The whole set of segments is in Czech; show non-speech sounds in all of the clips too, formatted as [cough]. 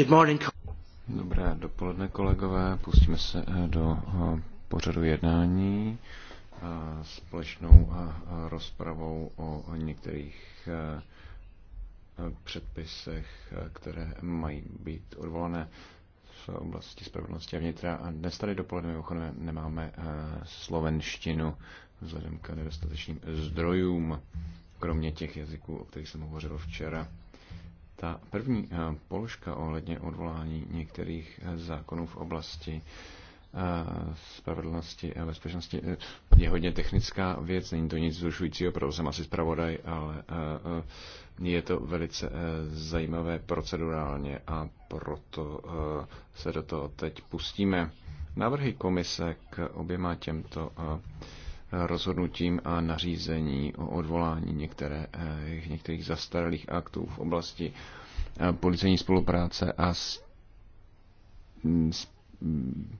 Good morning. Dobré dopoledne, kolegové. Pustíme se eh, do eh, pořadu jednání eh, společnou rozpravou o některých předpisech, které mají být odvolané v oblasti spravedlnosti a vnitra. A dnes tady dopoledne mimochodem nemáme slovenštinu vzhledem k nedostatečným zdrojům, kromě těch jazyků, o kterých jsem hovořil včera. Ta první eh, položka ohledně odvolání některých eh, zákonů v oblasti eh, spravedlnosti a bezpečnosti je hodně technická věc, není to nic zrušujícího, proto jsem asi zpravodaj, ale je to velice zajímavé procedurálně a proto se do toho teď pustíme. Návrhy komise k oběma těmto rozhodnutím a nařízení o odvolání některé, eh, některých zastaralých aktů v oblasti eh, policejní spolupráce a s, s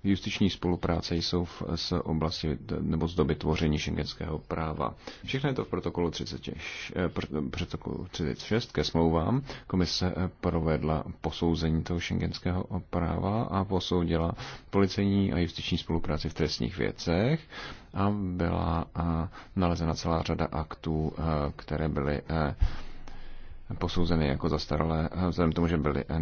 justiční spolupráce jsou v, z oblasti nebo z doby tvoření šengenského práva. Všechno je to v protokolu 36, eh, protokolu 36 ke smlouvám. Komise eh, provedla posouzení toho šengenského práva a posoudila policejní a justiční spolupráci v trestních věcech a byla eh, nalezena celá řada aktů, které byly posouzeny jako zastaralé, vzhledem k tomu, že byly eh,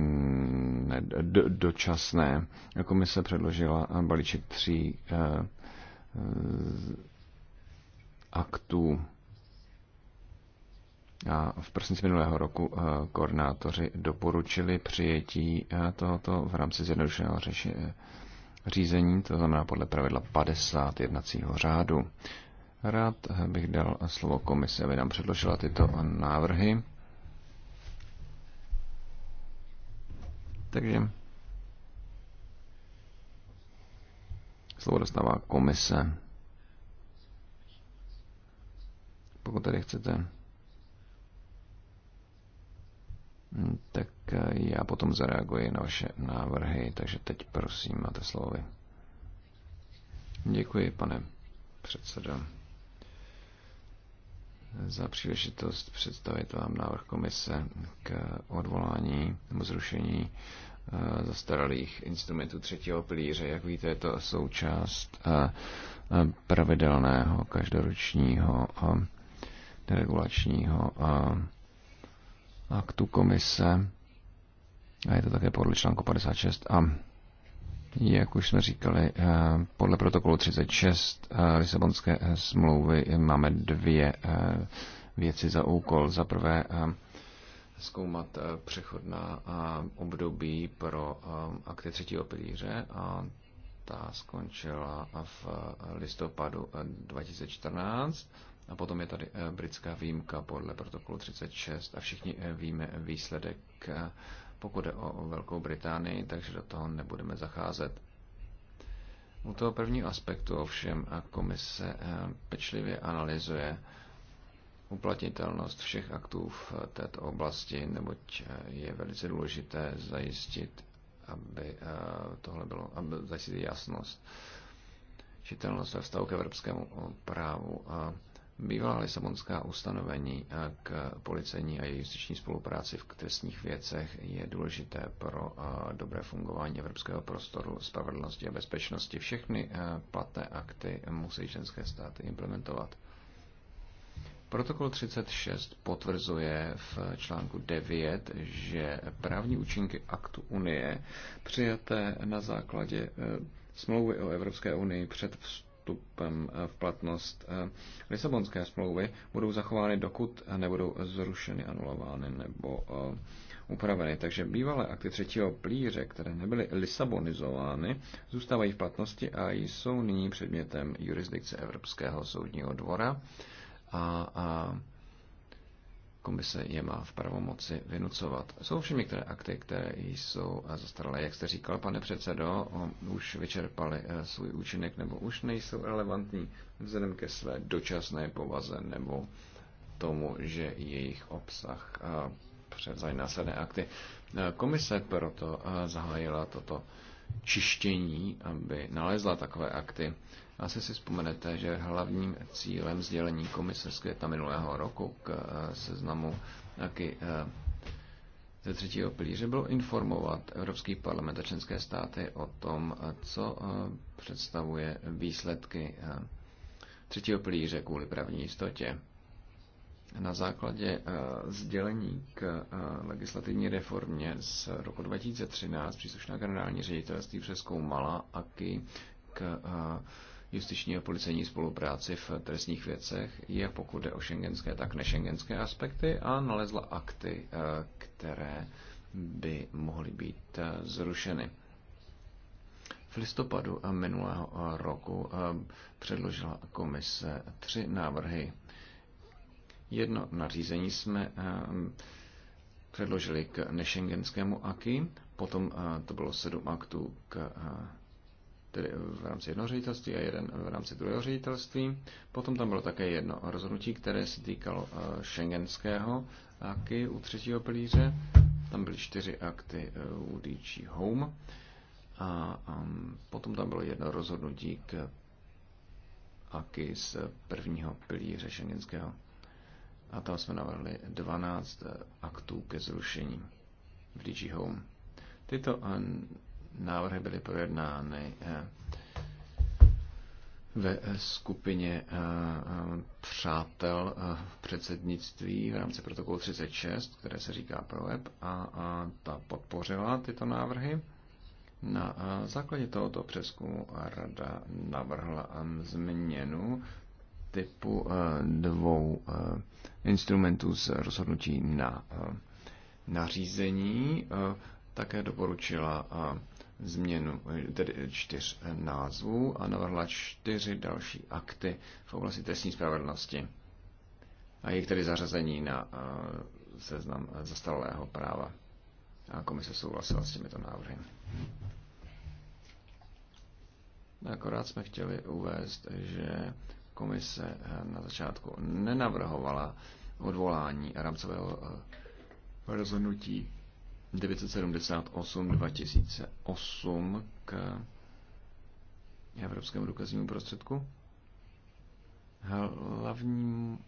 dočasné. Komise předložila eh, balíček tří eh, aktů. A v prosinci minulého roku koordinátoři doporučili přijetí tohoto v rámci zjednodušeného řízení, to znamená podle pravidla 50 jednacího řádu. Rád bych dal slovo komisi, aby nám předložila tyto návrhy Takže slovo dostává komise. Pokud tady chcete, hm, tak eh, já potom zareaguji na vaše návrhy, takže teď prosím, máte slovo Děkuji, pane předsedo za příležitost představit vám návrh komise k odvolání nebo zrušení eh, zastaralých instrumentů třetího pilíře. Jak víte, je to součást eh, pravidelného každoročního eh, regulačního aktu komise a je to také podle článku 56 a jak už jsme říkali, eh, podle protokolu 36 eh, Lisabonské eh, smlouvy máme dvě věci za úkol. Za prvé zkoumat přechodná období pro akty třetího pilíře a ta skončila v listopadu 2014 a potom je tady britská výjimka podle protokolu 36 a všichni víme výsledek pokud jde o Velkou Británii, takže do toho nebudeme zacházet. U toho prvního aspektu ovšem a komise eh, pečlivě analyzuje uplatnitelnost všech aktů v této oblasti, neboť eh, je velice důležité zajistit, aby eh, tohle bylo, aby zajistit jasnost, čitelnost ve vztahu k evropskému právu. A Bývalá lisabonská ustanovení eh, k policejní a justiční spolupráci v trestních věcech je důležité pro eh, dobré fungování evropského prostoru spravedlnosti a bezpečnosti. Všechny eh, platné akty musí ženské státy implementovat. Protokol 36 potvrzuje v článku 9, že právní účinky aktu Unie přijaté na základě smlouvy o Evropské unii před vstupem vstupem eh, v platnost eh, Lisabonské smlouvy budou zachovány, dokud nebudou zrušeny, anulovány nebo eh, upraveny. Takže bývalé akty třetího plíře, které nebyly lisabonizovány, zůstávají v platnosti a jsou nyní předmětem jurisdikce Evropského soudního dvora. A, a komise je má v pravomoci vynucovat. Jsou všemi které akty, které jsou eh, zastaralé, jak jste říkal, pane předsedo, už vyčerpali eh, svůj účinek nebo už nejsou relevantní vzhledem ke své dočasné povaze nebo tomu, že jejich obsah eh, převzají následné akty. Komise proto zahájila toto čištění, aby nalezla takové akty. Asi si vzpomenete, že hlavním cílem sdělení komise z května minulého roku k eh, seznamu taky eh, ze třetího pilíře bylo informovat Evropský parlament a členské státy o tom, co eh, představuje výsledky třetího pilíře kvůli právní jistotě. Na základě sdělení k legislativní reformě z roku 2013 příslušná generální ředitelství přeskoumala AKY k justiční a policejní spolupráci v trestních věcech, jak pokud jde o šengenské, tak nešengenské aspekty a nalezla akty, eh, které by mohly být eh, zrušeny. V listopadu eh, minulého roku předložila komise tři návrhy. Jedno nařízení jsme předložili k nešengenskému aky, potom to bylo sedm aktů k tedy v rámci jednoho ředitelství a jeden v rámci druhého ředitelství. Potom tam bylo také jedno rozhodnutí, které se týkalo eh, šengenského aky u třetího pilíře. Tam byly čtyři akty eh, u DG Home. A um, potom tam bylo jedno rozhodnutí k aky z prvního pilíře šengenského. A tam jsme navrhli 12 eh, aktů ke zrušení v DG Home. Tyto návrhy byly projednány eh, ve skupině eh, přátel eh, předsednictví v rámci protokolu 36, které se říká ProEP, a ta podpořila tyto návrhy. Na základě tohoto přeskumu rada navrhla ehm, změnu typu dvou instrumentů z rozhodnutí na nařízení. Také doporučila změnu tedy čtyř názvů a navrhla čtyři další akty v oblasti trestní spravedlnosti a jejich tedy zařazení na eh, seznam zastaralého práva. A komise souhlasila s těmito návrhy. Akorát jsme chtěli uvést, že komise eh, na začátku nenavrhovala odvolání rámcového eh, rozhodnutí 978-2008 k Evropskému důkaznímu prostředku. Hlavním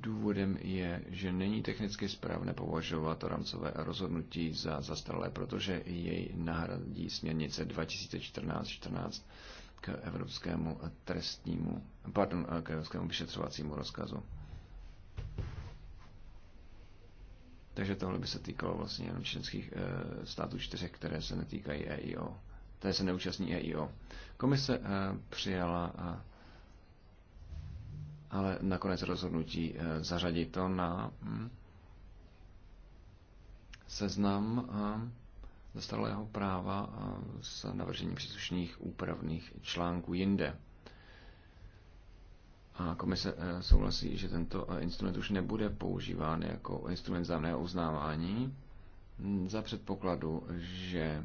důvodem je, že není technicky správné považovat rámcové rozhodnutí za zastaralé, protože jej nahradí směrnice 2014-14 k Evropskému trestnímu, pardon, k Evropskému vyšetřovacímu rozkazu. Takže tohle by se týkalo vlastně jenom členských e, států čtyřech, které se netýkají EIO, které se neúčastní EIO. Komise e, přijala, a, ale nakonec rozhodnutí e, zařadit to na hm, seznam zastaralého práva a, s navržením příslušných úpravných článků jinde. A komise eh, souhlasí, že tento eh, instrument už nebude používán jako instrument zájemného uznávání hm, za předpokladu, že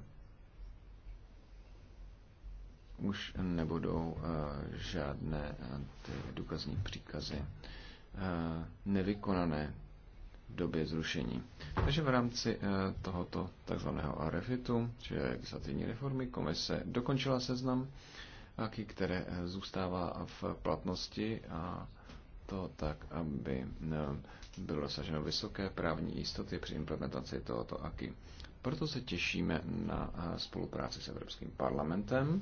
už nebudou eh, žádné ty důkazní příkazy nevykonané v době zrušení. Takže v rámci tohoto takzvaného refitu, či legislativní reformy, komise dokončila seznam aký, které eh, zůstává v platnosti a to tak, aby eh, bylo dosaženo vysoké právní jistoty při implementaci tohoto AKI. Proto se těšíme na eh, spolupráci s Evropským parlamentem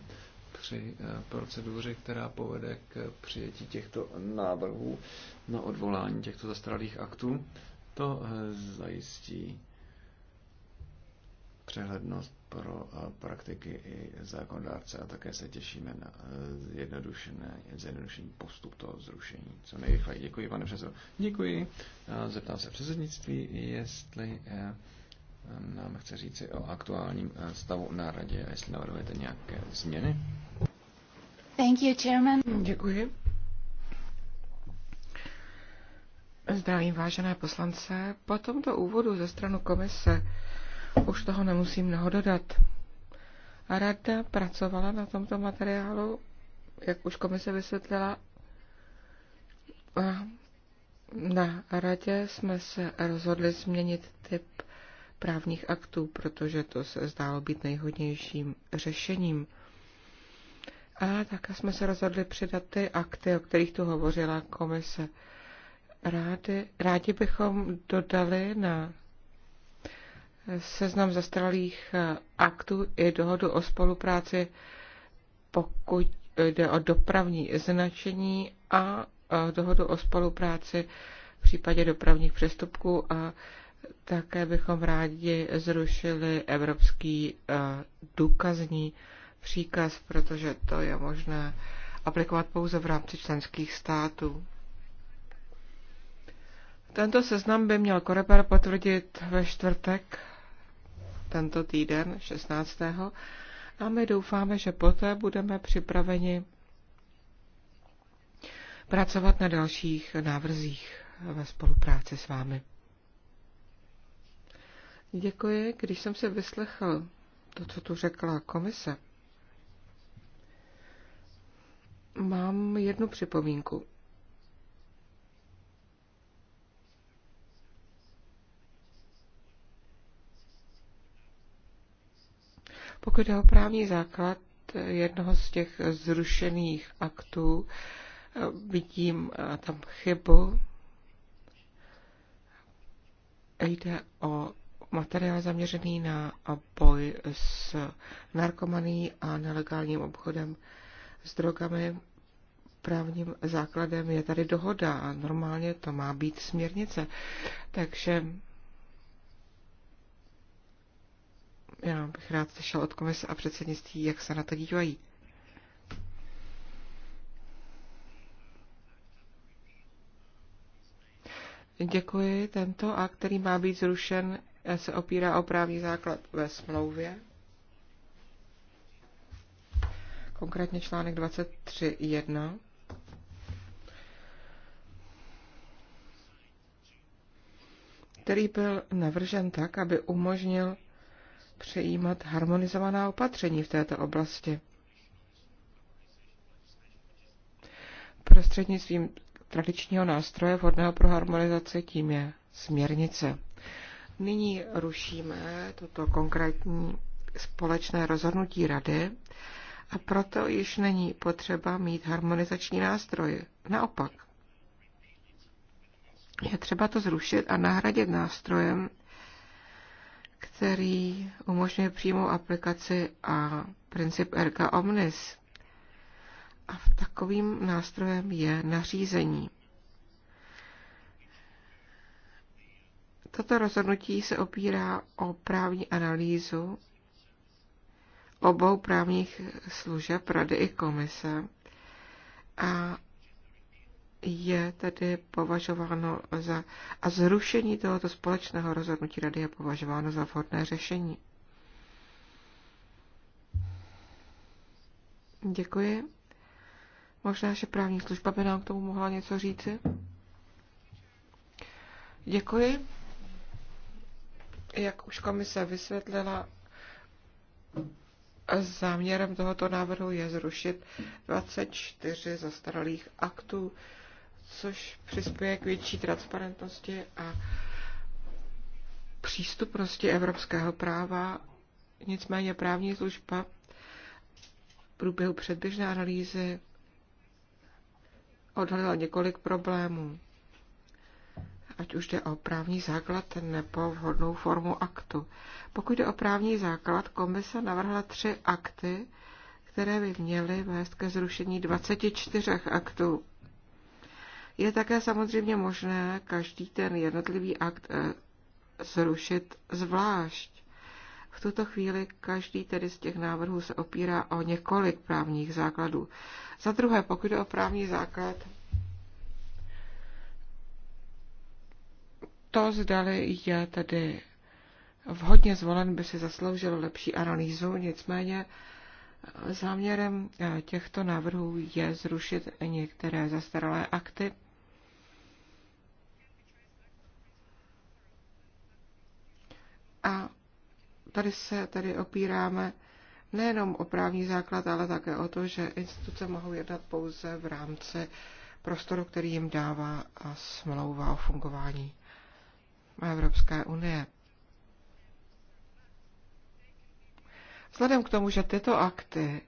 při proceduře, která povede k přijetí těchto návrhů na odvolání těchto zastaralých aktů. To zajistí přehlednost pro eh, praktiky i zákonodárce a také se těšíme na eh, zjednodušení postup toho zrušení. Co nejrychleji. Děkuji, pane předsedo. Děkuji. Zeptám se předsednictví, jestli eh, nám chce říci o aktuálním stavu na radě a jestli navrhujete nějaké změny. Thank you, chairman. Děkuji. Zdravím vážené poslance. Po tomto úvodu ze stranu komise už toho nemusím mnoho dodat. A rada pracovala na tomto materiálu, jak už komise vysvětlila. A na radě jsme se rozhodli změnit typ právních aktů, protože to se zdálo být nejhodnějším řešením. A také jsme se rozhodli přidat ty akty, o kterých tu hovořila komise. Rádi, rádi bychom dodali na seznam zastaralých eh, aktů i dohodu o spolupráci, pokud jde o dopravní značení a eh, dohodu o spolupráci v případě dopravních přestupků a také bychom rádi zrušili evropský eh, důkazní příkaz, protože to je možné aplikovat pouze v rámci členských států. Tento seznam by měl Koreper potvrdit ve čtvrtek tento týden 16. A my doufáme, že poté budeme připraveni pracovat na dalších návrzích ve spolupráci s vámi. Děkuji, když jsem se vyslechl to, co tu řekla komise. Mám jednu připomínku. Pokud je o právní základ jednoho z těch zrušených aktů, vidím eh, tam chybu. Jde o materiál zaměřený na boj s narkomaní a nelegálním obchodem s drogami. Právním základem je tady dohoda a normálně to má být směrnice. Takže Já bych rád slyšel od komise a předsednictví, jak se na to dívají. Děkuji. Tento a který má být zrušen, se opírá o právní základ ve smlouvě. Konkrétně článek 23.1. který byl navržen tak, aby umožnil přejímat harmonizovaná opatření v této oblasti. Prostřednictvím tradičního nástroje vhodného pro harmonizaci tím je směrnice. Nyní rušíme toto konkrétní společné rozhodnutí rady a proto již není potřeba mít harmonizační nástroj. Naopak, je třeba to zrušit a nahradit nástrojem, který umožňuje přímou aplikaci a princip erga omnis. A v takovým nástrojem je nařízení. Toto rozhodnutí se opírá o právní analýzu obou právních služeb Rady i komise a je tedy považováno za a zrušení tohoto společného rozhodnutí rady je považováno za vhodné řešení. Děkuji. Možná, že právní služba by nám k tomu mohla něco říci. Děkuji. Jak už komise vysvětlila, záměrem tohoto návrhu je zrušit 24 zastaralých aktů což přispěje k větší transparentnosti a přístupnosti evropského práva. Nicméně právní služba v průběhu předběžné analýzy odhalila několik problémů, ať už jde o právní základ nebo vhodnou formu aktu. Pokud jde o právní základ, komise navrhla tři akty, které by měly vést ke zrušení 24 aktů. Je také samozřejmě možné každý ten jednotlivý akt eh, zrušit zvlášť. V tuto chvíli každý tedy z těch návrhů se opírá o několik právních základů. Za druhé, pokud je o právní základ, to, zdali je tedy vhodně zvolen, by si zasloužil lepší analýzu, nicméně eh, záměrem eh, těchto návrhů je zrušit některé zastaralé akty A tady se tady opíráme nejenom o právní základ, ale také o to, že instituce mohou jednat pouze v rámci prostoru, který jim dává a smlouva o fungování Evropské unie. Vzhledem k tomu, že tyto akty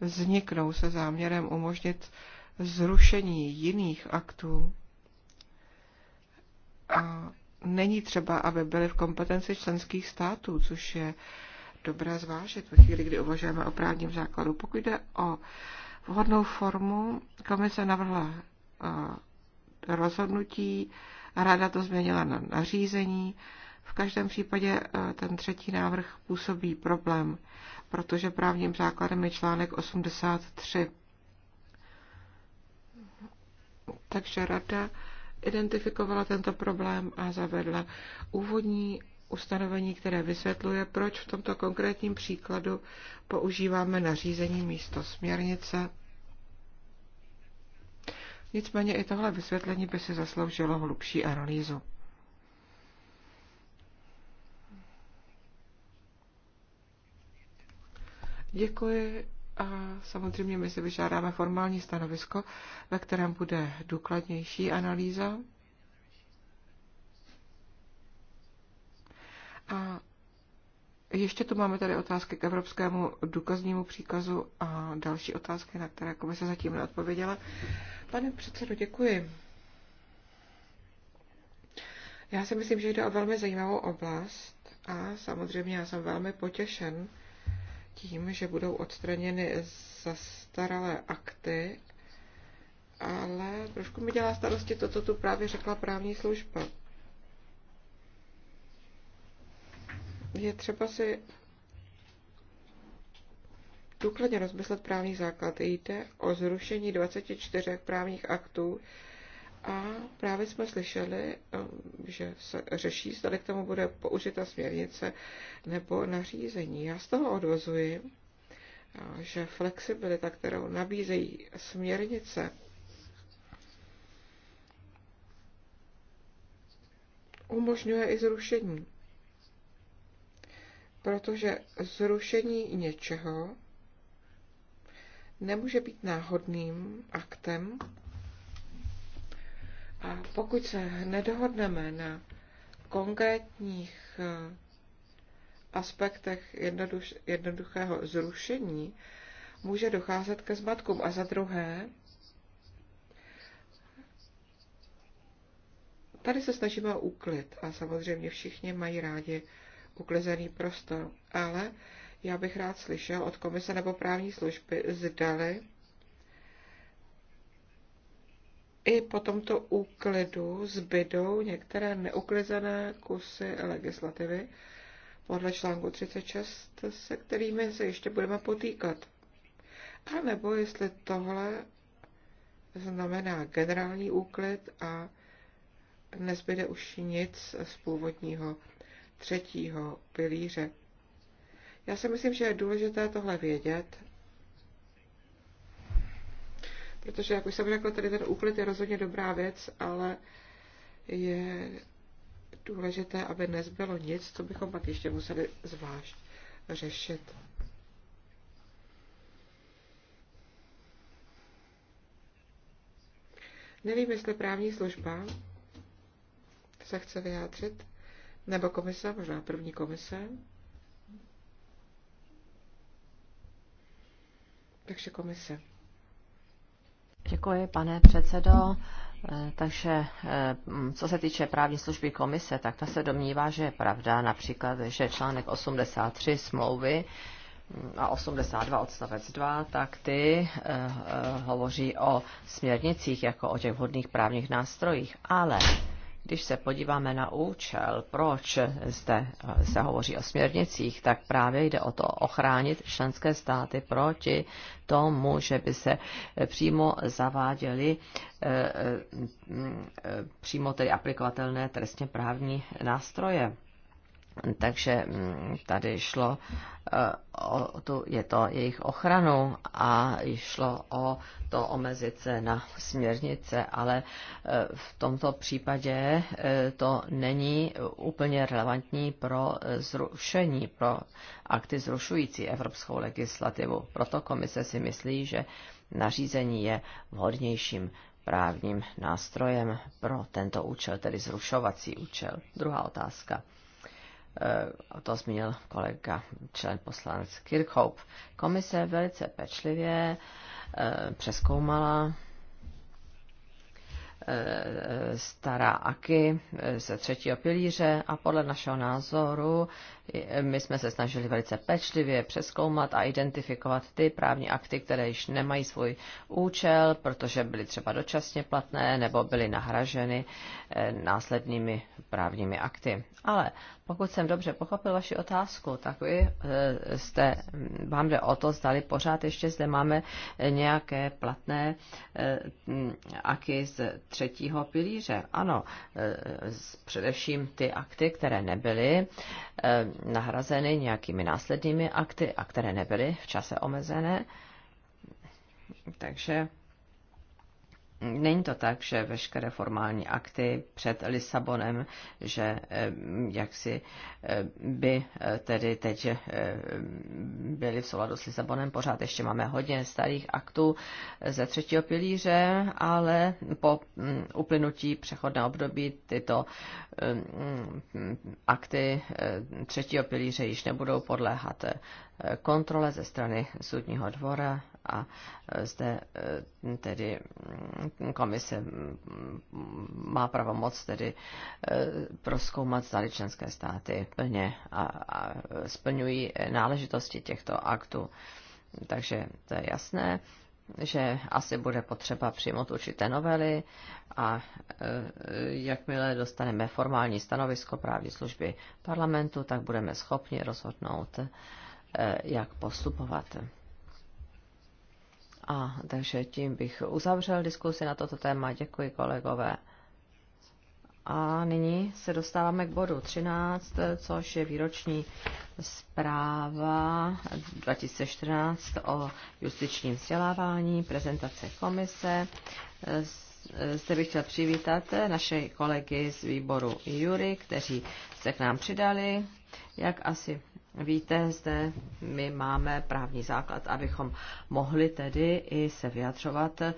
vzniknou se záměrem umožnit zrušení jiných aktů, a není třeba, aby byly v kompetenci členských států, což je dobré zvážit ve chvíli, kdy uvažujeme o právním základu. Pokud jde o vhodnou formu, komise navrhla eh, rozhodnutí, rada to změnila na nařízení. V každém případě eh, ten třetí návrh působí problém, protože právním základem je článek 83. Takže rada identifikovala tento problém a zavedla úvodní ustanovení, které vysvětluje, proč v tomto konkrétním příkladu používáme nařízení místo směrnice. Nicméně i tohle vysvětlení by si zasloužilo hlubší analýzu. Děkuji a samozřejmě my si vyžádáme formální stanovisko, ve kterém bude důkladnější analýza. A ještě tu máme tady otázky k evropskému důkaznímu příkazu a další otázky, na které komise zatím neodpověděla. Pane předsedo, děkuji. Já si myslím, že jde o velmi zajímavou oblast a samozřejmě já jsem velmi potěšen, tím, že budou odstraněny zastaralé akty, ale trošku mi dělá starosti to, co tu právě řekla právní služba. Je třeba si důkladně rozmyslet právní základ. Jde o zrušení 24 právních aktů, a právě jsme slyšeli, um, že se řeší, zda k tomu bude použita směrnice nebo nařízení. Já z toho odvozuji, uh, že flexibilita, kterou nabízejí směrnice, umožňuje i zrušení. Protože zrušení něčeho nemůže být náhodným aktem, a pokud se nedohodneme na konkrétních eh, aspektech jednoduš, jednoduchého zrušení, může docházet ke zmatkům. A za druhé, tady se snažíme o úklid a samozřejmě všichni mají rádi uklizený prostor, ale já bych rád slyšel od komise nebo právní služby, zdali i po tomto úklidu zbydou některé neuklizené kusy legislativy podle článku 36, se kterými se ještě budeme potýkat. A nebo jestli tohle znamená generální úklid a nezbyde už nic z původního třetího pilíře. Já si myslím, že je důležité tohle vědět protože, jak už jsem řekl, tady ten úklid je rozhodně dobrá věc, ale je důležité, aby nezbylo nic, co bychom pak ještě museli zvlášť řešit. Nevím, jestli právní služba se chce vyjádřit, nebo komise, možná první komise. Takže komise. Děkuji, pane předsedo. Eh, takže eh, co se týče právní služby komise, tak ta se domnívá, že je pravda například, že článek 83 smlouvy hm, a 82 odstavec 2, tak ty eh, hovoří o směrnicích jako o těch vhodných právních nástrojích. Ale když se podíváme na účel, proč zde eh, se hovoří o směrnicích, tak právě jde o to ochránit členské státy proti tomu, že by se eh, přímo zaváděly eh, přímo tedy aplikovatelné trestně právní nástroje. Takže mm, tady šlo eh, o tu, je to jejich ochranu a šlo o to omezit se na směrnice, ale eh, v tomto případě eh, to není úplně relevantní pro zrušení, pro akty zrušující evropskou legislativu. Proto komise si myslí, že nařízení je vhodnějším právním nástrojem pro tento účel, tedy zrušovací účel. Druhá otázka Eh, to zmínil kolega člen poslanec Kirchhoff. Komise velice pečlivě eh, přeskoumala eh, stará AKY ze třetího pilíře a podle našeho názoru my jsme se snažili velice pečlivě přeskoumat a identifikovat ty právní akty, které již nemají svůj účel, protože byly třeba dočasně platné nebo byly nahraženy eh, následnými právními akty. Ale pokud jsem dobře pochopil vaši otázku, tak vy eh, jste, hm, vám jde o to, zdali pořád ještě zde máme eh, nějaké platné hm, aky z třetího pilíře. Ano, především ty akty, které nebyly nahrazeny nějakými následnými akty a které nebyly v čase omezené. Takže Není to tak, že veškeré formální akty před Lisabonem, že eh, jaksi eh, by eh, tedy teď byly v souladu s Lisabonem, pořád ještě máme hodně starých aktů ze třetího pilíře, ale po mm, uplynutí přechodného období tyto mm, akty třetího pilíře již nebudou podléhat kontrole ze strany soudního dvora a e, zde e, tedy mm, komise mm, má pravomoc tedy e, proskoumat zda členské státy plně a, a splňují náležitosti těchto aktů. Takže to je jasné že asi bude potřeba přijmout určité novely a jakmile dostaneme formální stanovisko právní služby parlamentu, tak budeme schopni rozhodnout, jak postupovat. A takže tím bych uzavřel diskusi na toto téma. Děkuji kolegové. A nyní se dostáváme k bodu 13, což je výroční zpráva 2014 o justičním vzdělávání, prezentace komise. Zde bych chtěl přivítat naše kolegy z výboru Jury, kteří se k nám přidali. Jak asi víte, zde my máme právní základ, abychom mohli tedy i se vyjadřovat eh,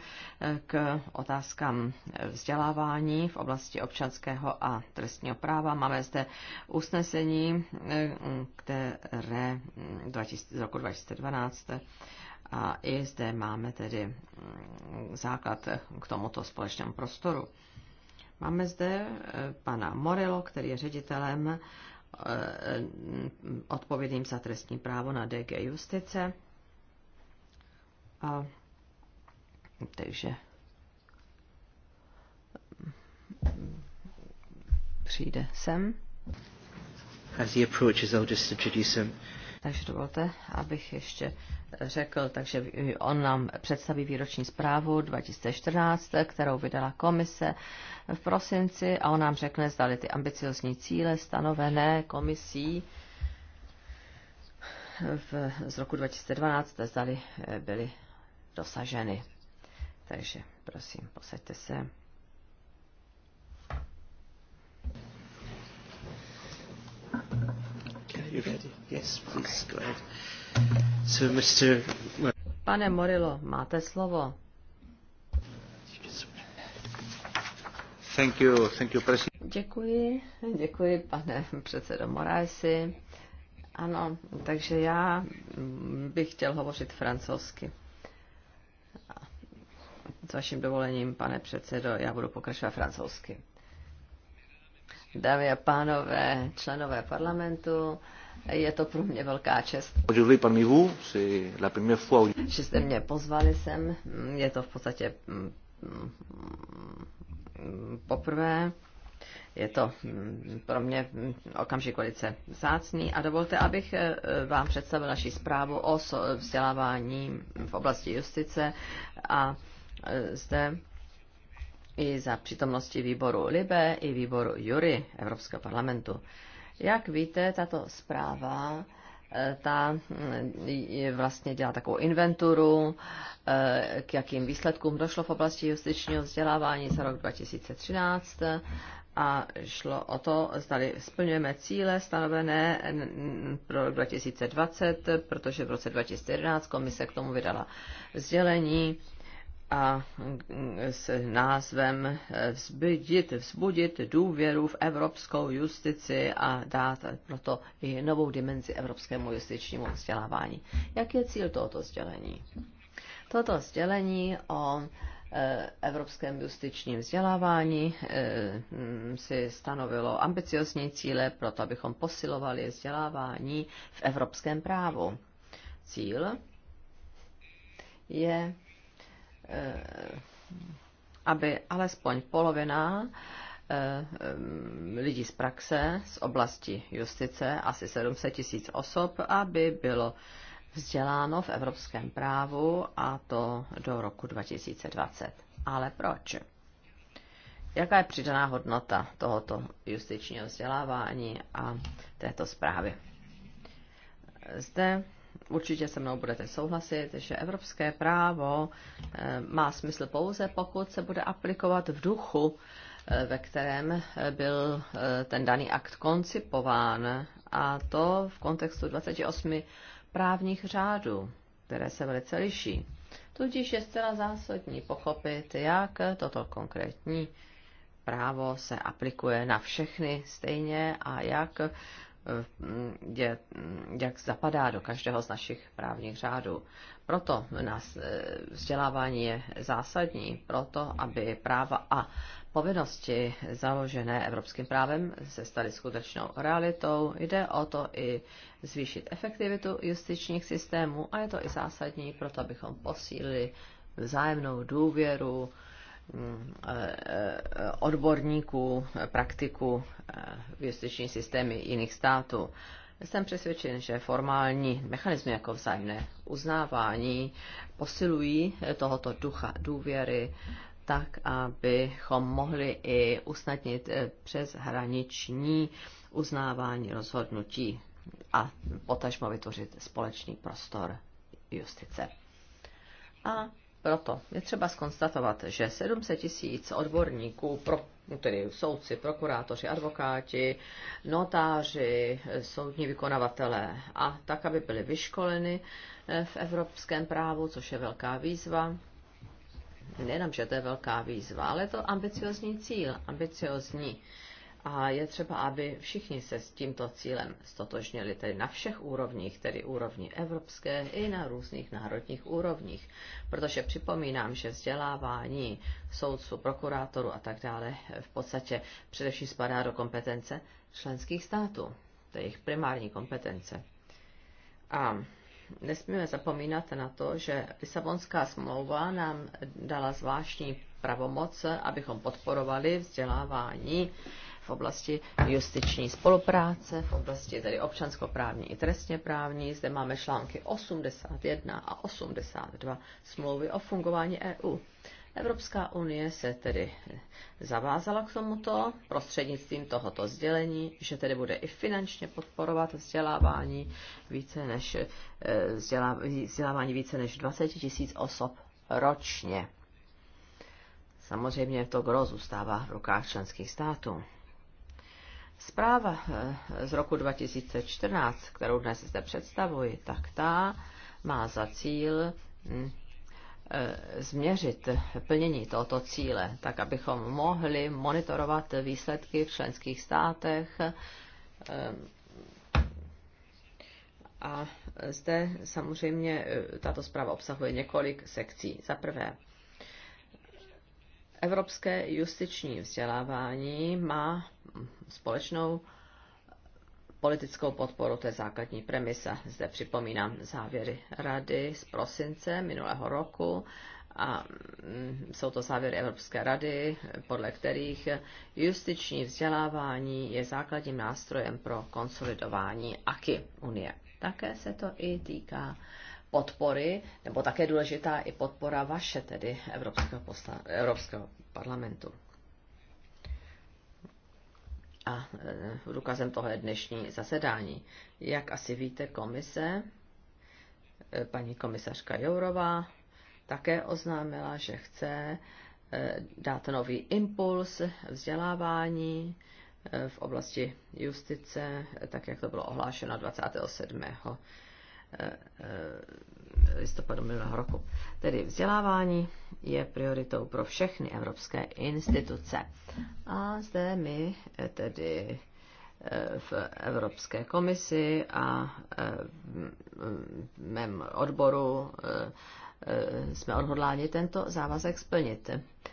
k otázkám vzdělávání v oblasti občanského a trestního práva. Máme zde usnesení, eh, které mm, z roku 2012 a i zde máme tedy mm, základ k tomuto společnému prostoru. Máme zde eh, pana Morelo, který je ředitelem Eh, odpovědným za trestní právo na DG Justice. A, takže mm, přijde sem. As he approaches, I'll just introduce him. Takže dovolte, abych ještě řekl, takže on nám představí výroční zprávu 2014, kterou vydala komise v prosinci a on nám řekne, zdali ty ambiciozní cíle stanovené komisí v, z roku 2012, zdali byly dosaženy. Takže prosím, posaďte se. Pane Morilo, máte slovo. Thank you, thank you, děkuji, děkuji, pane předsedo Moraesi. Ano, takže já bych chtěl hovořit francouzsky. S vaším dovolením, pane předsedo, já budu pokračovat francouzsky. Dámy a pánové, členové parlamentu, je to pro mě velká čest. Že jste mě pozvali sem, je to v podstatě mm, mm, poprvé. Je to mm, pro mě okamžik velice zácný a dovolte, abych eh, vám představil naši zprávu o vzdělávání v oblasti justice a eh, zde i za přítomnosti výboru Libe i výboru Jury Evropského parlamentu. Jak víte, tato zpráva eh, ta mm, vlastně dělá takovou inventuru, eh, k jakým výsledkům došlo v oblasti justičního vzdělávání za rok 2013 a šlo o to, zdali splňujeme cíle stanovené pro 2020, protože v roce 2011 komise k tomu vydala sdělení a s názvem vzbudit, vzbudit důvěru v evropskou justici a dát proto i novou dimenzi evropskému justičnímu vzdělávání. Jak je cíl tohoto sdělení? Toto sdělení o e, evropském justičním vzdělávání e, si stanovilo ambiciozní cíle pro to, abychom posilovali vzdělávání v evropském právu. Cíl je Eh, aby alespoň polovina eh, lidí z praxe, z oblasti justice, asi 700 tisíc osob, aby bylo vzděláno v evropském právu a to do roku 2020. Ale proč? Jaká je přidaná hodnota tohoto justičního vzdělávání a této zprávy? Zde určitě se mnou budete souhlasit, že evropské právo eh, má smysl pouze, pokud se bude aplikovat v duchu, eh, ve kterém eh, byl ten daný akt koncipován, a to v kontextu 28 právních řádů, které se velice liší. Tudíž je zcela zásadní pochopit, jak toto konkrétní právo se aplikuje na všechny stejně a jak je, jak zapadá do každého z našich právních řádů. Proto nás eh, vzdělávání je zásadní, proto aby práva a povinnosti založené evropským právem se staly skutečnou realitou. Jde o to i zvýšit efektivitu justičních systémů a je to i zásadní proto, abychom posílili vzájemnou důvěru Eh, odborníků, praktiků v eh, justiční systémy jiných států. Jsem přesvědčen, že formální mechanizmy jako vzájemné uznávání posilují tohoto ducha důvěry, tak abychom mohli i usnadnit eh, přeshraniční uznávání rozhodnutí a potažmo vytvořit společný prostor justice. A proto je třeba skonstatovat, že 700 tisíc odborníků, pro, tedy soudci, prokurátoři, advokáti, notáři, soudní vykonavatelé, a tak, aby byli vyškoleni eh, v evropském právu, což je velká výzva, nejenom, že to je velká výzva, ale je to ambiciozní cíl, ambiciozní a je třeba, aby všichni se s tímto cílem stotožnili, tedy na všech úrovních, tedy úrovni evropské i na různých národních úrovních. Protože připomínám, že vzdělávání soudců, prokurátorů a tak dále v podstatě především spadá do kompetence členských států. To je jejich primární kompetence. A nesmíme zapomínat na to, že Lisabonská smlouva nám dala zvláštní pravomoc, abychom podporovali vzdělávání v oblasti justiční spolupráce, v oblasti tedy občanskoprávní i trestně právní. Zde máme články 81 a 82 smlouvy o fungování EU. Evropská unie se tedy zavázala k tomuto prostřednictvím tohoto sdělení, že tedy bude i finančně podporovat vzdělávání více než, eh, vzdělávání více než 20 tisíc osob ročně. Samozřejmě to gro zůstává v rukách členských států. Zpráva eh, z roku 2014, kterou dnes zde představuji, tak ta má za cíl hm, eh, změřit plnění tohoto cíle, tak abychom mohli monitorovat výsledky v členských státech. Eh, a zde samozřejmě tato zpráva obsahuje několik sekcí. Za prvé, Evropské justiční vzdělávání má společnou politickou podporu, to je základní premisa. Zde připomínám závěry rady z prosince minulého roku a mm, jsou to závěry Evropské rady, podle kterých justiční vzdělávání je základním nástrojem pro konsolidování AKI Unie. Také se to i týká uh, podpory, nebo také důležitá i podpora vaše, tedy Evropského, posla, Evropského parlamentu. A e, důkazem toho je dnešní zasedání. Jak asi víte, komise, e, paní komisařka Jourová, také oznámila, že chce e, dát nový impuls vzdělávání e, v oblasti justice, tak jak to bylo ohlášeno 27 Eh, eh, listopadu minulého roku. Tedy vzdělávání je prioritou pro všechny evropské instituce. A zde my eh, tedy v Evropské komisi a v mém odboru jsme odhodláni tento závazek splnit.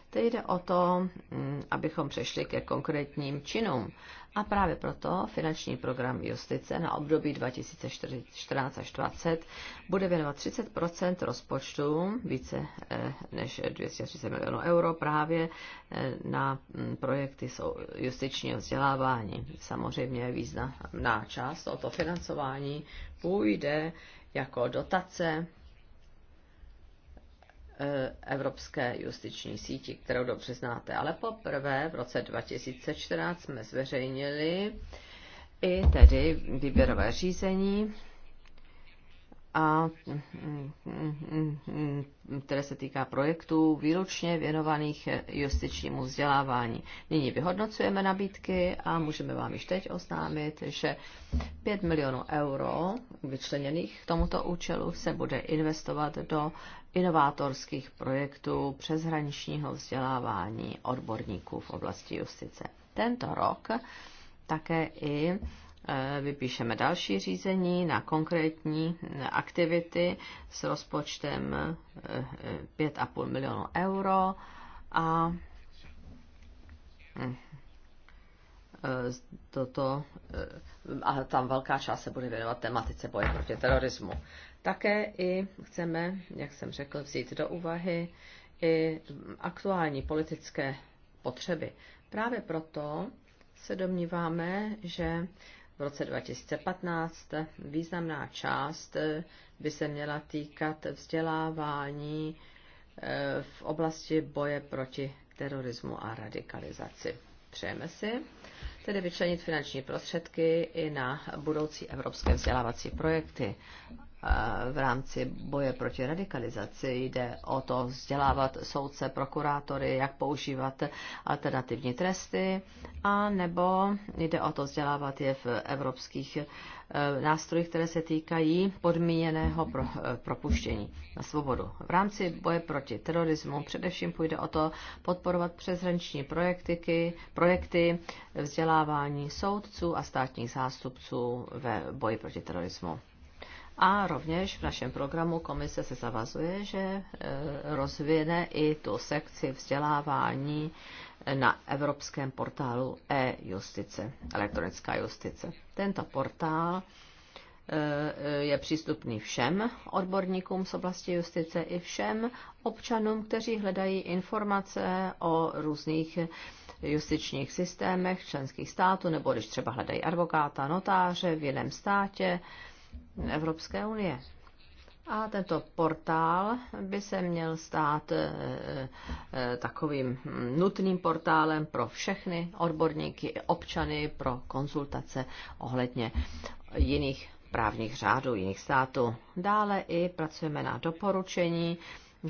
Teď jde o to, hm, abychom přešli ke konkrétním činům a právě proto finanční program justice na období 2014 až 2020 bude věnovat 30 rozpočtu, více eh, než 230 milionů euro, právě eh, na mm, projekty justičního vzdělávání. Samozřejmě významná část tohoto financování půjde jako dotace Eh, evropské justiční síti, kterou dobře znáte. Ale poprvé v roce 2014 jsme zveřejnili i tedy výběrové řízení a které se týká projektů výlučně věnovaných justičnímu vzdělávání. Nyní vyhodnocujeme nabídky a můžeme vám již teď oznámit, že 5 milionů euro vyčleněných k tomuto účelu se bude investovat do inovátorských projektů přeshraničního vzdělávání odborníků v oblasti justice. Tento rok také i E, vypíšeme další řízení na konkrétní aktivity s rozpočtem 5,5 e, milionu euro a hm, e, toto, a tam velká část se bude věnovat tematice boje proti terorismu. Také i chceme, jak jsem řekl, vzít do úvahy i aktuální politické potřeby. Právě proto se domníváme, že v roce 2015 významná část by se měla týkat vzdělávání eh, v oblasti boje proti terorismu a radikalizaci. Přejeme si tedy vyčlenit finanční prostředky i na budoucí evropské vzdělávací projekty v rámci boje proti radikalizaci. Jde o to vzdělávat soudce, prokurátory, jak používat alternativní tresty, a nebo jde o to vzdělávat je v evropských e, nástrojích, které se týkají podmíněného pro, e, propuštění na svobodu. V rámci boje proti terorismu především půjde o to podporovat přeshraniční projekty, projekty vzdělávání soudců a státních zástupců ve boji proti terorismu. A rovněž v našem programu komise se zavazuje, že e, rozvine i tu sekci vzdělávání na evropském portálu e-justice, elektronická justice. Tento portál e, e, je přístupný všem odborníkům z oblasti justice i všem občanům, kteří hledají informace o různých justičních systémech členských států, nebo když třeba hledají advokáta, notáře v jiném státě, Evropské unie. A tento portál by se měl stát eh, eh, takovým nutným portálem pro všechny odborníky, občany, pro konzultace ohledně jiných právních řádů jiných států. Dále i pracujeme na doporučení,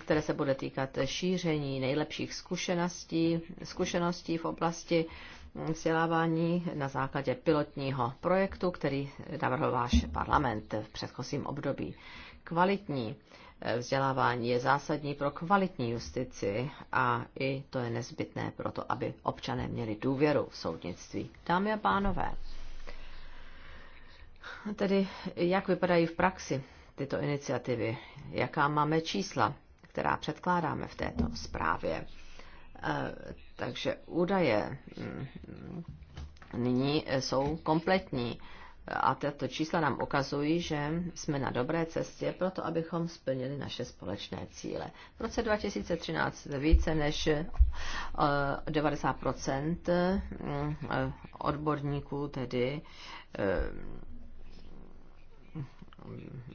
které se bude týkat šíření nejlepších zkušeností, zkušeností v oblasti eh, vzdělávání na základě pilotního projektu, který navrhl váš parlament v předchozím období. Kvalitní eh, vzdělávání je zásadní pro kvalitní justici a i to je nezbytné pro to, aby občané měli důvěru v soudnictví. Dámy a pánové, tedy jak vypadají v praxi tyto iniciativy, jaká máme čísla, která předkládáme v této zprávě. Takže údaje mm, nyní jsou kompletní a tato čísla nám ukazují, že jsme na dobré cestě pro to, abychom splnili naše společné cíle. V roce 2013 více než 90 eh, eh, odborníků tedy eh,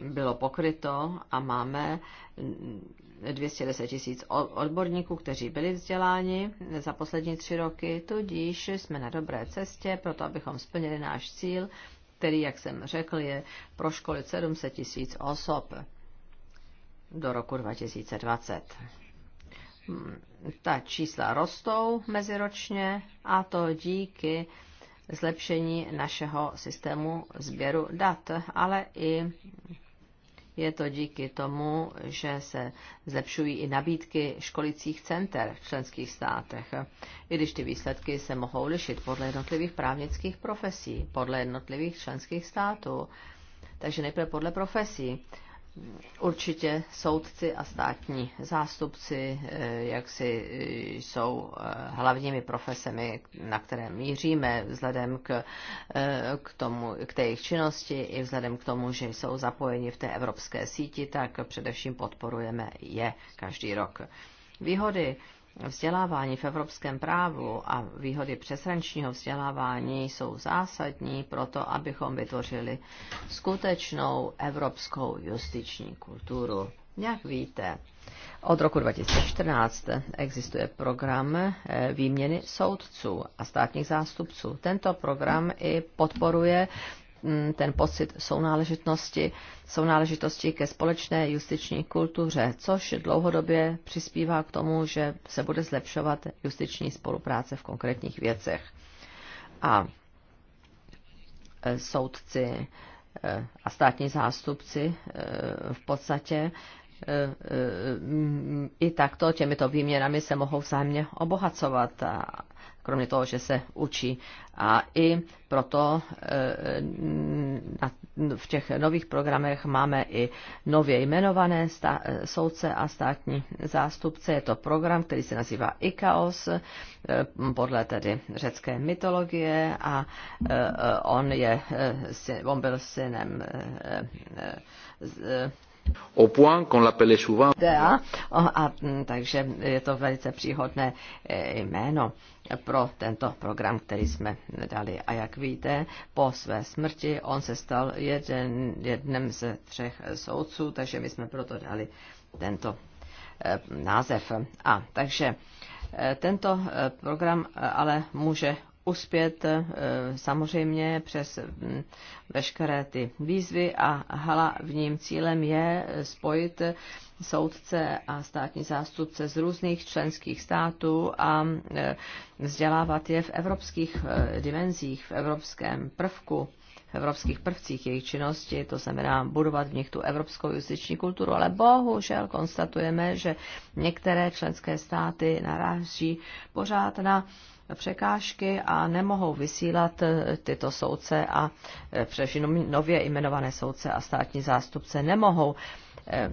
bylo pokryto a máme 210 tisíc odborníků, kteří byli vzděláni za poslední tři roky, tudíž jsme na dobré cestě pro to, abychom splnili náš cíl, který, jak jsem řekl, je proškolit 700 tisíc osob do roku 2020. Ta čísla rostou meziročně a to díky zlepšení našeho systému sběru dat, ale i je to díky tomu, že se zlepšují i nabídky školicích center v členských státech, i když ty výsledky se mohou lišit podle jednotlivých právnických profesí, podle jednotlivých členských států. Takže nejprve podle profesí určitě soudci a státní zástupci, eh, jak si eh, jsou eh, hlavními profesemi, na které míříme, vzhledem k, k, tomu, k té jejich činnosti i vzhledem k tomu, že jsou zapojeni v té evropské síti, tak především podporujeme je každý rok. Výhody vzdělávání v evropském právu a výhody přeshraničního vzdělávání jsou zásadní pro to, abychom vytvořili skutečnou evropskou justiční kulturu. Jak víte, od roku 2014 existuje program eh, výměny soudců a státních zástupců. Tento program i podporuje Mm, ten pocit sounáležitosti, sounáležitosti ke společné justiční kultuře, což dlouhodobě přispívá k tomu, že se bude zlepšovat justiční spolupráce v konkrétních věcech. A e, soudci e, a státní zástupci e, v podstatě i takto těmito výměnami se mohou vzájemně obohacovat kromě toho, že se učí. A i proto e, v těch nových programech máme i nově jmenované e, soudce a státní zástupce. Je to program, který se nazývá IKAOS, e, podle tedy řecké mytologie a on, je, on byl synem au point qu'on l'appelait souvent. DA, a, takže je to velice příhodné e, jméno pro tento program, který jsme dali. A jak víte, po své smrti on se stal jeden, jednem ze třech soudců, takže my jsme proto dali tento e, název. A takže e, tento program ale může uspět eh, samozřejmě přes hm, veškeré ty výzvy a v ním cílem je spojit soudce a státní zástupce z různých členských států a eh, vzdělávat je v evropských eh, dimenzích, v evropském prvku v evropských prvcích jejich činnosti, to znamená budovat v nich tu evropskou justiční kulturu, ale bohužel konstatujeme, že některé členské státy naráží pořád na uh, překážky a nemohou vysílat eh, tyto soudce a eh, především nově jmenované soudce a státní zástupce nemohou eh,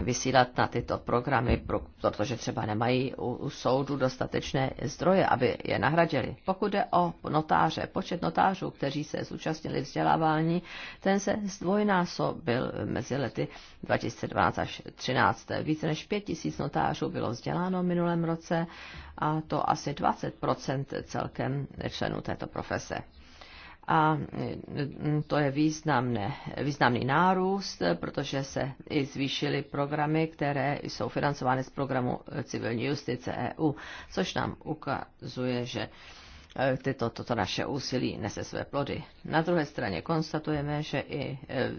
vysílat na tyto programy, protože třeba nemají u, soudu dostatečné zdroje, aby je nahradili. Pokud jde o notáře, počet notářů, kteří se zúčastnili vzdělávání, ten se zdvojnásobil mezi lety 2012 až 2013. Více než 5 tisíc notářů bylo vzděláno v minulém roce a to asi 20 celkem členů této profese a mm, to je významné, významný nárůst, protože se i zvýšily programy, které jsou financovány z programu civilní justice EU, což nám ukazuje, že Eh, tyto, toto naše úsilí nese své plody. Na druhé straně konstatujeme, že i eh,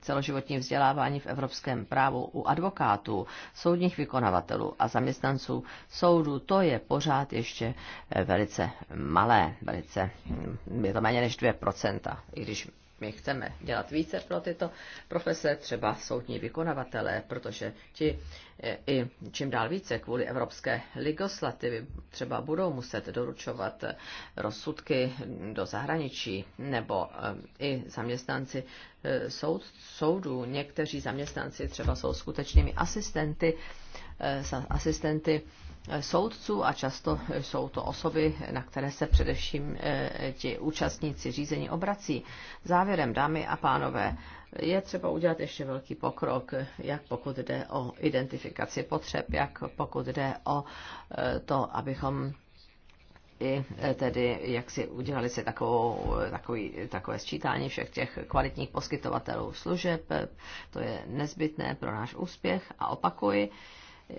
celoživotní vzdělávání v evropském právu u advokátů, soudních vykonavatelů a zaměstnanců soudu, to je pořád ještě eh, velice malé, velice, hm, je to méně než 2%, i když my chceme dělat více pro tyto profese, třeba soudní vykonavatelé, protože ti eh, i čím dál více kvůli evropské legislativy třeba budou muset doručovat eh, rozsudky do zahraničí, nebo eh, i zaměstnanci soud, soudů. Někteří zaměstnanci třeba jsou skutečnými asistenty, asistenty soudců a často jsou to osoby, na které se především eh, ti účastníci řízení obrací. Závěrem, dámy a pánové, je třeba udělat ještě velký pokrok, jak pokud jde o identifikaci potřeb, jak pokud jde o eh, to, abychom i eh, tedy, jak si udělali si takovou, takový, takové sčítání všech těch kvalitních poskytovatelů služeb. To je nezbytné pro náš úspěch a opakuji,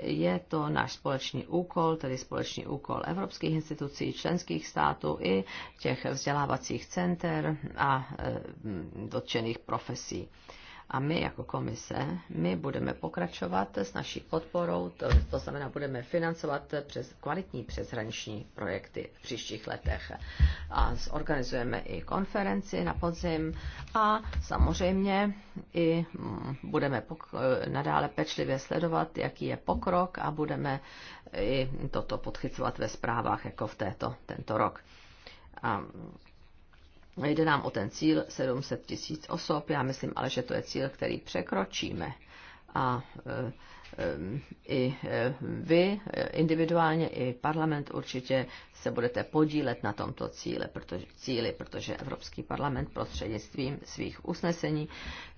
je to náš společný úkol, tedy společný úkol evropských institucí, členských států i těch vzdělávacích center a e, dotčených profesí. A my jako komise, my budeme pokračovat s naší podporou, to, to znamená, budeme financovat přes kvalitní přeshraniční projekty v příštích letech. A zorganizujeme i konferenci na podzim a samozřejmě i mm, budeme eh, nadále pečlivě sledovat, jaký je pokrok a budeme i toto podchycovat ve zprávách jako v této, tento rok. A Jde nám o ten cíl 700 tisíc osob. Já myslím ale, že to je cíl, který překročíme. A eh, eh, i eh, vy individuálně, i parlament určitě se budete podílet na tomto cíle, protože, cíli, protože Evropský parlament prostřednictvím svých usnesení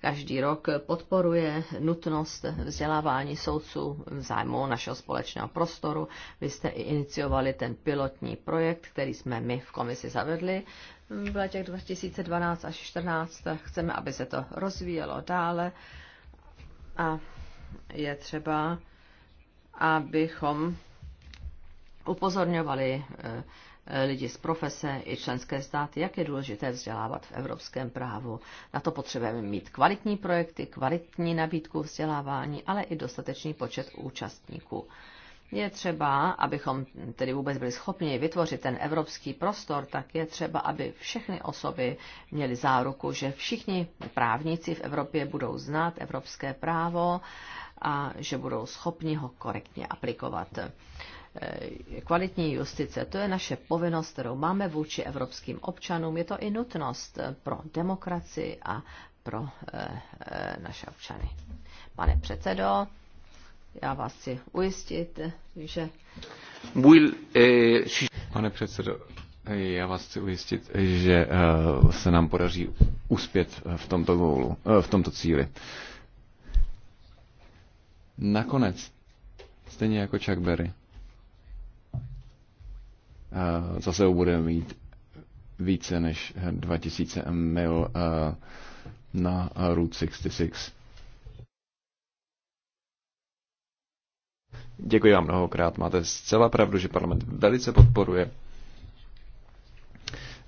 každý rok podporuje nutnost vzdělávání soudců v zájmu našeho společného prostoru. Vy jste i iniciovali ten pilotní projekt, který jsme my v komisi zavedli v letech 2012 až 2014 chceme, aby se to rozvíjelo dále a je třeba, abychom upozorňovali eh, lidi z profese i členské státy, jak je důležité vzdělávat v evropském právu. Na to potřebujeme mít kvalitní projekty, kvalitní nabídku vzdělávání, ale i dostatečný počet účastníků je třeba, abychom tedy vůbec byli schopni vytvořit ten evropský prostor, tak je třeba, aby všechny osoby měly záruku, že všichni právníci v Evropě budou znát evropské právo a že budou schopni ho korektně aplikovat. E, kvalitní justice, to je naše povinnost, kterou máme vůči evropským občanům. Je to i nutnost pro demokracii a pro e, e, naše občany. Pane předsedo, já vás chci ujistit, že... Will, eh... Pane předsedo, eh, já vás chci ujistit, že uh, se nám podaří uspět eh, v tomto goulu, uh, v tomto cíli. Nakonec, stejně jako Chuck Berry, uh, zase budeme mít více než 2000 mil uh, na Route 66 Děkuji vám mnohokrát. Máte zcela pravdu, že parlament velice podporuje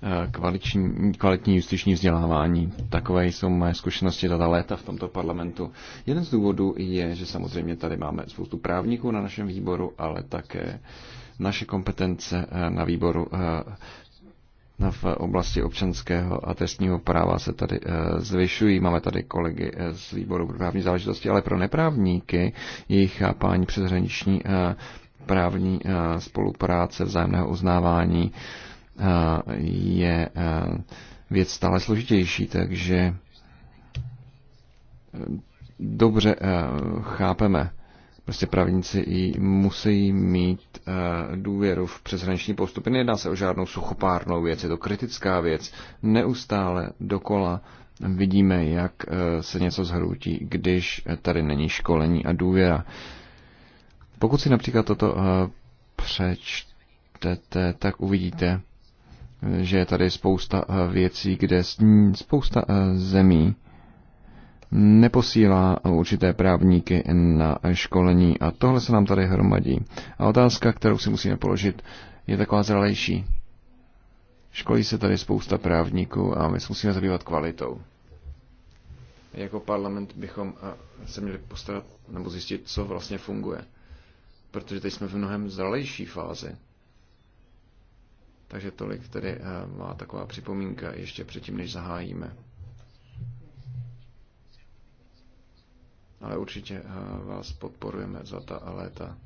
eh, kvalitní, kvalitní justiční vzdělávání. Takové jsou moje zkušenosti ta léta v tomto parlamentu. Jeden z důvodů je, že samozřejmě tady máme spoustu právníků na našem výboru, ale také naše kompetence eh, na výboru eh, v oblasti občanského a trestního práva se tady eh, zvyšují. Máme tady kolegy eh, z výboru pro právní záležitosti, ale pro neprávníky jejich chápání přeshraniční eh, právní spolupráce, vzájemného uznávání je věc stále složitější, takže dobře chápeme Prostě právníci i musí mít uh, důvěru v přeshraniční postupy. Nejedná se o žádnou suchopárnou věc, je to kritická věc. Neustále dokola vidíme, jak uh, se něco zhroutí, když tady není školení a důvěra. Pokud si například toto uh, přečtete, tak uvidíte, že je tady spousta věcí, kde spousta zemí neposílá určité právníky na školení a tohle se nám tady hromadí. A otázka, kterou si musíme položit, je taková zralejší. Školí se tady spousta právníků a my se musíme zabývat kvalitou. Jako parlament bychom se měli postarat nebo zjistit, co vlastně funguje. Protože teď jsme v mnohem zralejší fázi. Takže tolik tedy má taková připomínka ještě předtím, než zahájíme. ale určitě eh, vás podporujeme za ta léta.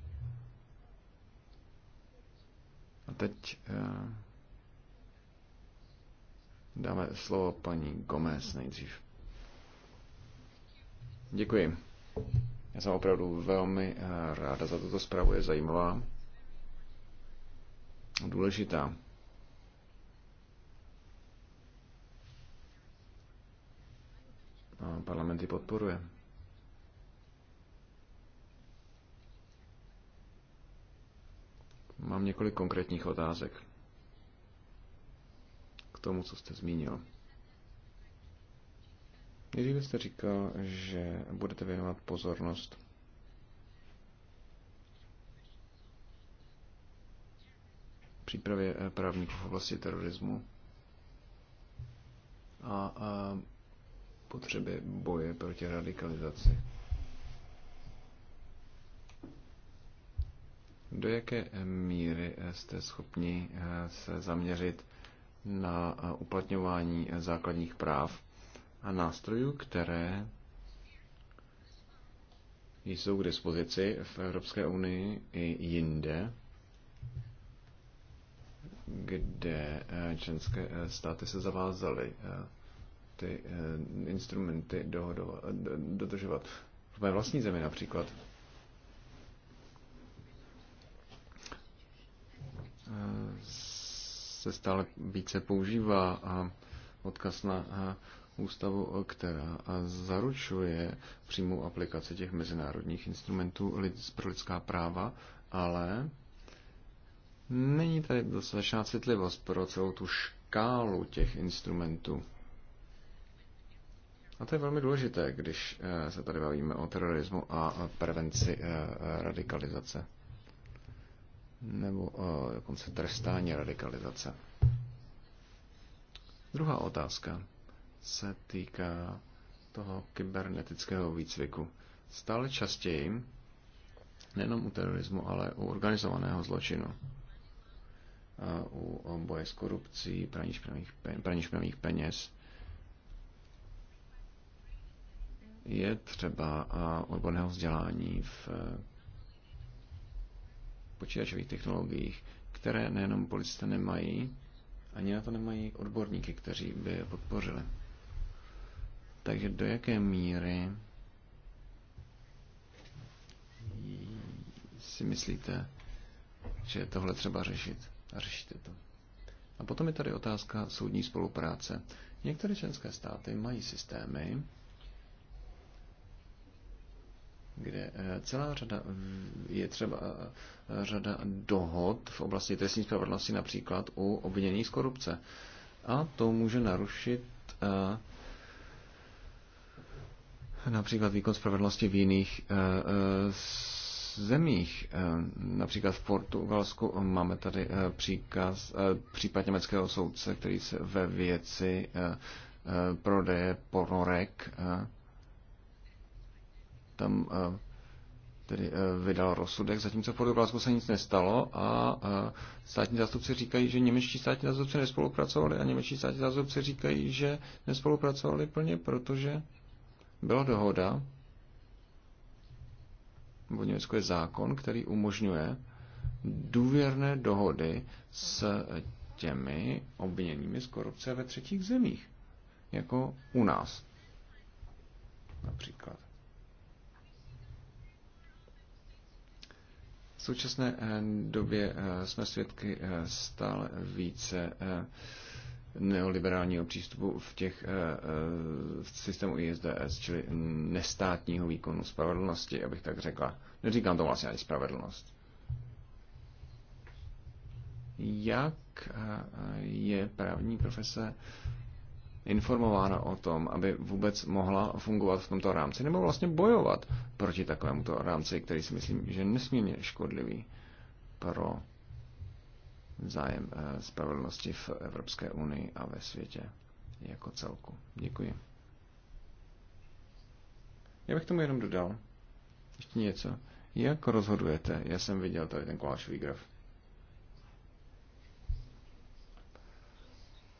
A teď eh, dáme slovo paní Gomez nejdřív. Děkuji. Já jsem opravdu velmi eh, ráda za tuto zprávu, je zajímavá důležitá. parlament ji podporuje. Mám několik konkrétních otázek k tomu, co jste zmínil. Nejdříve jste říkal, že budete věnovat pozornost přípravě eh, právníků v oblasti terorismu a, a potřeby boje proti radikalizaci. do jaké eh, míry eh, jste schopni eh, se zaměřit na uplatňování základních práv a nástrojů, které jsou k dispozici v Evropské unii i jinde, kde členské státy se zavázaly ty instrumenty dohodovat, dodržovat. V mé vlastní zemi například se stále více používá a odkaz na ústavu, která zaručuje přímou aplikaci těch mezinárodních instrumentů pro lidská práva, ale není tady dostatečná citlivost pro celou tu škálu těch instrumentů. A to je velmi důležité, když e, se tady bavíme o terorismu a prevenci e, radikalizace nebo eh, dokonce trestání radikalizace. Druhá otázka se týká toho kybernetického výcviku. Stále častěji, nejenom u terorismu, ale u organizovaného zločinu, a u boje s korupcí, praní praní špinavých peněz, je třeba odborného vzdělání v počítačových technologiích, které nejenom policisté nemají, ani na to nemají odborníky, kteří by je podpořili. Takže do jaké míry si myslíte, že je tohle třeba řešit? A řešíte to. A potom je tady otázka soudní spolupráce. Některé členské státy mají systémy, kde eh, celá řada je třeba eh, řada dohod v oblasti trestní spravedlnosti například u obvinění z korupce. A to může narušit eh, například výkon spravedlnosti v jiných zemích. Například v Portugalsku máme tady příkaz, případ německého soudce, který se ve věci prodeje pororek tam eh, tedy eh, vydal rozsudek, zatímco v Portugalsku se nic nestalo a eh, státní zástupci říkají, že němečtí státní zástupci nespolupracovali a němečtí státní zástupci říkají, že nespolupracovali plně, protože byla dohoda, v Německu je zákon, který umožňuje důvěrné dohody s těmi obviněnými z korupce ve třetích zemích, jako u nás například. současné eh, době eh, jsme svědky eh, stále více neoliberálního přístupu v těch v systému ISDS, čili nestátního výkonu spravedlnosti, abych tak řekla. Neříkám to vlastně ani spravedlnost. Jak je právní profese informována o tom, aby vůbec mohla fungovat v tomto rámci, nebo vlastně bojovat proti takovému to rámci, který si myslím, že je nesmírně škodlivý pro zájem eh, spravedlnosti v Evropské unii a ve světě jako celku. Děkuji. Já bych tomu jenom dodal ještě něco. Jak rozhodujete? Já jsem viděl tady ten kolášový graf.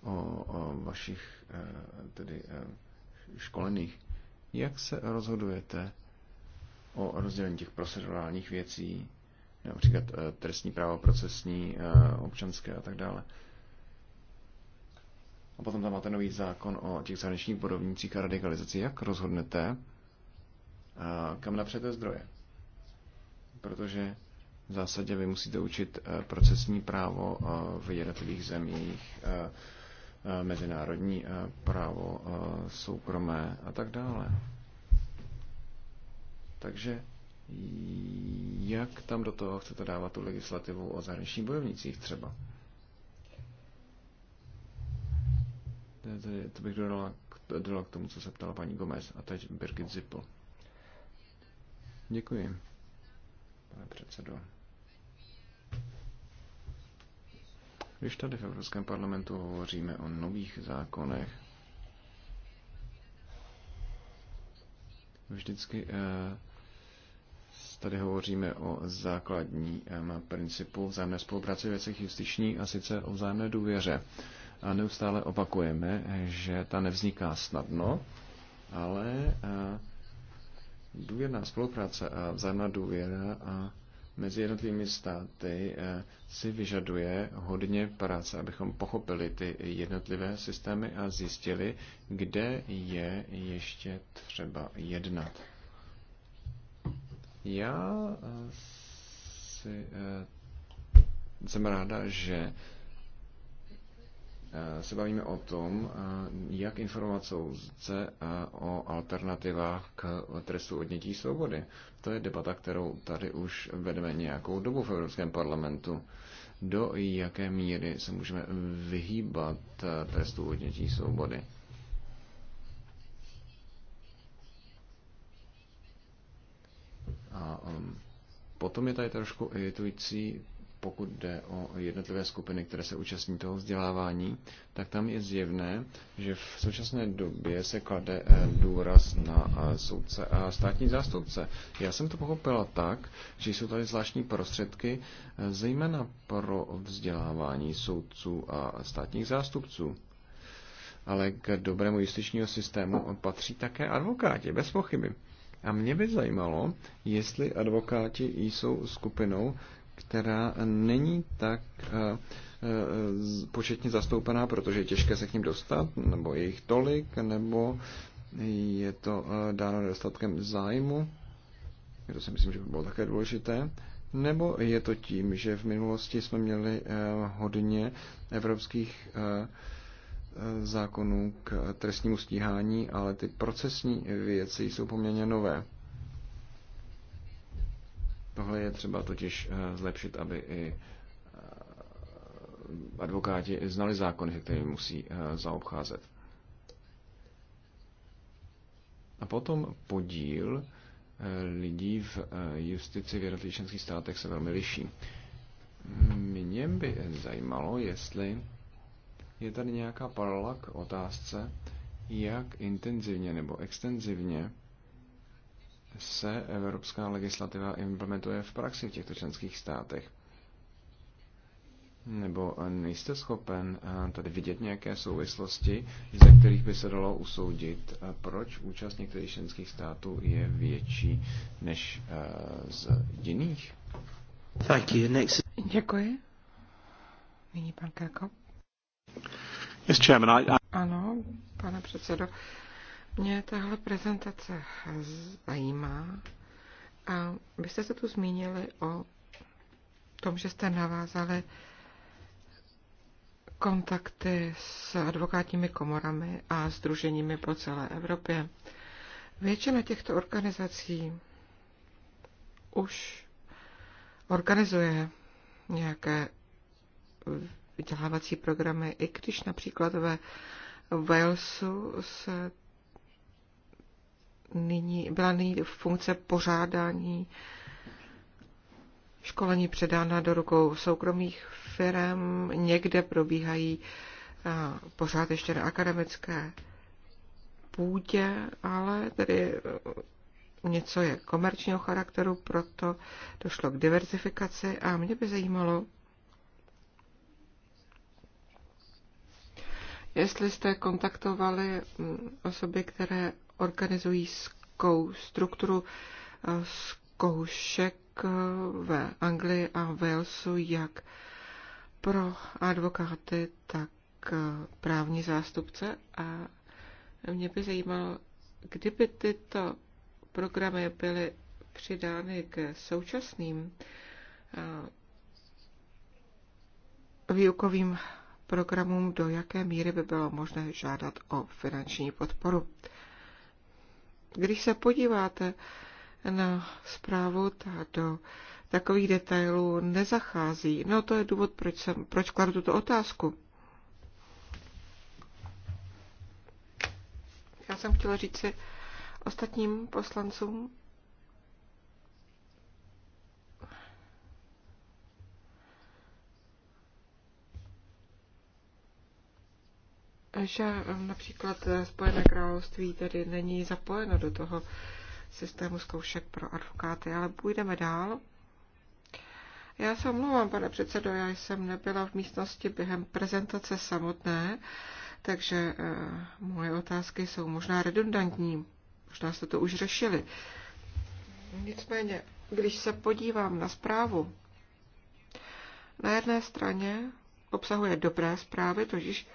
o vašich e, tedy e, školených. Jak se rozhodujete o rozdělení těch procedurálních věcí, například e, trestní právo, procesní, občanské a tak dále? A potom tam máte nový zákon o těch zahraničních podobnících a radikalizaci. Jak rozhodnete, kam napřete zdroje? Protože v zásadě vy musíte učit procesní právo v jednotlivých zemích, mezinárodní právo, soukromé a tak dále. Takže jak tam do toho chcete dávat tu legislativu o zahraničních bojovnicích třeba? To bych dodala, dodala k tomu, co se ptala paní Gomez a teď Birgit Zippel. Děkuji, pane předsedo. Když tady v Evropském parlamentu hovoříme o nových zákonech, vždycky eh, tady hovoříme o základním eh, principu vzájemné spolupráce věcech justiční a sice o vzájemné důvěře. A neustále opakujeme, že ta nevzniká snadno, ale eh, důvěrná spolupráce a vzájemná důvěra a mezi jednotlivými státy eh, si vyžaduje hodně práce, abychom pochopili ty jednotlivé systémy a zjistili, kde je ještě třeba jednat. Já eh, si, eh, jsem ráda, že Eh, se bavíme o tom, eh, jak informovat soudce eh, o alternativách k trestu odnětí svobody. To je debata, kterou tady už vedeme nějakou dobu v Evropském parlamentu. Do jaké míry se můžeme vyhýbat trestu odnětí svobody? A ehm, potom je tady trošku iritující pokud jde o jednotlivé skupiny, které se účastní toho vzdělávání, tak tam je zjevné, že v současné době se klade eh, důraz na eh, soudce a státní zástupce. Já jsem to pochopila tak, že jsou tady zvláštní prostředky, eh, zejména pro vzdělávání soudců a státních zástupců. Ale k dobrému justičního systému patří také advokáti, bez pochyby. A mě by zajímalo, jestli advokáti jsou skupinou, která není tak eh, eh, početně zastoupená, protože je těžké se k ním dostat, nebo je jich tolik, nebo je to eh, dáno nedostatkem zájmu, to si myslím, že by bylo také důležité, nebo je to tím, že v minulosti jsme měli hodně evropských zákonů k trestnímu stíhání, ale ty procesní věci jsou poměrně nové. Tohle je třeba totiž eh, zlepšit, aby i eh, advokáti znali zákony, se kterými musí eh, zaobcházet. A potom podíl lidí v justici v jednotlivých členských státech se velmi liší. Mě by zajímalo, jestli je tady nějaká paralela k otázce, jak intenzivně nebo extenzivně se evropská legislativa implementuje v praxi v těchto členských státech? Nebo nejste schopen eh, tady vidět nějaké souvislosti, ze kterých by se dalo usoudit, eh, proč účast některých členských států je větší než eh, z jiných? Thank you. Next. Děkuji. Nyní pan Kako. Yes, chairman, I, I... Ano, pane předsedo. Uh, mě tahle prezentace zajímá. A vy jste se tu zmínili o tom, že jste navázali kontakty s advokátními komorami a združeními po celé Evropě. Většina těchto organizací už organizuje nějaké vydělávací programy, i když například ve Walesu se nyní, byla nyní funkce pořádání školení předána do rukou soukromých firm. Někde probíhají pořád ještě na akademické půdě, ale tedy e, něco je komerčního charakteru, proto došlo k diverzifikaci a mě by zajímalo, jestli jste kontaktovali osoby, které organizují zkou, strukturu eh, zkoušek eh, ve Anglii a Walesu jak pro advokáty, tak eh, právní zástupce a mě by zajímalo, kdyby tyto programy byly přidány k současným výukovým programům, do jaké míry by bylo možné žádat o finanční podporu. Když se podíváte na zprávu, ta do takových detailů nezachází. No to je důvod, proč, jsem, proč kladu tuto otázku. Já jsem chtěla říct si ostatním poslancům, že například Spojené království tedy není zapojeno do toho systému zkoušek pro advokáty, ale půjdeme dál. Já se omlouvám, pane předsedo, já jsem nebyla v místnosti během prezentace samotné, takže eh, moje otázky jsou možná redundantní, možná jste to už řešili. Nicméně, když se podívám na zprávu, na jedné straně obsahuje dobré zprávy, totiž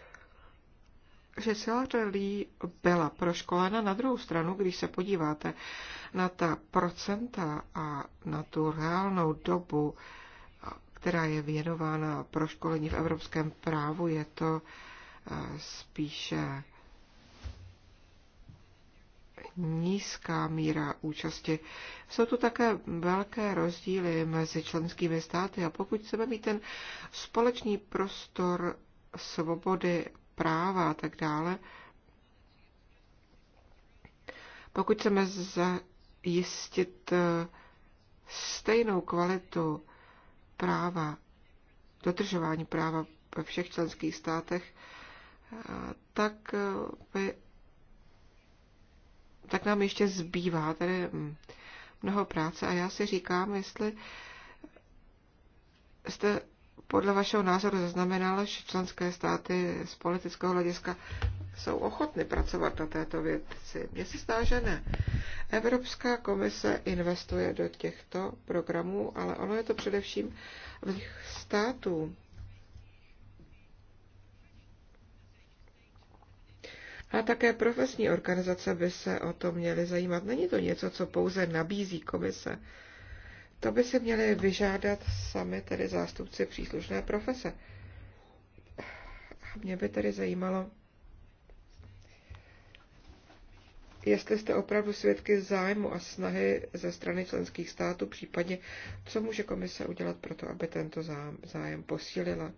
že Sylvia Lee byla proškolena. Na druhou stranu, když se podíváte na ta procenta a na tu reálnou dobu, která je věnována proškolení v evropském právu, je to eh, spíše nízká míra účasti. Jsou tu také velké rozdíly mezi členskými státy a pokud chceme mít ten společný prostor svobody práva a tak dále, pokud chceme zajistit eh, stejnou kvalitu práva, dodržování práva ve všech členských státech, eh, tak, eh, by, tak nám ještě zbývá tady hm, mnoho práce a já si říkám, jestli jste podle vašeho názoru zaznamenala, že členské státy z politického hlediska jsou ochotny pracovat na této věci? Mně se zdá, že ne. Evropská komise investuje do těchto programů, ale ono je to především v států. A také profesní organizace by se o to měly zajímat. Není to něco, co pouze nabízí komise. To by si měli vyžádat sami tedy zástupci příslušné profese. A mě by tedy zajímalo, jestli jste opravdu svědky zájmu a snahy ze strany členských států, případně co může komise udělat pro to, aby tento zájem posílila.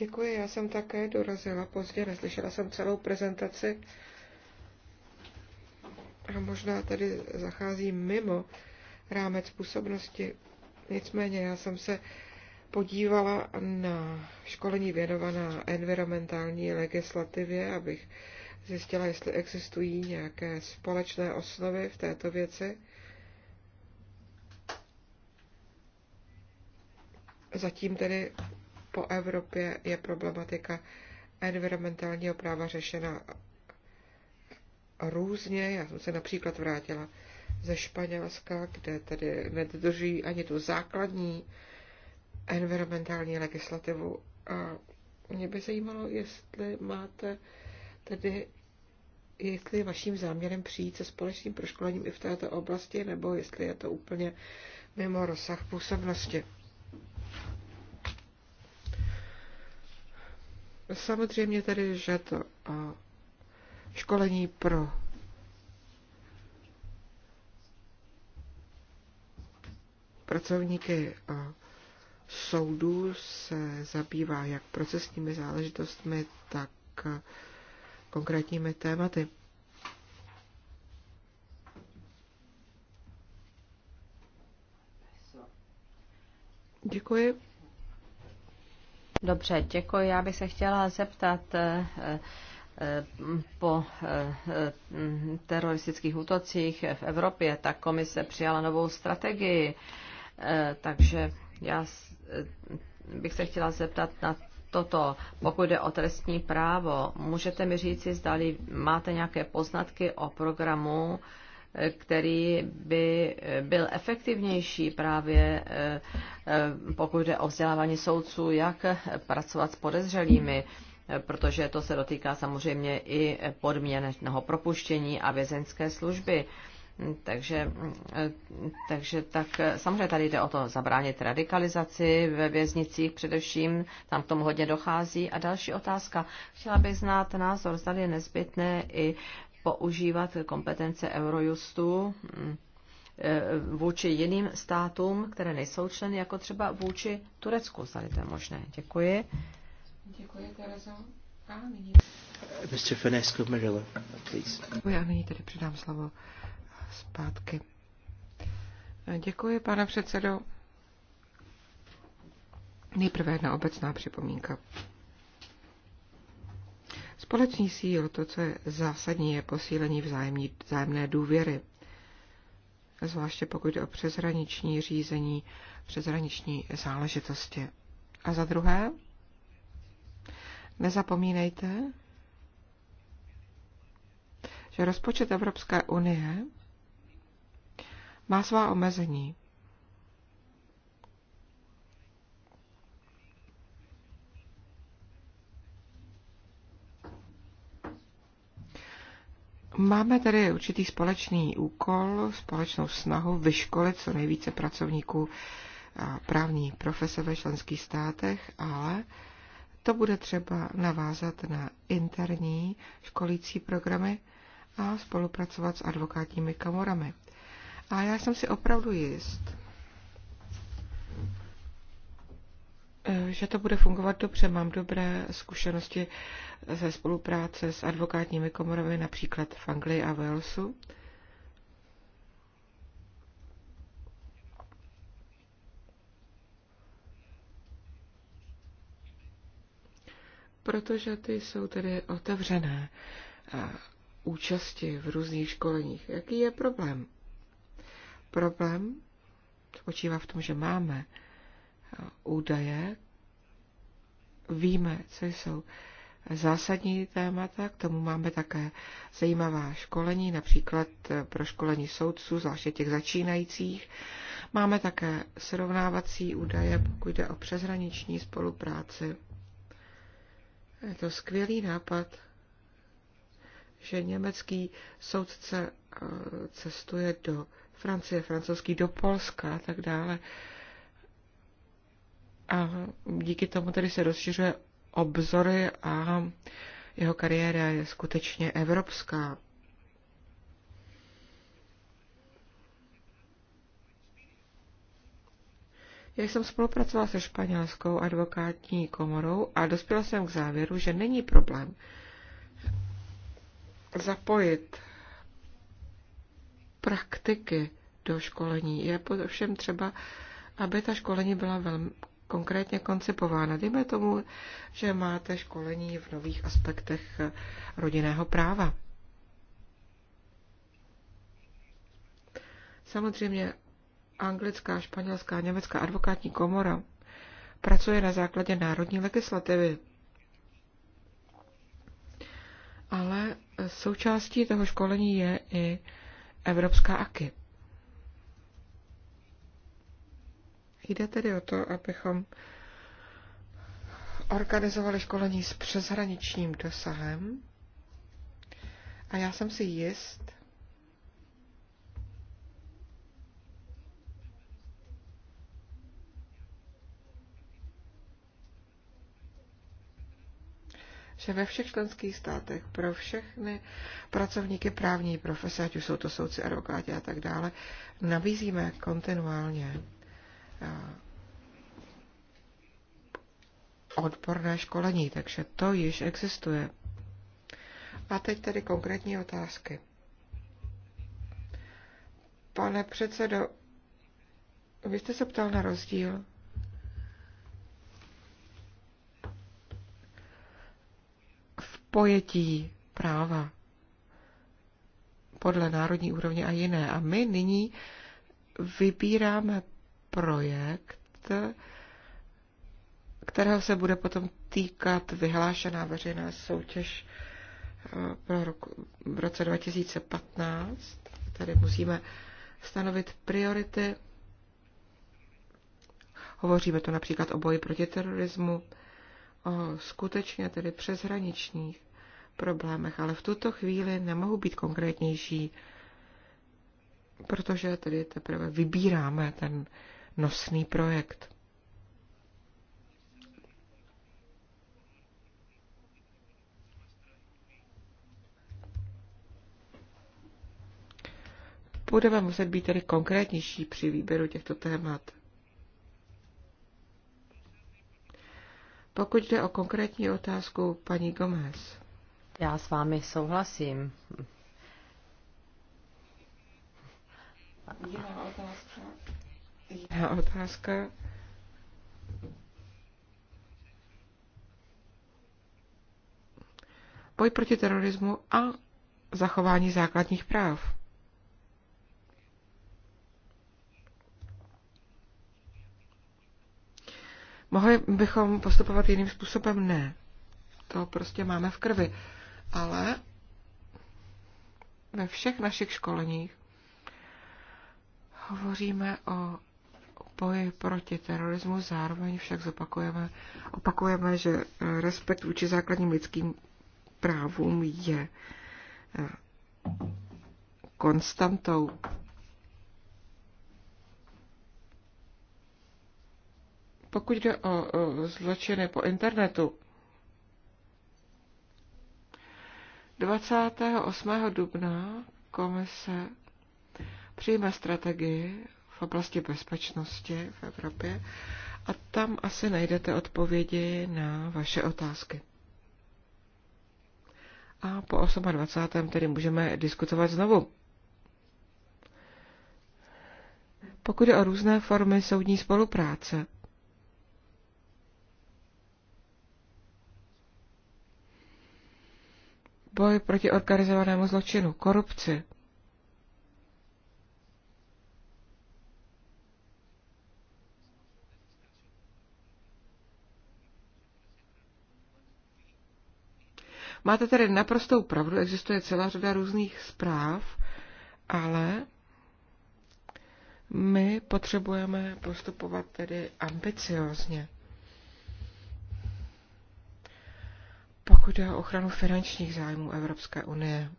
Děkuji, já jsem také dorazila pozdě, neslyšela jsem celou prezentaci. A možná tady zacházím mimo rámec působnosti. Nicméně já jsem se podívala na školení věnovaná environmentální legislativě, abych zjistila, jestli existují nějaké společné osnovy v této věci. Zatím tedy po Evropě je problematika environmentálního práva řešena různě. Já jsem se například vrátila ze Španělska, kde tedy nedodržují ani tu základní environmentální legislativu. A mě by zajímalo, jestli máte tedy jestli je vaším záměrem přijít se společným proškolením i v této oblasti, nebo jestli je to úplně mimo rozsah působnosti. Samozřejmě tedy, že to školení pro pracovníky soudu se zabývá jak procesními záležitostmi, tak konkrétními tématy. Děkuji. Dobře, děkuji. Já bych se chtěla zeptat eh, eh, po eh, teroristických útocích v Evropě, tak komise přijala novou strategii. Takže já bych se chtěla zeptat na toto, pokud jde o trestní právo. Můžete mi říci, zdali máte nějaké poznatky o programu, který by eh, byl efektivnější právě eh, eh, pokud jde o vzdělávání soudců, jak pracovat s podezřelými, protože to se dotýká samozřejmě i podměnného propuštění a vězeňské služby. Takže, takže tak samozřejmě tady jde o to zabránit radikalizaci ve věznicích především, tam k tomu hodně dochází. A další otázka. Chtěla bych znát názor, zda je nezbytné i používat kompetence Eurojustu mm, e, vůči jiným státům, které nejsou členy, jako třeba vůči Turecku, Zdali to je možné. Děkuji. Děkuji, Terezo. A nyní... Mr. Finesco Murillo, please. Já nyní tedy předám slovo zpátky. Děkuji, pane předsedo. Nejprve jedna obecná připomínka společný síl, to, co je zásadní, je posílení vzájemní, vzájemné důvěry, zvláště pokud jde o přeshraniční řízení, přeshraniční záležitosti. A za druhé, nezapomínejte, že rozpočet Evropské unie má svá omezení. Máme tady určitý společný úkol, společnou snahu vyškolit co nejvíce pracovníků právní profese ve členských státech, ale to bude třeba navázat na interní školící programy a spolupracovat s advokátními komorami. A já jsem si opravdu jist, že to bude fungovat dobře. Mám dobré zkušenosti ze spolupráce s advokátními komorami například v Anglii a Walesu. Protože ty jsou tedy otevřené účasti v různých školeních. Jaký je problém? Problém spočívá v tom, že máme údaje, víme, co jsou zásadní témata. K tomu máme také zajímavá školení, například eh, pro školení soudců, zvláště těch začínajících. Máme také srovnávací údaje, pokud jde o přeshraniční spolupráci. Je to skvělý nápad, že německý soudce eh, cestuje do Francie, francouzský do Polska a tak dále. A díky tomu tedy se rozšiřuje obzory a jeho kariéra je skutečně evropská. Já jsem spolupracoval se španělskou advokátní komorou a dospěl jsem k závěru, že není problém zapojit praktiky do školení. Je ovšem třeba, aby ta školení byla velmi konkrétně koncipována. Dejme tomu, že máte školení v nových aspektech rodinného práva. Samozřejmě anglická, španělská, německá advokátní komora pracuje na základě národní legislativy. Ale součástí toho školení je i evropská AKY. Jde tedy o to, abychom organizovali školení s přeshraničním dosahem. A já jsem si jist, že ve všech členských státech pro všechny pracovníky právní profese, ať už jsou to soudci, advokáti a tak dále, nabízíme kontinuálně Eh, odborné školení, takže to již existuje. A teď tedy konkrétní otázky. Pane předsedo, vy jste se ptal na rozdíl v pojetí práva podle národní úrovně a jiné. A my nyní vybíráme projekt, kterého se bude potom týkat vyhlášená veřejná soutěž eh, pro roku, v roce 2015. Tady musíme stanovit priority. Hovoříme tu například o boji proti terorismu, o skutečně tedy přeshraničních problémech, ale v tuto chvíli nemohu být konkrétnější, protože tedy teprve vybíráme ten nosný projekt. Budeme muset být tedy konkrétnější při výběru těchto témat. Pokud jde o konkrétní otázku paní Gomez. Já s vámi souhlasím. Jiná otázka. Jiná otázka. Boj proti terorismu a zachování základních práv. Mohli bychom postupovat jiným způsobem? Ne. To prostě máme v krvi. Ale ve všech našich školeních hovoříme o boji proti terorismu, zároveň však zopakujeme, opakujeme, že eh, respekt vůči základním lidským právům je eh, konstantou. Pokud jde o zločiny po internetu, 28. dubna komise přijme strategii v oblasti bezpečnosti v Evropě a tam asi najdete odpovědi na vaše otázky. A po 28. tedy můžeme diskutovat znovu. Pokud je o různé formy soudní spolupráce, boj proti organizovanému zločinu, korupci, Máte tedy naprostou pravdu, existuje celá řada různých zpráv, ale my potřebujeme postupovat tedy ambiciozně. Pokud je o ochranu finančních zájmů Evropské unie,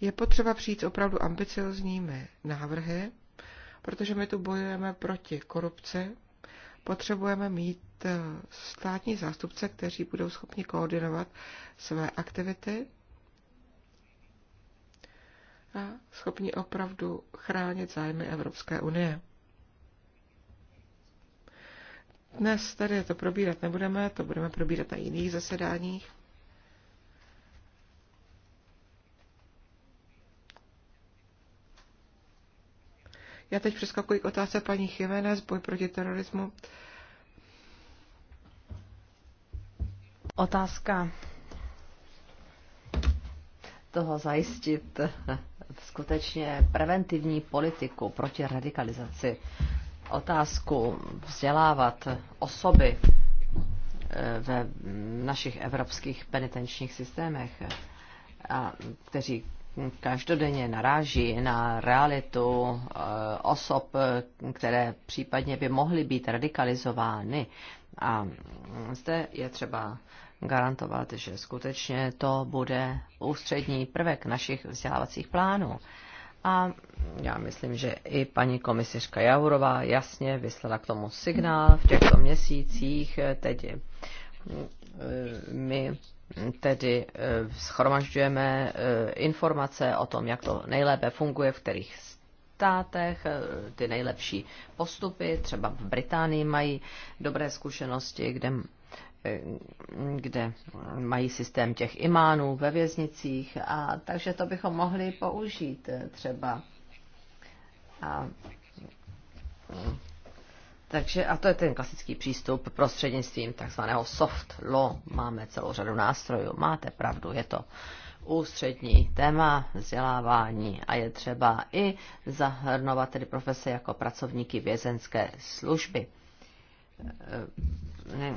je potřeba přijít s opravdu ambiciozními návrhy, protože my tu bojujeme proti korupci, potřebujeme mít eh, státní zástupce, kteří budou schopni koordinovat své aktivity a schopni opravdu chránit zájmy Evropské unie. Dnes tady to probírat nebudeme, to budeme probírat na jiných zasedáních. Já teď přeskakuji k otázce paní Jiménez, boj proti terorismu. Otázka toho zajistit [laughs] skutečně preventivní politiku proti radikalizaci. Otázku vzdělávat osoby eh, ve našich evropských penitenčních systémech, eh, a kteří každodenně naráží na realitu eh, osob, eh, které případně by mohly být radikalizovány. A zde je třeba garantovat, že skutečně to bude ústřední prvek našich vzdělávacích plánů. A já myslím, že i paní komisařka Jaurová jasně vyslala k tomu signál v těchto měsících. Teď eh, my tedy eh, schromažďujeme eh, informace o tom, jak to nejlépe funguje, v kterých státech, eh, ty nejlepší postupy, třeba v Británii mají dobré zkušenosti, kde, kde mají systém těch imánů ve věznicích, a takže to bychom mohli použít třeba. A, takže a to je ten klasický přístup prostřednictvím takzvaného soft law. Máme celou řadu nástrojů, máte pravdu, je to ústřední téma vzdělávání a je třeba i zahrnovat tedy profese jako pracovníky vězenské služby. Eh,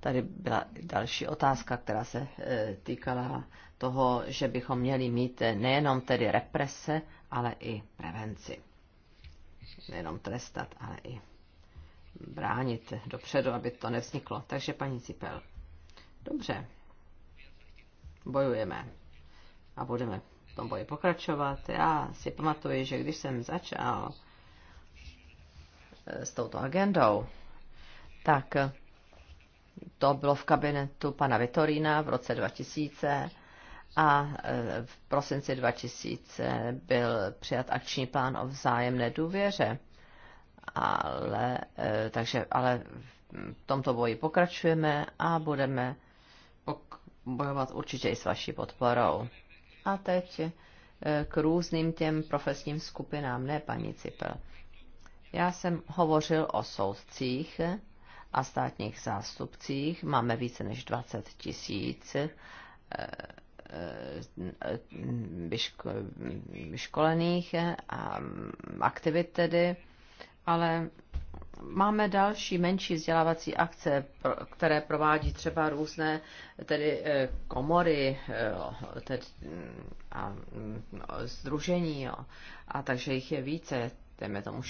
tady byla další otázka, která se eh, týkala toho, že bychom měli mít eh, nejenom tedy represe, ale i prevenci. Nejenom trestat, ale i bránit dopředu, aby to nevzniklo. Takže paní Cipel. Dobře. Bojujeme. A budeme v tom boji pokračovat. Já si pamatuju, že když jsem začal eh, s touto agendou, tak eh, to bylo v kabinetu pana Vitorína v roce 2000 a eh, v prosinci 2000 byl přijat akční plán o vzájemné důvěře ale, e, takže, ale v tomto boji pokračujeme a budeme pok- bojovat určitě i s vaší podporou. A teď e, k různým těm profesním skupinám, ne paní Cipel. Já jsem hovořil o soudcích a státních zástupcích. Máme více než 20 tisíc e, vyškolených a aktivit tedy ale máme další menší vzdělávací akce, které provádí třeba různé tedy eh, komory eh, tedy, a združení. Mm, no, jo. A takže jich je více, dejme tomu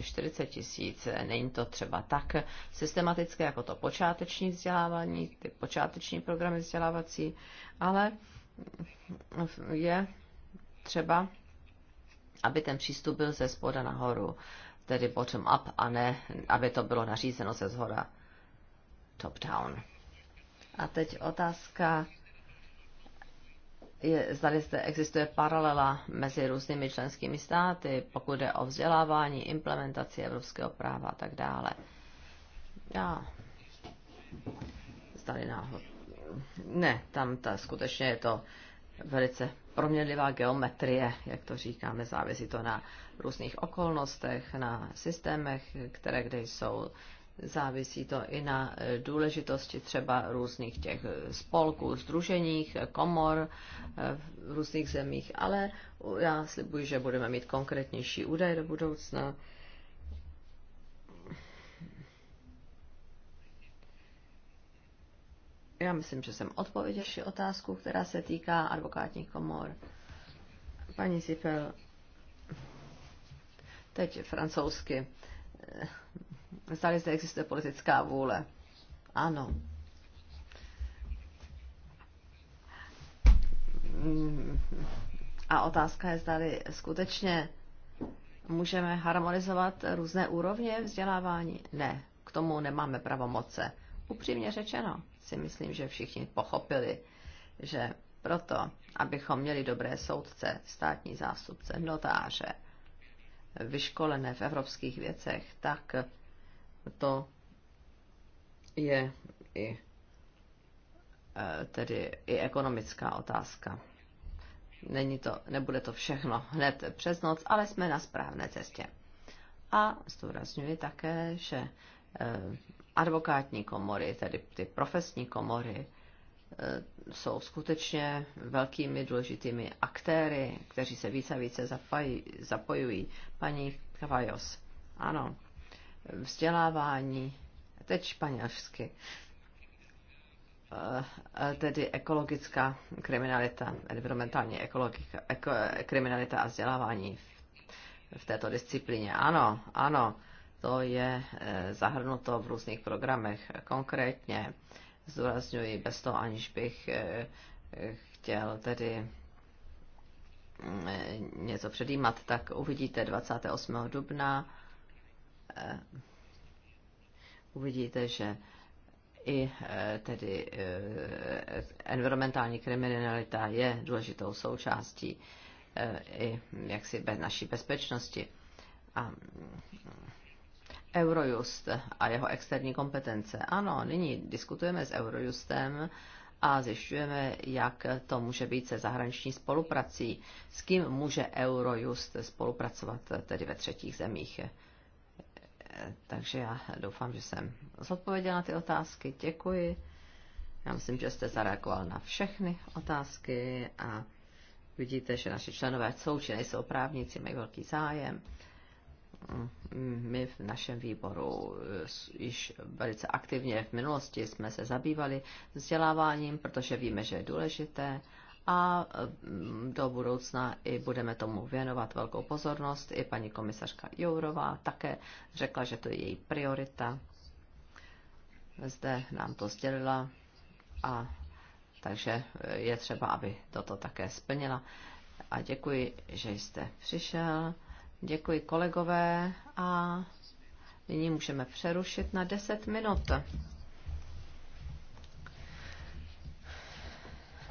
40 tisíc, není to třeba tak systematické jako to počáteční vzdělávání, ty počáteční programy vzdělávací, ale je třeba, aby ten přístup byl ze spoda nahoru tedy bottom-up a ne, aby to bylo nařízeno ze zhora top-down. A teď otázka, je, zdali zde existuje paralela mezi různými členskými státy, pokud jde o vzdělávání, implementaci evropského práva a tak dále. Já. Zdali náhodou. Ne, tam ta, skutečně je to velice proměnlivá geometrie, jak to říkáme, závisí to na různých okolnostech, na systémech, které kde jsou. Závisí to i na e, důležitosti třeba různých těch e, spolků, združeních, e, komor v různých zemích, ale já slibuji, že budeme mít konkrétnější údaje do budoucna. Já myslím, že jsem odpověděl otázku, která se týká advokátních komor. Paní Sipel, teď francouzsky. Eh, zdali zde existuje politická vůle. Ano. A otázka je, zdali skutečně můžeme harmonizovat různé úrovně vzdělávání? Ne, k tomu nemáme pravomoce upřímně řečeno si myslím, že všichni pochopili, že proto, abychom měli dobré soudce, státní zástupce, notáře, vyškolené v evropských věcech, tak to je i e, tedy i ekonomická otázka. Není to, nebude to všechno hned přes noc, ale jsme na správné cestě. A zdůrazňuji také, že Eh, advokátní komory, tedy ty profesní komory, eh, jsou skutečně velkými důležitými aktéry, kteří se více a více zapojují. Paní Kavajos, ano, vzdělávání, teď španělsky, eh, tedy ekologická kriminalita, environmentální ekologika, eko, kriminalita a vzdělávání v, v této disciplíně. Ano, ano, to je eh, zahrnuto v různých programech. Konkrétně zdůrazňuji bez toho, aniž bych eh, chtěl tedy mm, něco předjímat, tak uvidíte 28. dubna. Eh, uvidíte, že i tedy environmentální kriminalita je důležitou součástí i jaksi naší bezpečnosti. A mm, Eurojust a jeho externí kompetence. Ano, nyní diskutujeme s Eurojustem a zjišťujeme, jak to může být se zahraniční spoluprací. S kým může Eurojust spolupracovat tedy ve třetích zemích? Takže já doufám, že jsem zodpověděla na ty otázky. Děkuji. Já myslím, že jste zareagoval na všechny otázky a vidíte, že naši členové jsou či nejsou právníci, mají velký zájem my v našem výboru eh, již velice aktivně v minulosti jsme se zabývali vzděláváním, protože víme, že je důležité a mm, do budoucna i budeme tomu věnovat velkou pozornost. I paní komisařka Jourová také řekla, že to je její priorita. Zde nám to sdělila a takže eh, je třeba, aby toto také splnila. A děkuji, že jste přišel. Děkuji kolegové a nyní můžeme přerušit na 10 minut.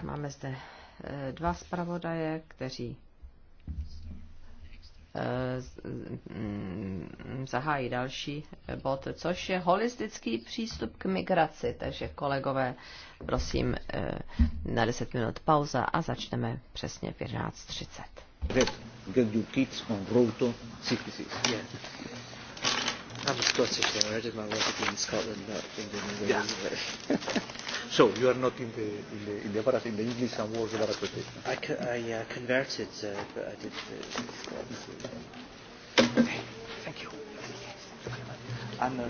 Máme zde eh, dva zpravodaje, kteří eh, zahájí další bod, což je holistický přístup k migraci. Takže kolegové, prosím, eh, na 10 minut pauza a začneme přesně v 11.30 that get your kids on road to 66. Yeah. I'm Scottish, though. I did my work in Scotland, not England and Wales. Yeah. [laughs] so you are not in the in the in the, Baras, in the English and Wales Barakuti. I I uh, converted, uh, but I did. Uh, okay. Thank you. And. Uh,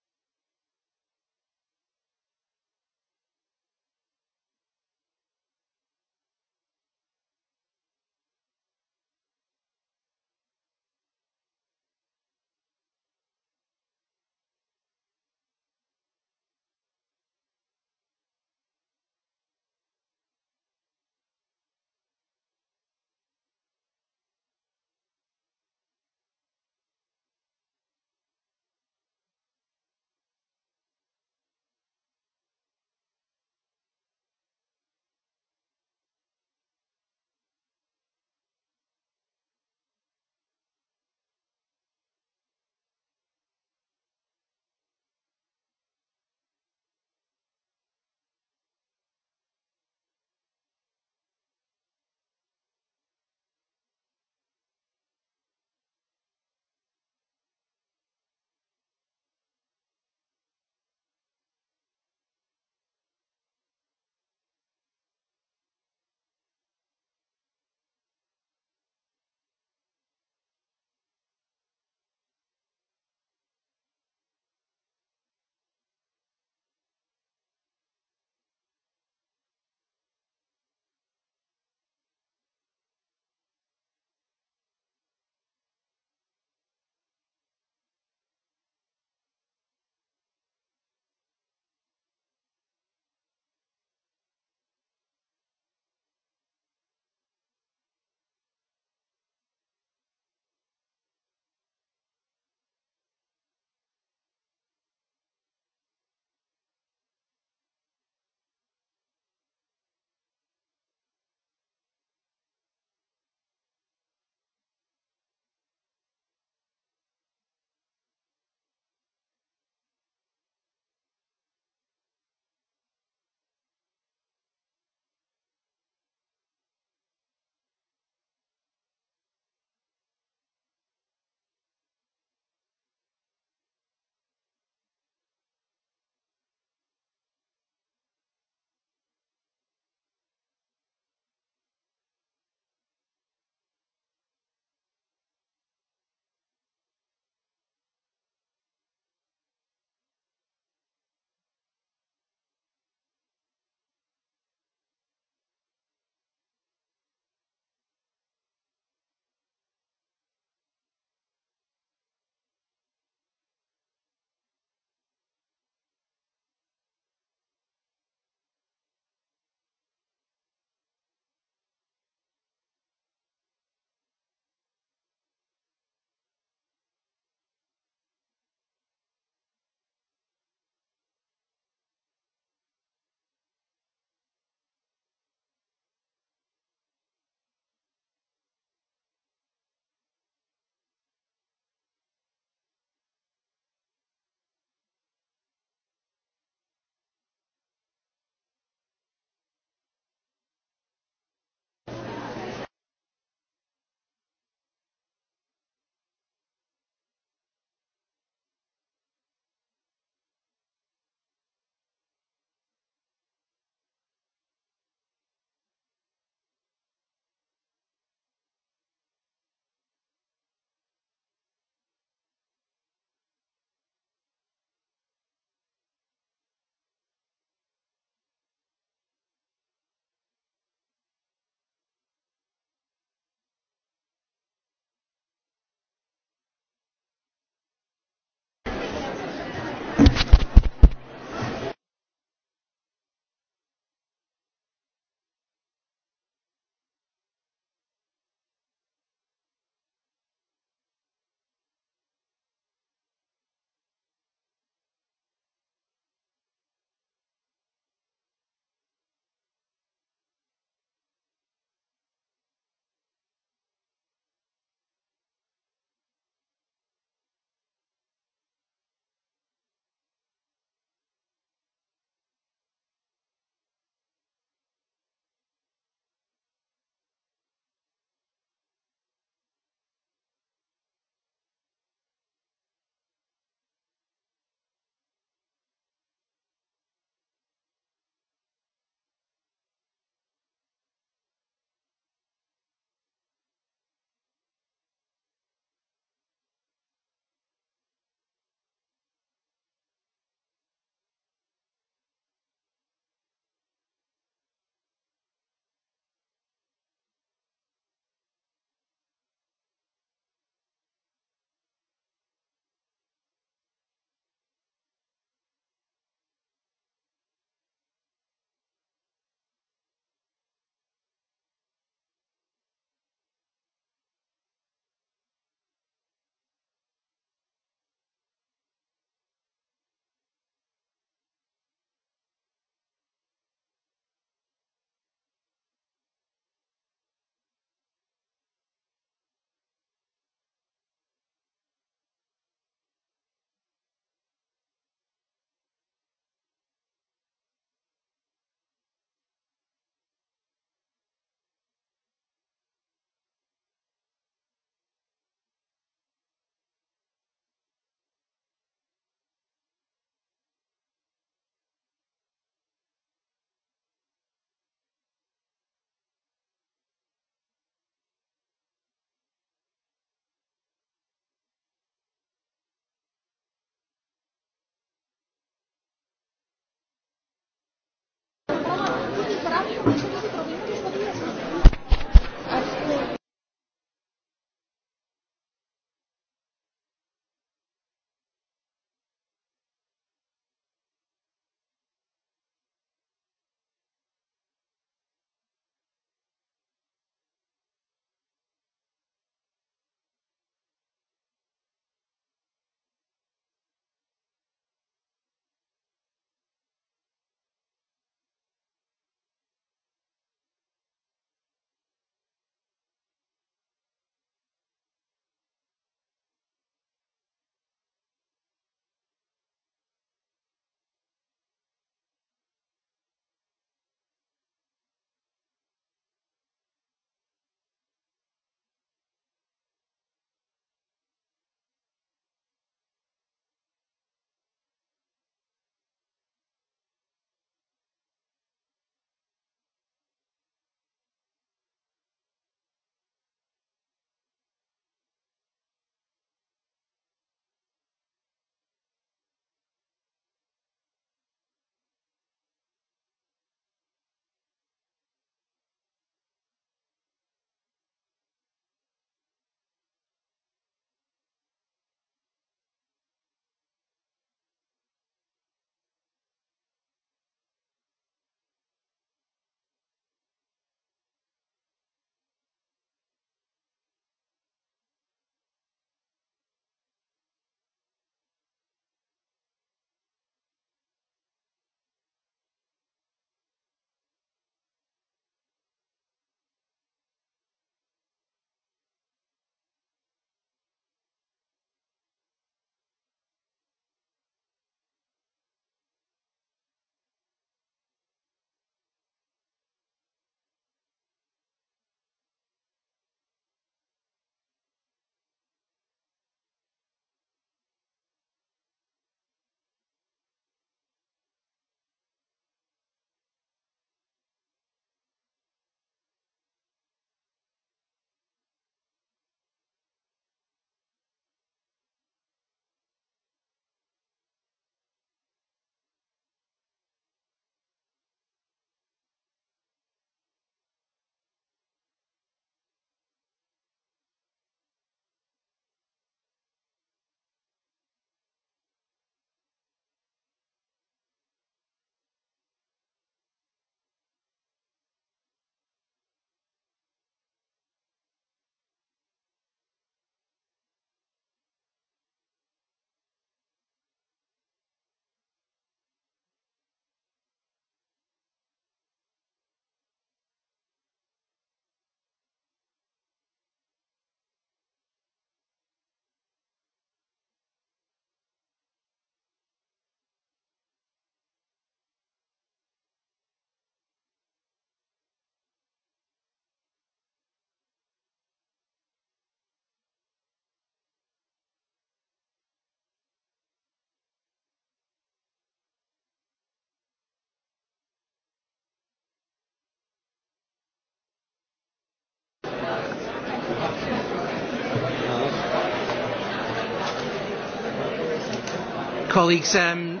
Um,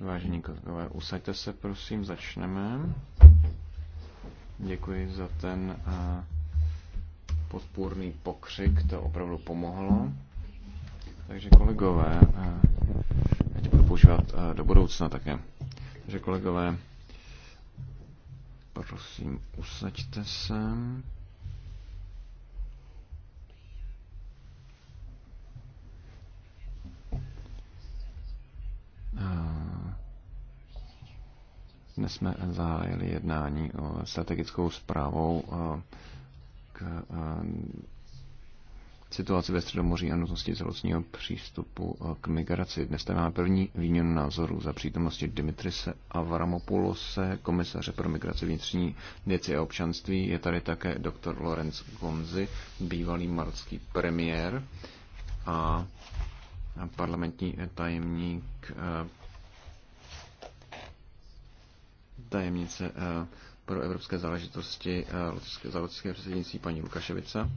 Vážení kolegové, usaďte se, prosím, začneme. Děkuji za ten eh, podpůrný pokřik, to opravdu pomohlo. Takže kolegové, uh, já tě budu používat uh, do budoucna také. Takže kolegové, prosím, usaďte se. Dnes jsme zahájili jednání o strategickou zprávou k situaci ve Středomoří a nutnosti celostního přístupu k migraci. Dnes tady máme první výměnu názorů za přítomnosti Dimitrise Avramopulose, komisaře pro migraci vnitřní věci a občanství. Je tady také doktor Lorenz Gonzi, bývalý marský premiér a parlamentní tajemník eh, tajemnice eh, pro evropské záležitosti eh, za lotické předsednictví paní Lukaševice.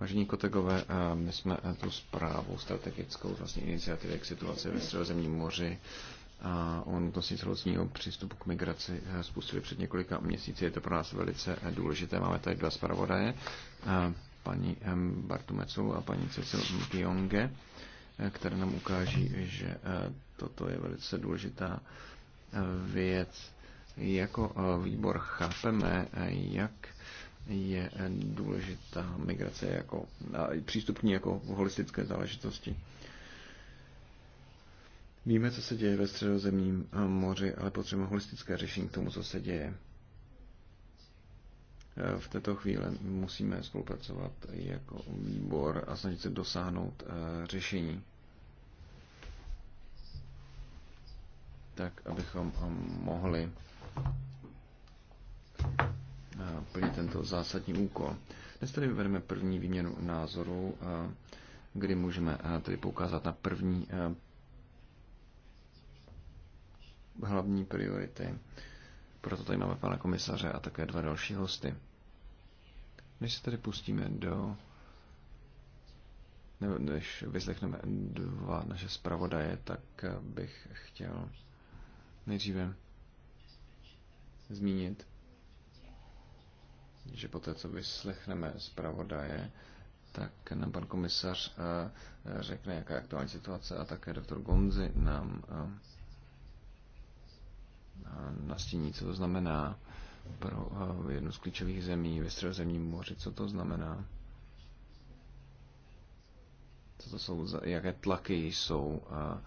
Vážení kotegové, my jsme tu zprávu strategickou vlastně iniciativy k situaci ve Středozemním moři a o nutnosti celostního přístupu k migraci spustili před několika měsíci. Je to pro nás velice důležité. Máme tady dva zpravodaje, paní M Bartumecu a paní Cecil Pionge které nám ukáží, že eh, toto je velice důležitá eh, věc. Jako eh, výbor chápeme, jak je důležitá migrace jako přístupní jako holistické záležitosti. Víme, co se děje ve středozemním moři, ale potřebujeme holistické řešení k tomu, co se děje. Eh, v této chvíli musíme spolupracovat jako výbor a snažit se dosáhnout eh, řešení. Tak, abychom eh, mohli plnit tento zásadní úkol. Dnes tady vedeme první výměnu názorů, kdy můžeme tedy poukázat na první hlavní priority. Proto tady máme pana komisaře a také dva další hosty. Než se tady pustíme do nebo než vyslechneme dva naše zpravodaje, tak eh, bych chtěl nejdříve zmínit, že poté, co vyslechneme zpravodaje, tak nám pan komisař eh, řekne, jaká je aktuální situace a také doktor Gonzi nám eh, nastíní, co to znamená pro eh, jednu z klíčových zemí ve středozemním moři. Co to znamená? Co to jsou jaké tlaky jsou eh,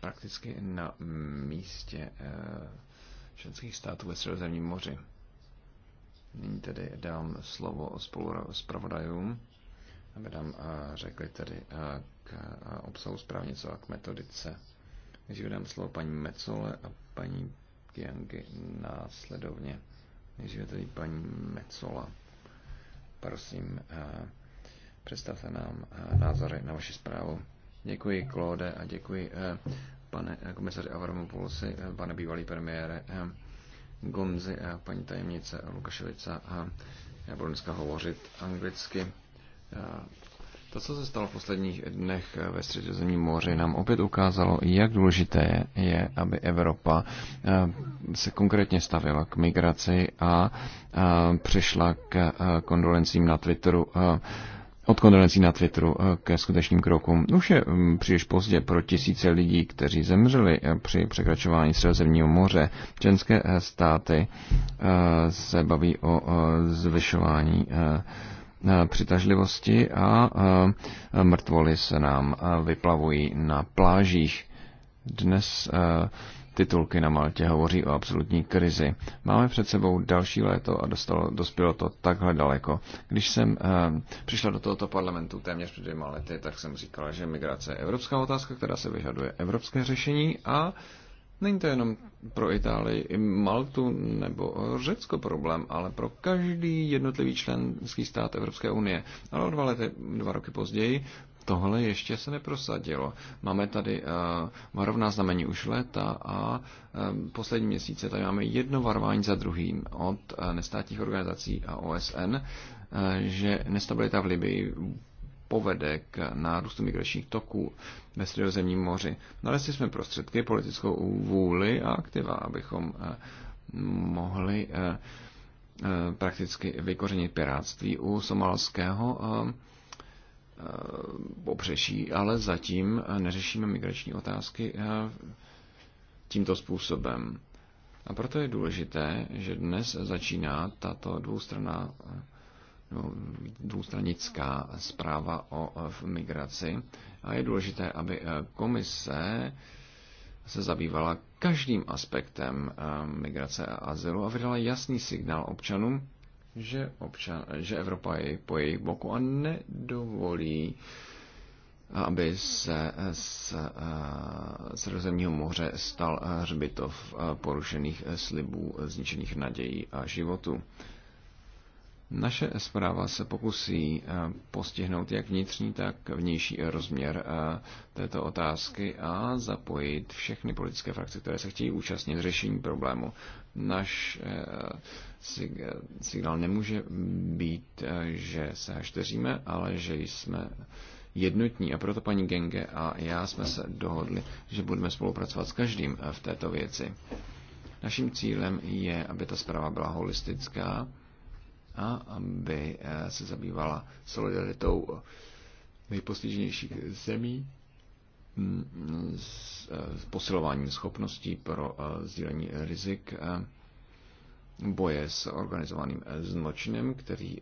prakticky na místě eh, členských států ve středozemním moři? Nyní tedy dám slovo spolu s pravodajům, aby nám řekli tedy k obsahu správně co a k metodice. Takže dám slovo paní Mecole a paní Kiangi následovně. Nejdříve tady paní Mecola. Prosím, eh, představte nám eh, názory na vaši zprávu. Děkuji, Klóde, a děkuji, eh, pane komisaři Avramopoulosi, pane bývalý premiére Gonzi a paní tajemnice Lukaševica. Já budu dneska hovořit anglicky. To, co se stalo v posledních dnech ve středozemním moři, nám opět ukázalo, jak důležité je, aby Evropa eh, se konkrétně stavila k migraci a eh, přešla k eh, kondolencím na Twitteru od kondolencí na Twitteru ke skutečným krokům. Už je mm, příliš pozdě pro tisíce lidí, kteří zemřeli při překračování Středozemního moře. české státy se baví o zvyšování Eh, přitažlivosti a eh, mrtvoly se nám eh, vyplavují na plážích. Dnes titulky na Maltě hovoří o absolutní krizi. Máme před sebou další léto a dostalo, dospělo to takhle daleko. Když jsem přišla do tohoto parlamentu téměř před dvěma lety, tak jsem říkala, že migrace je evropská otázka, která se vyžaduje evropské řešení a Není to jenom pro Itálii, i Maltu nebo Řecko problém, ale pro každý jednotlivý členský stát Evropské unie. Ale o dva, lety, dva roky později tohle ještě se neprosadilo. Máme tady uh, varovná znamení už léta a uh, poslední měsíce tady máme jedno varování za druhým od uh, nestátních organizací a OSN, uh, že nestabilita v Libii povede k nárůstu migračních toků ve středozemním moři. Nalezli jsme prostředky, politickou vůli a aktiva, abychom eh, mohli eh, eh, prakticky vykořenit piráctví u somalského pobřeží, ale zatím neřešíme migrační otázky tímto způsobem. A proto je důležité, že dnes začíná tato dvoustranná No, dvoustranická zpráva o migraci a je důležité, aby eh, komise se zabývala každým aspektem eh, migrace a azylu a vydala jasný signál občanům, že, občan, že Evropa je po jejich boku a nedovolí aby se z eh, Sredozemního moře stal hřbitov porušených slibů, zničených nadějí a životu. Naše zpráva se pokusí eh, postihnout jak vnitřní, tak vnější rozměr eh, této otázky a zapojit všechny politické frakce, které se chtějí účastnit řešení problému. Naš eh, signál nemůže být, že se hašteříme, ale že jsme jednotní. A proto paní Genge a já jsme se dohodli, že budeme spolupracovat s každým v této věci. Naším cílem je, aby ta zpráva byla holistická, a aby eh, se zabývala solidaritou eh, nejpostiženějších zemí mm, eh, s posilováním schopností pro sdílení rizik boje s organizovaným zločinem, který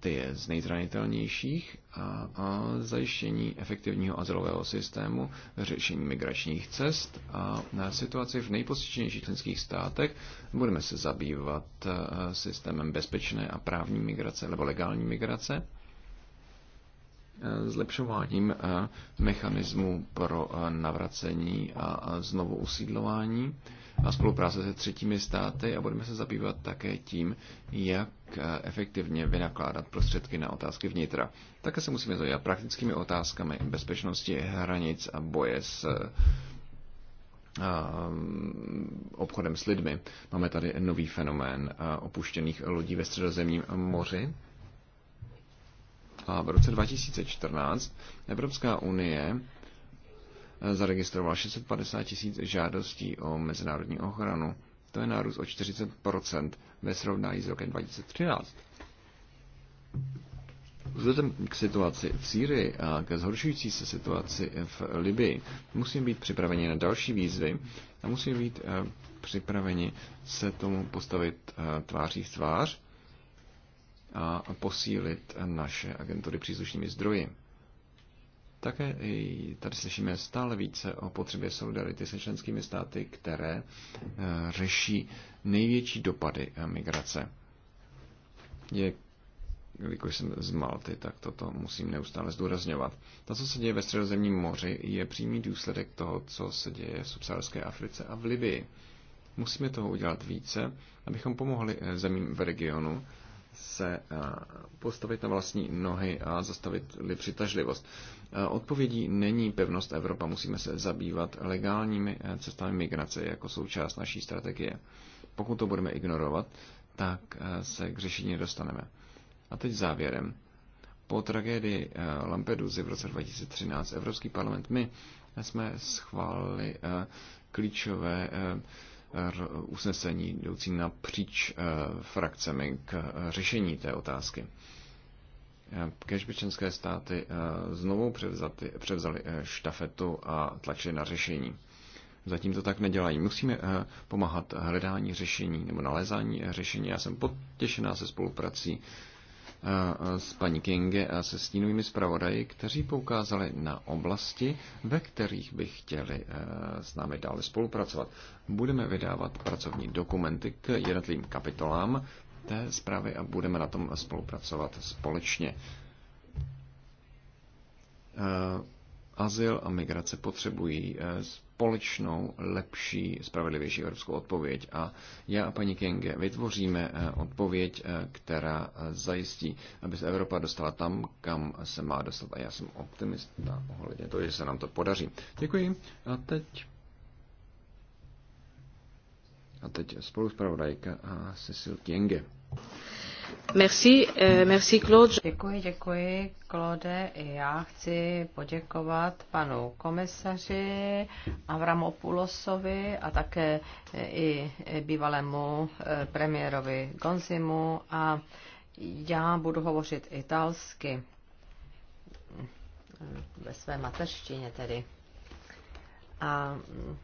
ty je z nejzranitelnějších a, a zajištění efektivního azylového systému, řešení migračních cest a na situaci v nejpostičnějších členských státech budeme se zabývat e, systémem bezpečné a právní migrace nebo legální migrace e, zlepšováním e, mechanismu pro navracení a znovu usídlování a spolupráce se třetími státy a budeme se zabývat také tím, jak eh, efektivně vynakládat prostředky na otázky vnitra. Také se musíme zabývat praktickými otázkami bezpečnosti hranic a boje s eh, eh, obchodem s lidmi. Máme tady nový fenomén opuštěných lodí ve středozemním moři. A v roce 2014 Evropská unie Eh, zaregistroval 650 tisíc žádostí o mezinárodní ochranu. To je nárůst o 40% ve srovnání s rokem 2013. Vzhledem k situaci v Sýrii a ke zhoršující se situaci v Libii musíme být připraveni na další výzvy a musíme být eh, připraveni se tomu postavit eh, tváří v tvář a posílit naše agentury příslušnými zdroji. Také tady slyšíme stále více o potřebě solidarity se členskými státy, které eh, řeší největší dopady eh, migrace. Je když jsem z Malty, tak toto musím neustále zdůrazňovat. To, co se děje ve středozemním moři, je přímý důsledek toho, co se děje v subsaharské Africe a v Libii. Musíme toho udělat více, abychom pomohli eh, zemím v regionu, se eh, postavit na vlastní nohy a zastavit-li přitažlivost. Eh, odpovědí není pevnost Evropa, musíme se zabývat legálními eh, cestami migrace jako součást naší strategie. Pokud to budeme ignorovat, tak se k řešení nedostaneme. A teď závěrem. Po tragédii Lampedusy v roce 2013 Evropský parlament my jsme schválili klíčové usnesení jdoucí napříč eh, frakcemi k eh, řešení té otázky. Eh, kež by členské státy znovu převzaty, převzali štafetu a tlačili na řešení. Zatím to tak nedělají. Musíme pomáhat hledání řešení nebo nalézání řešení. Já jsem potěšená se spoluprací s paní Kinge a se stínovými zpravodaji, kteří poukázali na oblasti, ve kterých by chtěli e, s námi dále spolupracovat. Budeme vydávat pracovní dokumenty k jednotlivým kapitolám té zprávy a budeme na tom spolupracovat společně. E, azyl a migrace potřebují e, společnou, lepší, spravedlivější evropskou odpověď. A já a paní Kenge vytvoříme eh, odpověď, eh, která eh, zajistí, aby se Evropa dostala tam, kam se má dostat. A já jsem optimista ohledně toho, že se nám to podaří. Děkuji. A teď. A teď spolu zpravodajka a Cecil Kenge. Eh, děkuji, Claude. I já chci poděkovat panu komisaři Avramopoulosovi a také eh, i eh, bývalému premiérovi Gonzimu a já budu hovořit italsky ve své mateřštině tedy. A mm,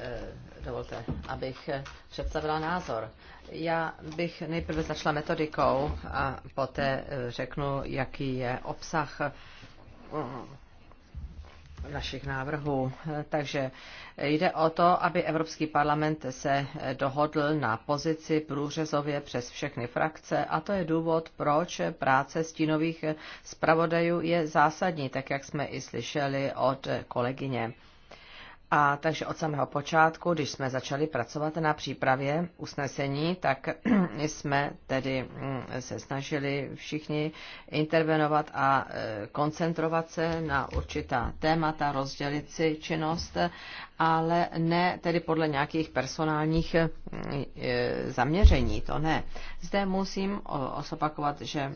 Eh, dovolte, abych eh, představila názor. Já bych nejprve začala metodikou a poté eh, řeknu, jaký je obsah našich návrhů. Takže jde o to, aby Evropský parlament se dohodl na pozici průřezově přes všechny frakce a to je důvod, proč práce stínových zpravodajů je zásadní, tak jak jsme i slyšeli od kolegyně. A takže od samého počátku, když jsme začali pracovat na přípravě usnesení, tak [clears throat] jsme tedy mm, se snažili všichni intervenovat a e, koncentrovat se na určitá témata, rozdělit si činnost, ale ne tedy podle nějakých personálních mm, e, zaměření, to ne. Zde musím osopakovat, že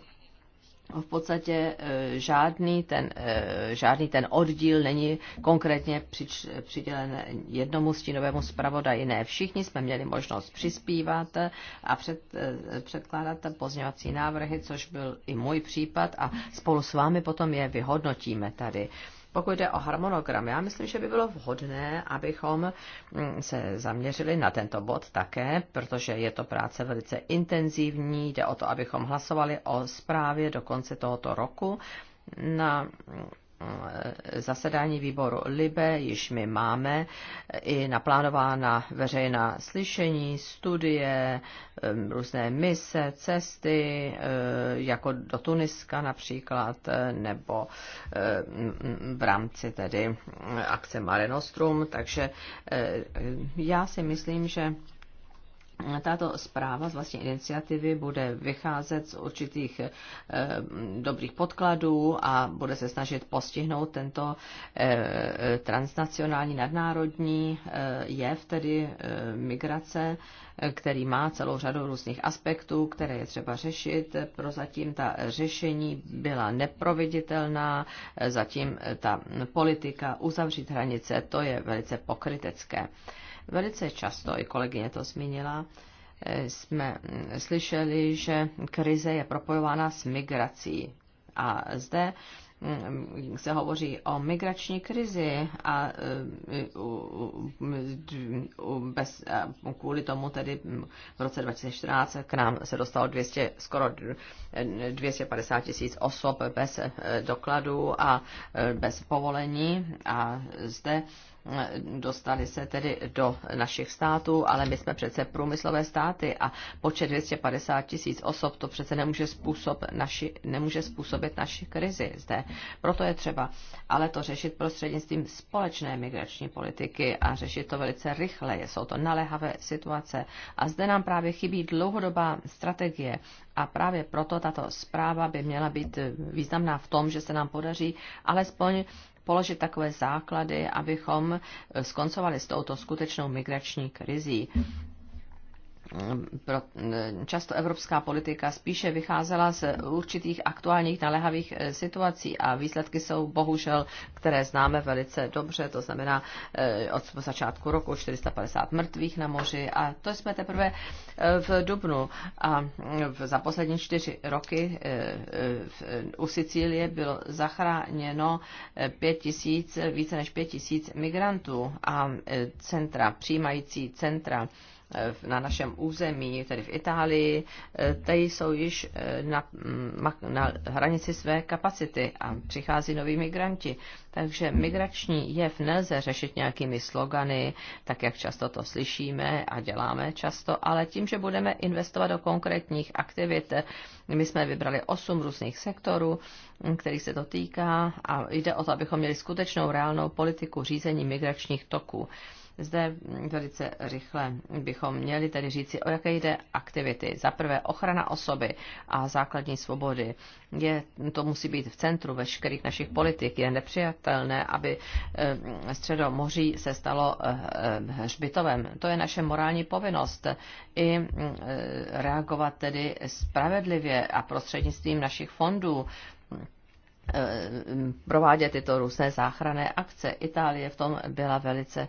v podstatě e, žádný ten, e, žádný ten oddíl není konkrétně přič, přidělen jednomu stínovému zpravodaji. Ne, všichni jsme měli možnost přispívat a před, e, předkládat pozměňovací návrhy, což byl i můj případ a spolu s vámi potom je vyhodnotíme tady. Pokud jde o harmonogram, já myslím, že by bylo vhodné, abychom mm, se zaměřili na tento bod také, protože je to práce velice intenzivní. Jde o to, abychom hlasovali o zprávě do konce tohoto roku na mm, Eh, zasedání výboru LIBE již my máme i naplánována veřejná slyšení, studie, různé mise, cesty, eh, jako do Tuniska například, eh, nebo v rámci tedy akce Mare Nostrum. Takže já si myslím, že tato zpráva z vlastní iniciativy bude vycházet z určitých e, dobrých podkladů a bude se snažit postihnout tento e, transnacionální nadnárodní e, jev, tedy e, migrace, který má celou řadu různých aspektů, které je třeba řešit. Prozatím ta řešení byla neproveditelná, zatím ta politika uzavřít hranice, to je velice pokrytecké. E, Velice často, i kolegyně to zmínila, eh, jsme mm, slyšeli, že krize je propojována s migrací. A zde mm, se hovoří o migrační krizi a eh, bez, kvůli tomu tedy v roce 2014 k nám se dostalo 200, skoro 250 tisíc osob bez eh, dokladů a bez povolení a zde dostali se tedy do našich států, ale my jsme přece průmyslové státy a počet 250 tisíc osob to přece nemůže, způsob naši, nemůže způsobit naši krizi zde. Proto je třeba ale to řešit prostřednictvím společné migrační politiky a řešit to velice rychle. Jsou to naléhavé situace a zde nám právě chybí dlouhodobá strategie a právě proto tato zpráva by měla být významná v tom, že se nám podaří alespoň položit takové základy, abychom skoncovali s touto skutečnou migrační krizí pro, eh, často evropská politika spíše vycházela z určitých aktuálních naléhavých eh, situací a výsledky jsou bohužel, které známe velice dobře, to znamená eh, od začátku roku 450 mrtvých na moři a to jsme teprve v Dubnu a za poslední čtyři roky u Sicílie bylo zachráněno 5 tisíc, více než 5 tisíc migrantů a centra, přijímající centra na našem území, tedy v Itálii, eh, tady jsou již eh, na, mm, na hranici své kapacity a přichází noví migranti. Takže migrační jev nelze řešit nějakými slogany, tak jak často to slyšíme a děláme často, ale tím, že budeme investovat do konkrétních aktivit, eh, my jsme vybrali osm různých sektorů, mm, kterých se to týká a jde o to, abychom měli skutečnou reálnou politiku řízení migračních toků. Zde velice rychle bychom měli tedy říci, o jaké jde aktivity. Za prvé ochrana osoby a základní svobody. Je, to musí být v centru veškerých našich politik. Je nepřijatelné, aby eh, středomoří se stalo eh, eh, hřbitovem. To je naše morální povinnost i reagovat tedy spravedlivě a prostřednictvím našich fondů Eh, provádět tyto různé záchranné akce. Itálie v tom byla velice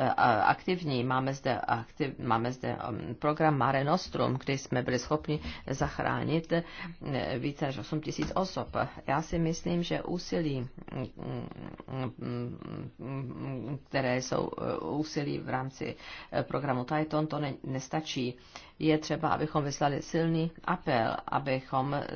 eh, aktivní. Máme zde, aktiv, máme zde mm, program Mare Nostrum, kdy jsme byli schopni zachránit eh, více než 8 tisíc osob. Já si myslím, že úsilí, mm, mm, které jsou úsilí v rámci programu Titan, to ne, nestačí je třeba, abychom vyslali silný apel, abychom eh,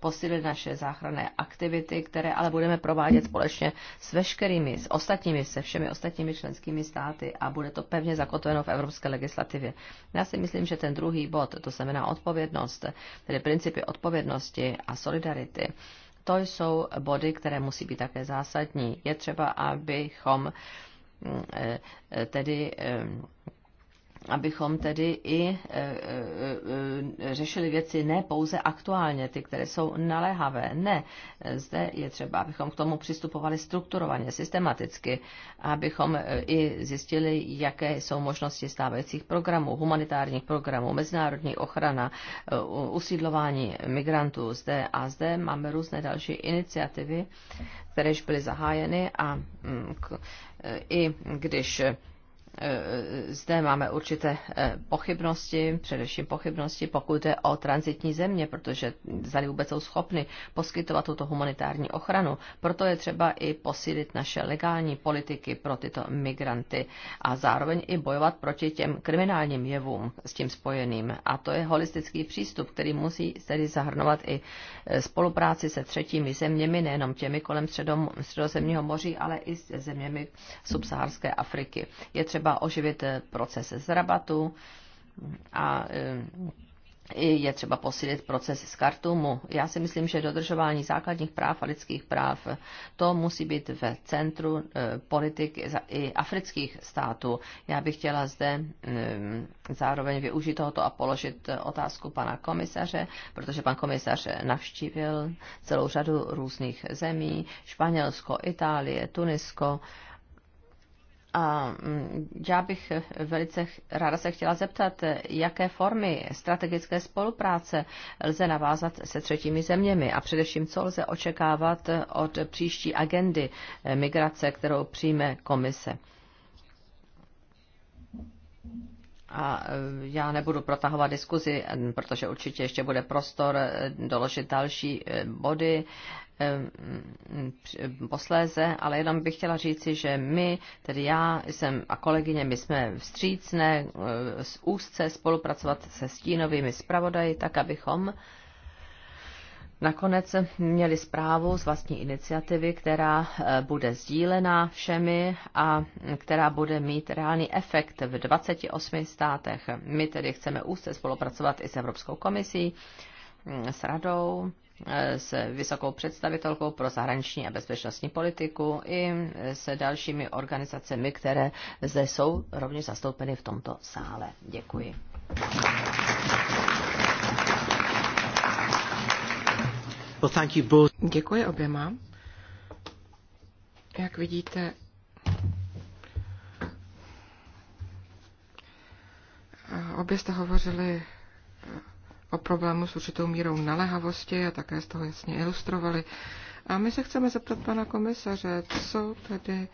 posílili naše záchranné aktivity, které ale budeme provádět společně s veškerými, s ostatními, se všemi ostatními členskými státy a bude to pevně zakotveno v evropské legislativě. Já si myslím, že ten druhý bod, to znamená odpovědnost, tedy principy odpovědnosti a solidarity, to jsou body, které musí být také zásadní. Je třeba, abychom mm, eh, eh, tedy abychom tedy i e, e, e, řešili věci ne pouze aktuálně, ty, které jsou naléhavé. Ne, zde je třeba, abychom k tomu přistupovali strukturovaně, systematicky, abychom i zjistili, jaké jsou možnosti stávajících programů, humanitárních programů, mezinárodní ochrana, usídlování migrantů zde a zde máme různé další iniciativy, které byly zahájeny a mm, i když Eh, zde máme určité eh, pochybnosti, především pochybnosti, pokud jde o transitní země, protože zali vůbec jsou schopny poskytovat tuto humanitární ochranu. Proto je třeba i posílit naše legální politiky pro tyto migranty a zároveň i bojovat proti těm kriminálním jevům s tím spojeným. A to je holistický přístup, který musí tedy zahrnovat i eh, spolupráci se třetími zeměmi, nejenom těmi kolem středom, středozemního moří, ale i s zeměmi subsaharské Afriky. Je třeba třeba oživit eh, proces zrabatu a eh, je třeba posílit proces z Kartumu. Já si myslím, že dodržování základních práv a lidských práv, to musí být v centru eh, politik i afrických států. Já bych chtěla zde zároveň využít tohoto a položit otázku pana komisaře, protože pan komisař navštívil celou řadu různých zemí, Španělsko, Itálie, Tunisko, a mm, já bych velice ráda se chtěla zeptat, jaké formy strategické spolupráce lze navázat se třetími zeměmi a především, co lze očekávat od příští agendy eh, migrace, kterou přijme komise. A eh, já nebudu protahovat diskuzi, protože určitě ještě bude prostor eh, doložit další body posléze, ale jenom bych chtěla říci, že my, tedy já jsem a kolegyně, my jsme vstřícné z e, úzce spolupracovat se stínovými zpravodaji, tak abychom Nakonec měli zprávu z vlastní iniciativy, která e, bude sdílená všemi a která bude mít reálný efekt v 28 státech. My tedy chceme úzce spolupracovat i s Evropskou komisí, s radou s vysokou představitelkou pro zahraniční a bezpečnostní politiku i se dalšími organizacemi, které zde jsou rovněž zastoupeny v tomto sále. Děkuji. Well, thank you both. Děkuji oběma. Jak vidíte, obě jste hovořili o problému s určitou mírou naléhavosti a také z toho jasně ilustrovali. A my se chceme zeptat pana komisaře, co tedy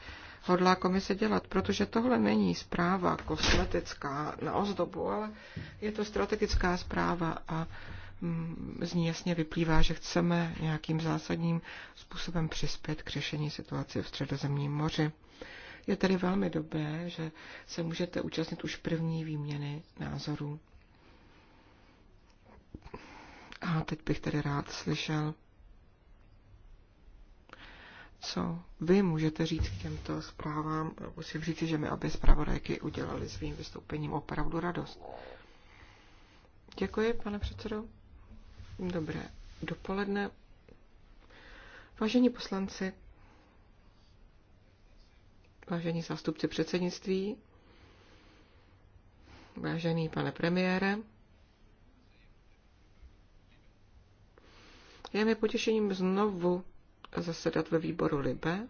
hodlá komise dělat, protože tohle není zpráva kosmetická na ozdobu, ale je to strategická zpráva a mm, z ní jasně vyplývá, že chceme nějakým zásadním způsobem přispět k řešení situace v středozemním moři. Je tedy velmi dobré, že se můžete účastnit už první výměny názorů. A teď bych tedy rád slyšel, co vy můžete říct k těmto zprávám. Musím říct, že mi obě zpravodajky udělali svým vystoupením opravdu radost. Děkuji, pane předsedo. Dobré dopoledne. Vážení poslanci, vážení zástupci předsednictví, vážený pane premiére, Je mi potěšením znovu zasedat ve výboru Libe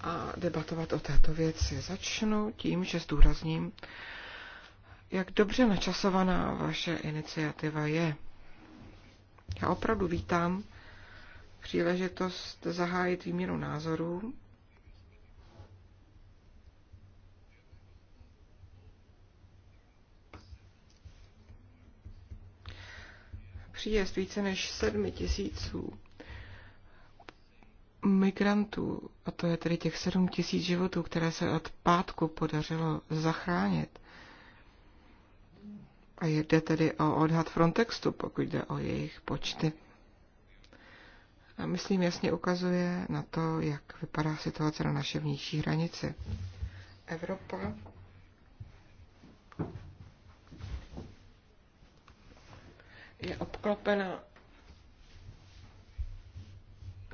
a debatovat o této věci. Začnu tím, že zdůrazním, jak dobře načasovaná vaše iniciativa je. Já opravdu vítám příležitost zahájit výměnu názorů příjezd více než sedmi tisíců migrantů, a to je tedy těch sedm tisíc životů, které se od pátku podařilo zachránit. A jde tedy o odhad Frontextu, pokud jde o jejich počty. A myslím jasně ukazuje na to, jak vypadá situace na naše vnější hranici. Evropa je obklopena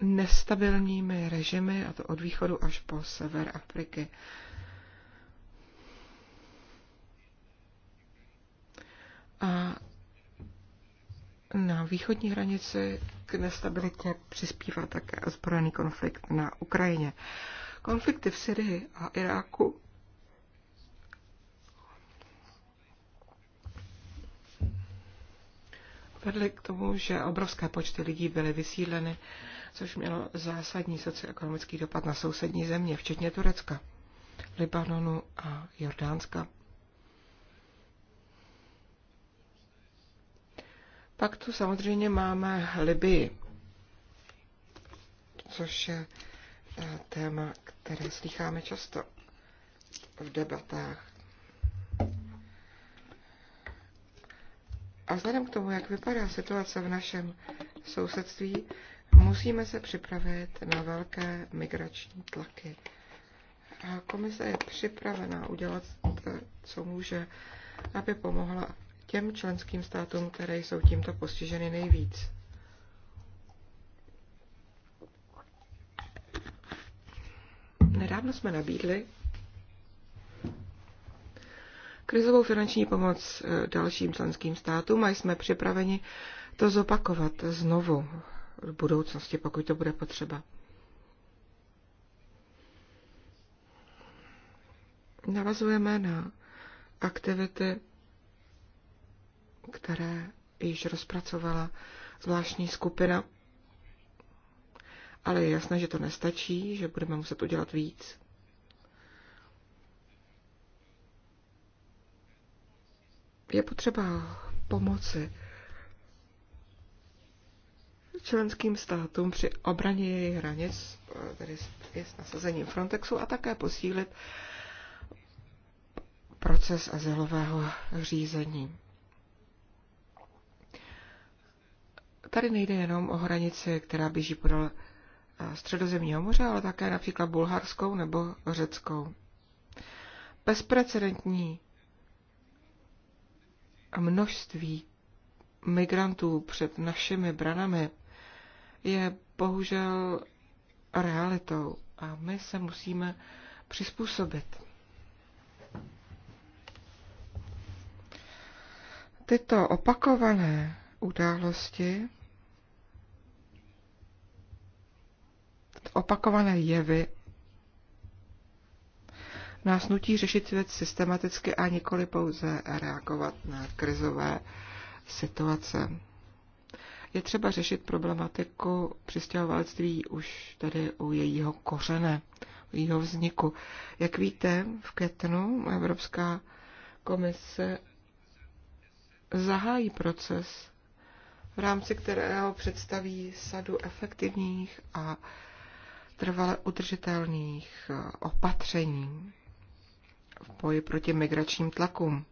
nestabilními režimy, a to od východu až po sever Afriky. A na východní hranici k nestabilitě přispívá také ozbrojený konflikt na Ukrajině. Konflikty v Syrii a Iráku vedly k tomu, že obrovské počty lidí byly vysídleny, což mělo zásadní socioekonomický dopad na sousední země, včetně Turecka, Libanonu a Jordánska. Pak tu samozřejmě máme Libii, což je eh, téma, které slycháme často v debatách. A vzhledem k tomu, jak vypadá situace v našem sousedství, musíme se připravit na velké migrační tlaky. A komise je připravená udělat, eh, co může, aby pomohla těm členským státům, které jsou tímto postiženy nejvíc. Nedávno jsme nabídli krizovou finanční pomoc eh, dalším členským státům a jsme připraveni to zopakovat znovu v budoucnosti, pokud to bude potřeba. Navazujeme na aktivity, které již rozpracovala zvláštní skupina, ale je jasné, že to nestačí, že budeme muset udělat víc. je potřeba pomoci členským státům při obraně jejich hranic, tedy je s nasazením Frontexu, a také posílit proces azylového řízení. Tady nejde jenom o hranici, která běží podél eh, Středozemního moře, ale také například bulharskou nebo řeckou. Bezprecedentní a množství migrantů před našimi branami je bohužel realitou a my se musíme přizpůsobit. Tyto opakované události, opakované jevy nás nutí řešit věc systematicky a nikoli pouze reagovat na krizové situace. Je třeba řešit problematiku přistěhovalectví už tady u jejího kořene, u jejího vzniku. Jak víte, v květnu Evropská komise zahájí proces, v rámci kterého představí sadu efektivních a trvale udržitelných opatření v boji proti migračním tlakům.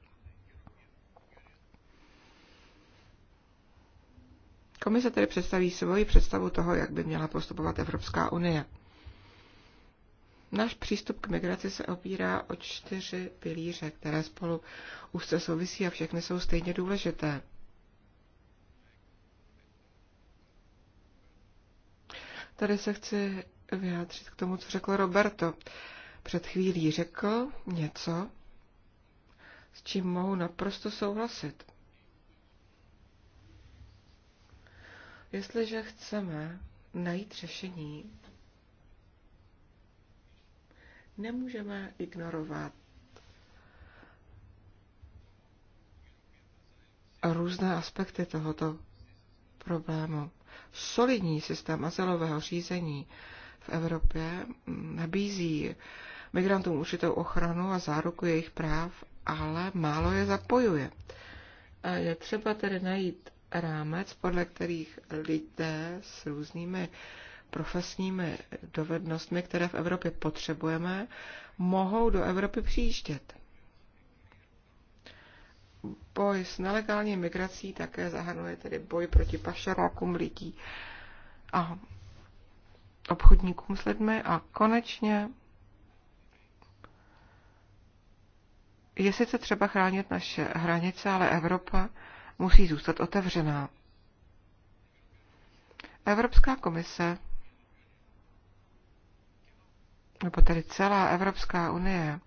Komise tedy představí svoji představu toho, jak by měla postupovat Evropská unie. Náš přístup k migraci se opírá o čtyři pilíře, které spolu úzce souvisí a všechny jsou stejně důležité. Tady se chci vyjádřit k tomu, co řekl Roberto před chvílí řekl něco, s čím mohu naprosto souhlasit. Jestliže chceme najít řešení, nemůžeme ignorovat různé aspekty tohoto problému. Solidní systém azylového řízení v Evropě nabízí migrantům určitou ochranu a záruku jejich práv, ale málo je zapojuje. A je třeba tedy najít rámec, podle kterých lidé s různými profesními dovednostmi, které v Evropě potřebujeme, mohou do Evropy přijíždět. Boj s nelegální migrací také zahrnuje tedy boj proti pašerákům lidí a obchodníkům s lidmi a konečně Je sice třeba chránit naše hranice, ale Evropa musí zůstat otevřená. Evropská komise, nebo tedy celá Evropská unie,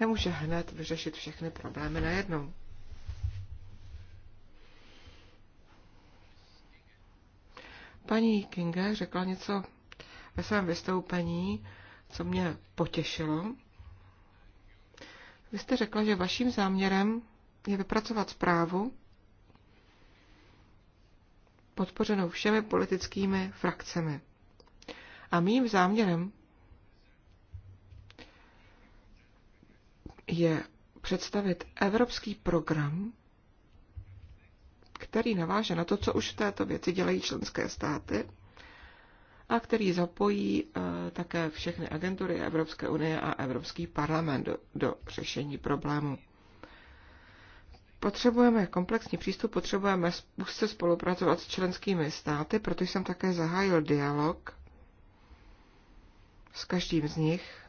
nemůže hned vyřešit všechny problémy najednou. Paní Kinga řekla něco ve svém vystoupení, co mě potěšilo. Vy jste řekla, že vaším záměrem je vypracovat zprávu podpořenou všemi politickými frakcemi. A mým záměrem je představit evropský program, který naváže na to, co už v této věci dělají členské státy a který zapojí eh, také všechny agentury Evropské unie a Evropský parlament do, do řešení problému. Potřebujeme komplexní přístup, potřebujeme úzce spolupracovat s členskými státy, protože jsem také zahájil dialog s každým z nich.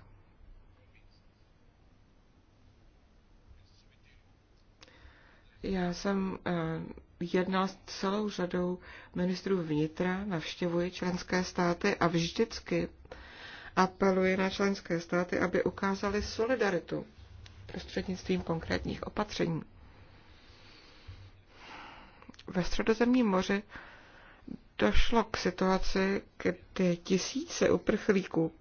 Já jsem eh, jedná s celou řadou ministrů vnitra, navštěvuje členské státy a vždycky apeluje na členské státy, aby ukázali solidaritu prostřednictvím konkrétních opatření. Ve středozemním moři došlo k situaci, kdy tisíce uprchlíků,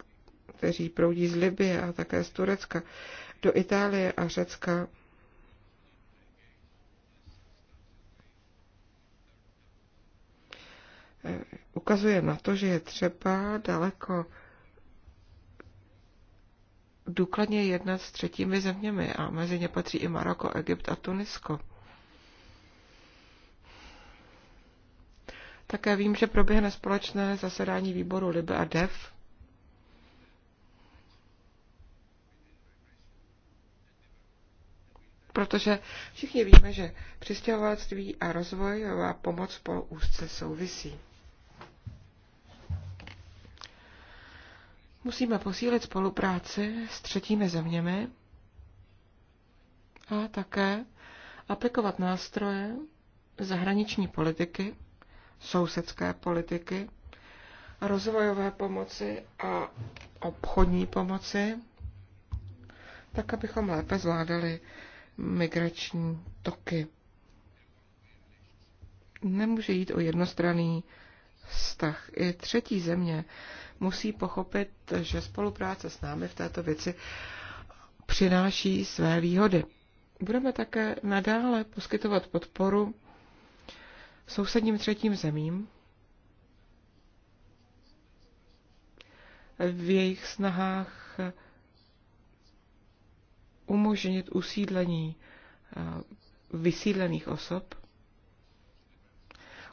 kteří proudí z Libie a také z Turecka do Itálie a Řecka, Eh, ukazuje na to, že je třeba daleko důkladně jednat s třetími zeměmi a mezi ně patří i Maroko, Egypt a Tunisko. Také vím, že proběhne společné zasedání výboru Libe a DEV. Protože všichni víme, že přistěhovalectví a rozvojová pomoc spolu úzce souvisí. Musíme posílit spolupráci s třetími zeměmi a také aplikovat nástroje zahraniční politiky, sousedské politiky, rozvojové pomoci a obchodní pomoci, tak abychom lépe zvládali migrační toky. Nemůže jít o jednostranný vztah. I třetí země musí pochopit, že spolupráce s námi v této věci přináší své výhody. Budeme také nadále poskytovat podporu sousedním třetím zemím v jejich snahách umožnit usídlení eh, vysídlených osob.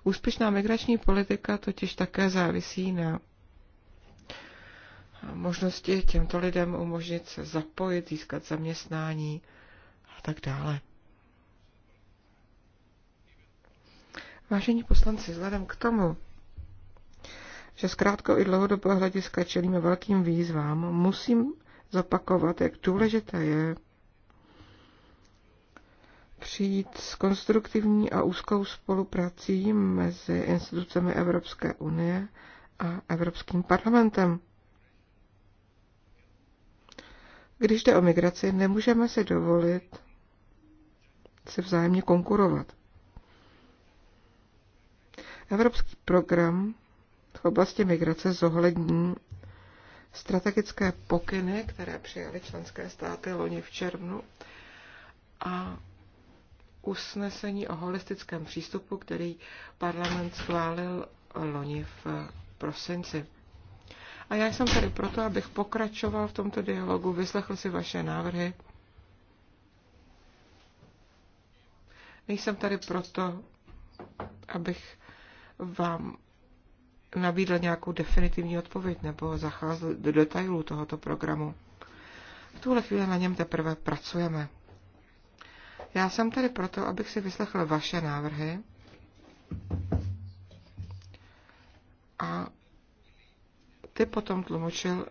Úspěšná migrační politika totiž také závisí na možnosti těmto lidem umožnit se zapojit, získat zaměstnání a tak dále. Vážení poslanci, vzhledem k tomu, že zkrátko i dlouhodobého hlediska čelíme velkým výzvám, musím zopakovat, jak důležité je přijít s konstruktivní a úzkou spoluprací mezi institucemi Evropské unie a Evropským parlamentem. Když jde o migraci, nemůžeme si dovolit se vzájemně konkurovat. Evropský program v oblasti migrace zohlední strategické pokyny, které přijaly členské státy loni v červnu a usnesení o holistickém přístupu, který parlament schválil loni v prosinci. A já jsem tady proto, abych pokračoval v tomto dialogu, vyslechl si vaše návrhy. Nejsem tady proto, abych vám nabídl nějakou definitivní odpověď nebo zacházel do detailů tohoto programu. V tuhle chvíli na něm teprve pracujeme. Já jsem tady proto, abych si vyslechl vaše návrhy a ty potom tlumočil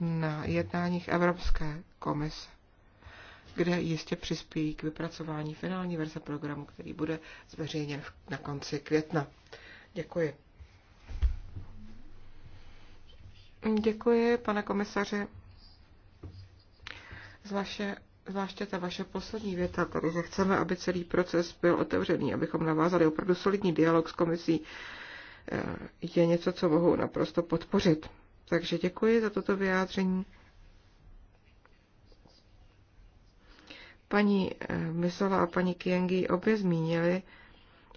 na jednáních Evropské komise, kde jistě přispějí k vypracování finální verze programu, který bude zveřejněn na konci května. Děkuji. Děkuji, pane komisaři. Z vaše, zvláště ta vaše poslední věta, tedy, že chceme, aby celý proces byl otevřený, abychom navázali opravdu solidní dialog s komisí je něco, co mohu naprosto podpořit. Takže děkuji za toto vyjádření. Paní eh, Misola a paní Kiengi obě zmínili,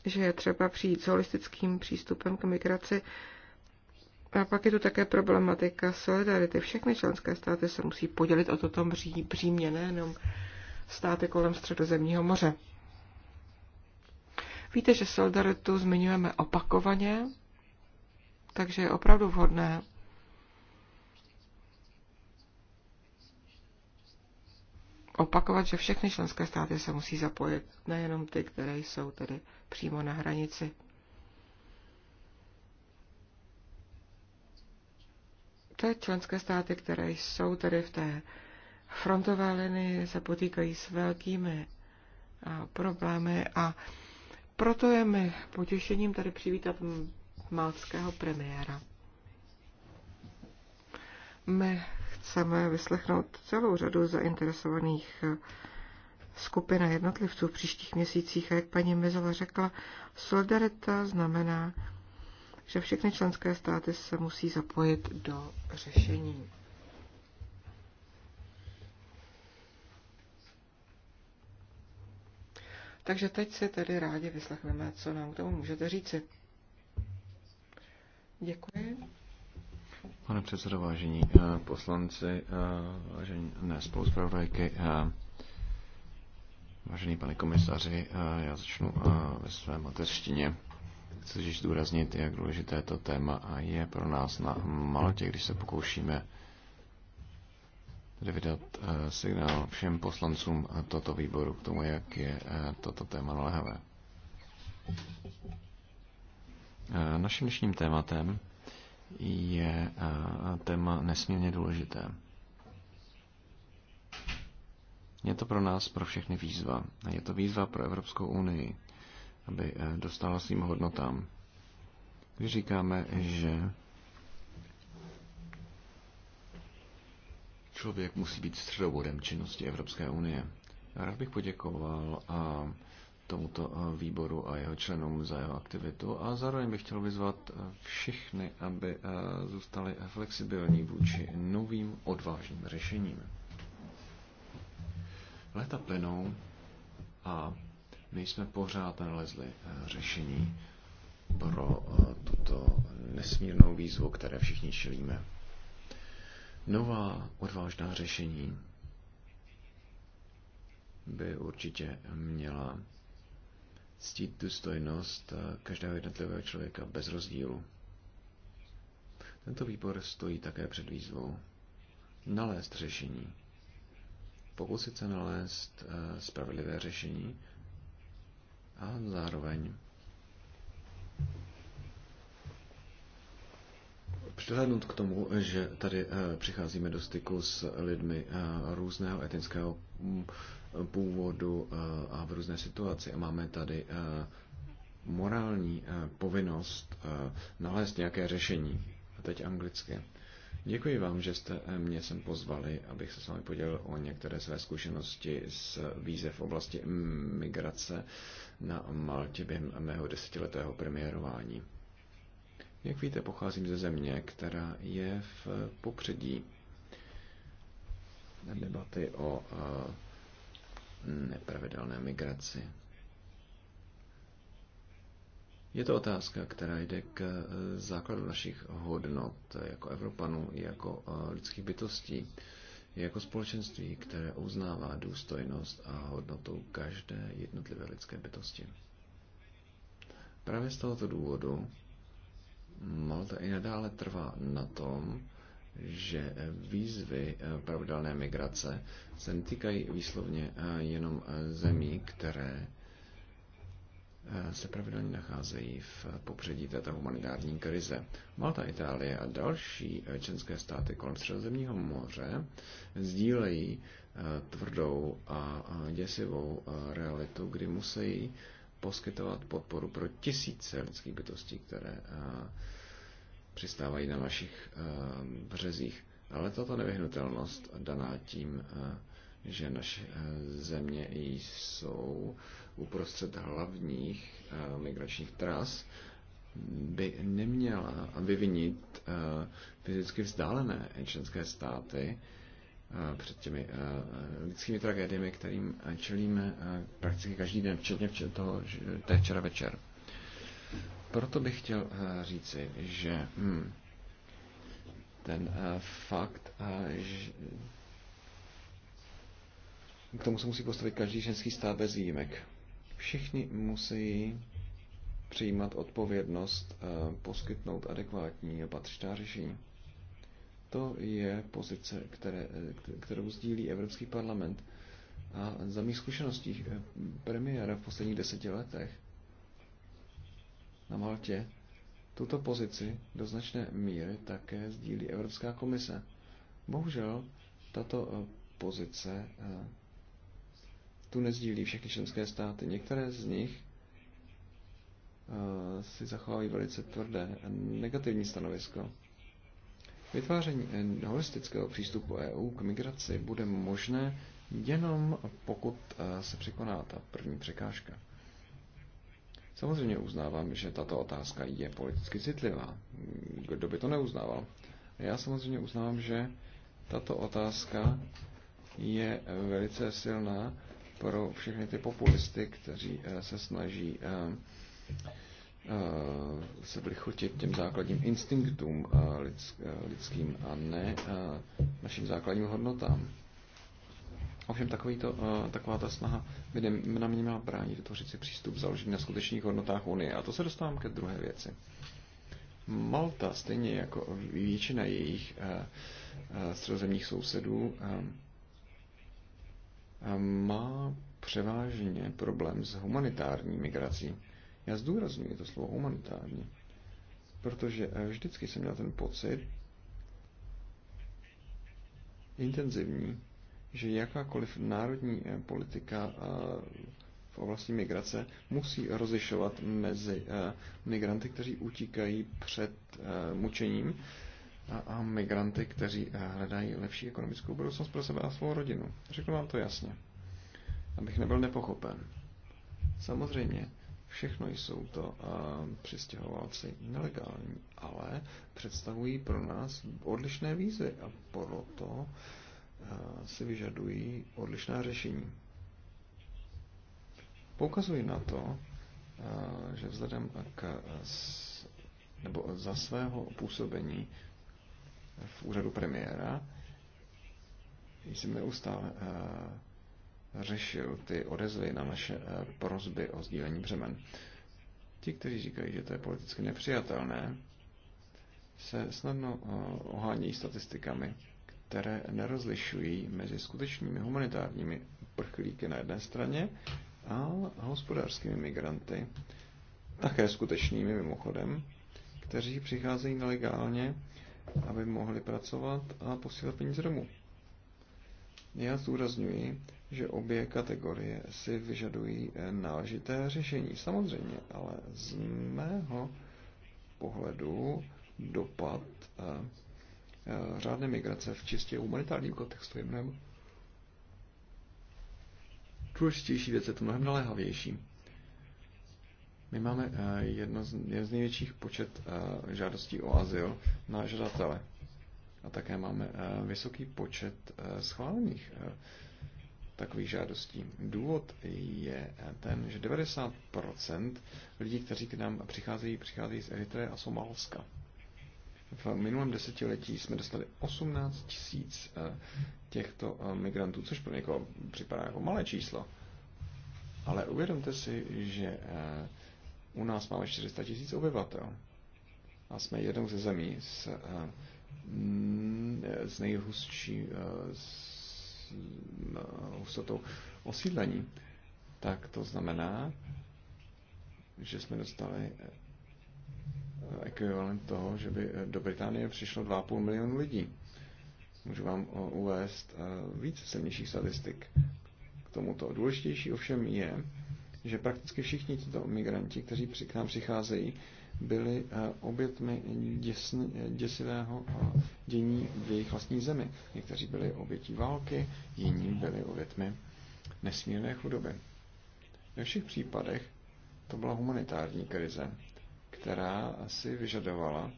že je třeba přijít s holistickým přístupem k migraci. A pak je tu také problematika solidarity. Všechny členské státy se musí podělit o toto břímě, nejenom státy kolem Středozemního moře. Víte, že solidaritu zmiňujeme opakovaně, takže je opravdu vhodné opakovat, že všechny členské státy se musí zapojit, nejenom ty, které jsou tedy přímo na hranici. Ty členské státy, které jsou tedy v té frontové linii, se potýkají s velkými problémy a proto je mi potěšením tady přivítat malckého premiéra. My chceme vyslechnout celou řadu zainteresovaných eh, skupin a jednotlivců v příštích měsících. A jak paní Mizela řekla, solidarita znamená, že všechny členské státy se musí zapojit do řešení. Takže teď si tedy rádi vyslechneme, co nám k tomu můžete říci. Děkuji. Pane předsedo, vážení eh, poslanci, eh, vážení ne, spoluzpravodajky, eh, vážený pane komisaři, já začnu ve své mateřštině. Chci již zdůraznit, jak důležité to téma je pro nás na Maltě, když se pokoušíme tedy vydat eh, signál všem poslancům eh, toto výboru k tomu, jak je eh, toto téma naléhavé. Naším dnešním tématem je téma nesmírně důležité. Je to pro nás, pro všechny výzva. Je to výzva pro Evropskou unii, aby dostala svým hodnotám. Když říkáme, že člověk musí být středobodem činnosti Evropské unie. Rád bych poděkoval a tomuto výboru a jeho členům za jeho aktivitu a zároveň bych chtěl vyzvat všechny, aby zůstali flexibilní vůči novým odvážným řešením. Léta plynou a my jsme pořád nalezli řešení pro tuto nesmírnou výzvu, které všichni čelíme. Nová odvážná řešení by určitě měla ctít důstojnost každého jednotlivého člověka bez rozdílu. Tento výbor stojí také před výzvou nalézt řešení. Pokusit se nalézt eh, spravedlivé řešení a zároveň Přihlédnout k tomu, že tady eh, přicházíme do styku s lidmi eh, různého etnického mm, původu eh, a v různé situaci a máme tady morální povinnost nalézt nějaké řešení. A teď anglicky. Děkuji vám, že jste mě sem pozvali, abych se s vámi podělil o některé své zkušenosti z výzev v oblasti migrace na Maltě během mého desetiletého premiérování. Jak víte, pocházím ze země, která je v popředí debaty o nepravidelné migraci. Je to otázka, která jde k e, základu našich hodnot jako Evropanů, jako lidských bytostí, jako společenství, které uznává důstojnost a hodnotu každé jednotlivé lidské bytosti. Právě z tohoto důvodu Malta i nadále trvá na tom, že výzvy eh, pravidelné migrace se netýkají výslovně eh, jenom eh, zemí, které se pravidelně nacházejí v popředí této humanitární krize. Malta, Itálie a další členské státy kolem Středozemního moře sdílejí tvrdou a děsivou realitu, kdy musí poskytovat podporu pro tisíce lidských bytostí, které eh, přistávají na našich eh, březích. Ale tato nevyhnutelnost daná tím, eh, že naše země jsou uprostřed hlavních migračních tras, by neměla vyvinit fyzicky vzdálené členské státy Eh, před těmi eh, lidskými tragédiemi, kterým eh, čelíme prakticky každý den, včetně toho, je včera večer. Proto bych chtěl říci, že hmm, ten fakt, že k tomu se musí postavit každý ženský stát bez výjimek. Všichni musí přijímat odpovědnost, poskytnout adekvátní a patřičná řešení. To je pozice, které, eh, kterou sdílí Evropský parlament. A za mých zkušeností eh, premiéra v posledních deseti letech na Maltě tuto pozici do značné míry také sdílí Evropská komise. Bohužel tato eh, pozice tu nezdílí všechny členské státy. Některé z nich si zachovávají velice tvrdé negativní stanovisko. Vytváření eh, holistického přístupu EU k migraci bude možné jenom pokud eh, se překoná ta první překážka. Samozřejmě uznávám, že tato otázka je politicky citlivá. Kdo by to neuznával? Já samozřejmě uznávám, že tato otázka je eh, velice silná pro všechny ty populisty, kteří se snaží Eh, se chutit těm základním instinktům eh, lidským a ne eh, našim základním hodnotám. Ovšem to, taková ta snaha by mě měla bránit vytvořit si přístup založený na skutečných hodnotách Unie. A to se dostávám ke druhé věci. Malta, stejně jako většina jejich středozemních sousedů, má převážně problém s humanitární migrací. Já zdůraznuju to slovo humanitární, protože eh, vždycky jsem měl ten pocit intenzivní, že jakákoliv národní eh, politika eh, v oblasti migrace musí rozlišovat mezi migranty, kteří utíkají před mučením a migranty, kteří hledají lepší ekonomickou budoucnost pro sebe a svou rodinu. Řeknu vám to jasně, abych nebyl nepochopen. Samozřejmě, Všechno jsou to eh, přistěhovalci nelegální, ale představují pro nás odlišné výzvy a proto eh, si vyžadují odlišná řešení. Poukazují na to, eh, že vzhledem k nebo za svého působení v úřadu premiéra jsem neustále řešil ty odezvy na naše eh, prozby o sdílení břemen. Ti, kteří říkají, že to je politicky nepřijatelné, se snadno eh, ohánějí statistikami, které nerozlišují mezi skutečnými humanitárními prchlíky na jedné straně a hospodářskými migranty, také skutečnými mimochodem, kteří přicházejí nelegálně, aby mohli pracovat a posílat peníze domů. Já zdůrazňuji, že obě kategorie si vyžadují eh, náležité řešení. Samozřejmě, ale z mého pohledu dopad eh, eh, řádné migrace v čistě humanitárním kontextu je mnohem důležitější věc, je to mnohem naléhavější. My máme jedno z, jeden z největších počet žádostí o azyl na žadatele. A také máme vysoký počet schválených takových žádostí. Důvod je ten, že 90% lidí, kteří k nám přicházejí, přicházejí z Eritreje a Somálska. V minulém desetiletí jsme dostali 18 tisíc eh, těchto eh, migrantů, což pro někoho připadá jako malé číslo. Ale uvědomte si, že eh, u nás máme 400 tisíc obyvatel a jsme jednou ze zemí s, s nejhustší, s hustotou osídlení, tak to znamená, že jsme dostali ekvivalent toho, že by do Británie přišlo 2,5 milionu lidí. Můžu vám uvést více, silnějších statistik k tomuto. Důležitější ovšem je, že prakticky všichni tyto migranti, kteří k nám přicházejí, byli eh, obětmi děsn, děsivého eh, dění v jejich vlastní zemi. Někteří byli obětí války, jiní byli obětmi nesmírné chudoby. Ve všech případech to byla humanitární krize, která si vyžadovala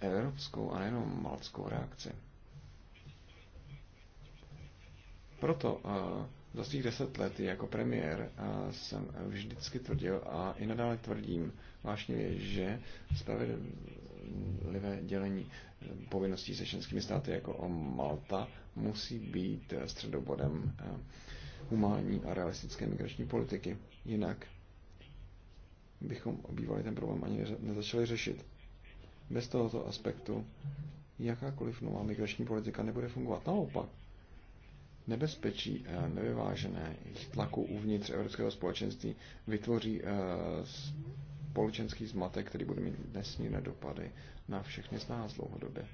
evropskou a nejenom malckou reakci. Proto eh, za svých deset let jako premiér jsem vždycky tvrdil a i nadále tvrdím vážně, že spravedlivé dělení povinností se členskými státy jako o Malta musí být středobodem eh, humánní a realistické migrační politiky. Jinak bychom obývali ten problém ani nezačali řešit. Bez tohoto aspektu jakákoliv nová migrační politika nebude fungovat. Naopak, Nebezpečí eh, nevyvážené. Tlaku uvnitř Evropského společenství vytvoří eh, společenský zmatek, který bude mít nesmírné dopady na všechny z nás dlouhodobě.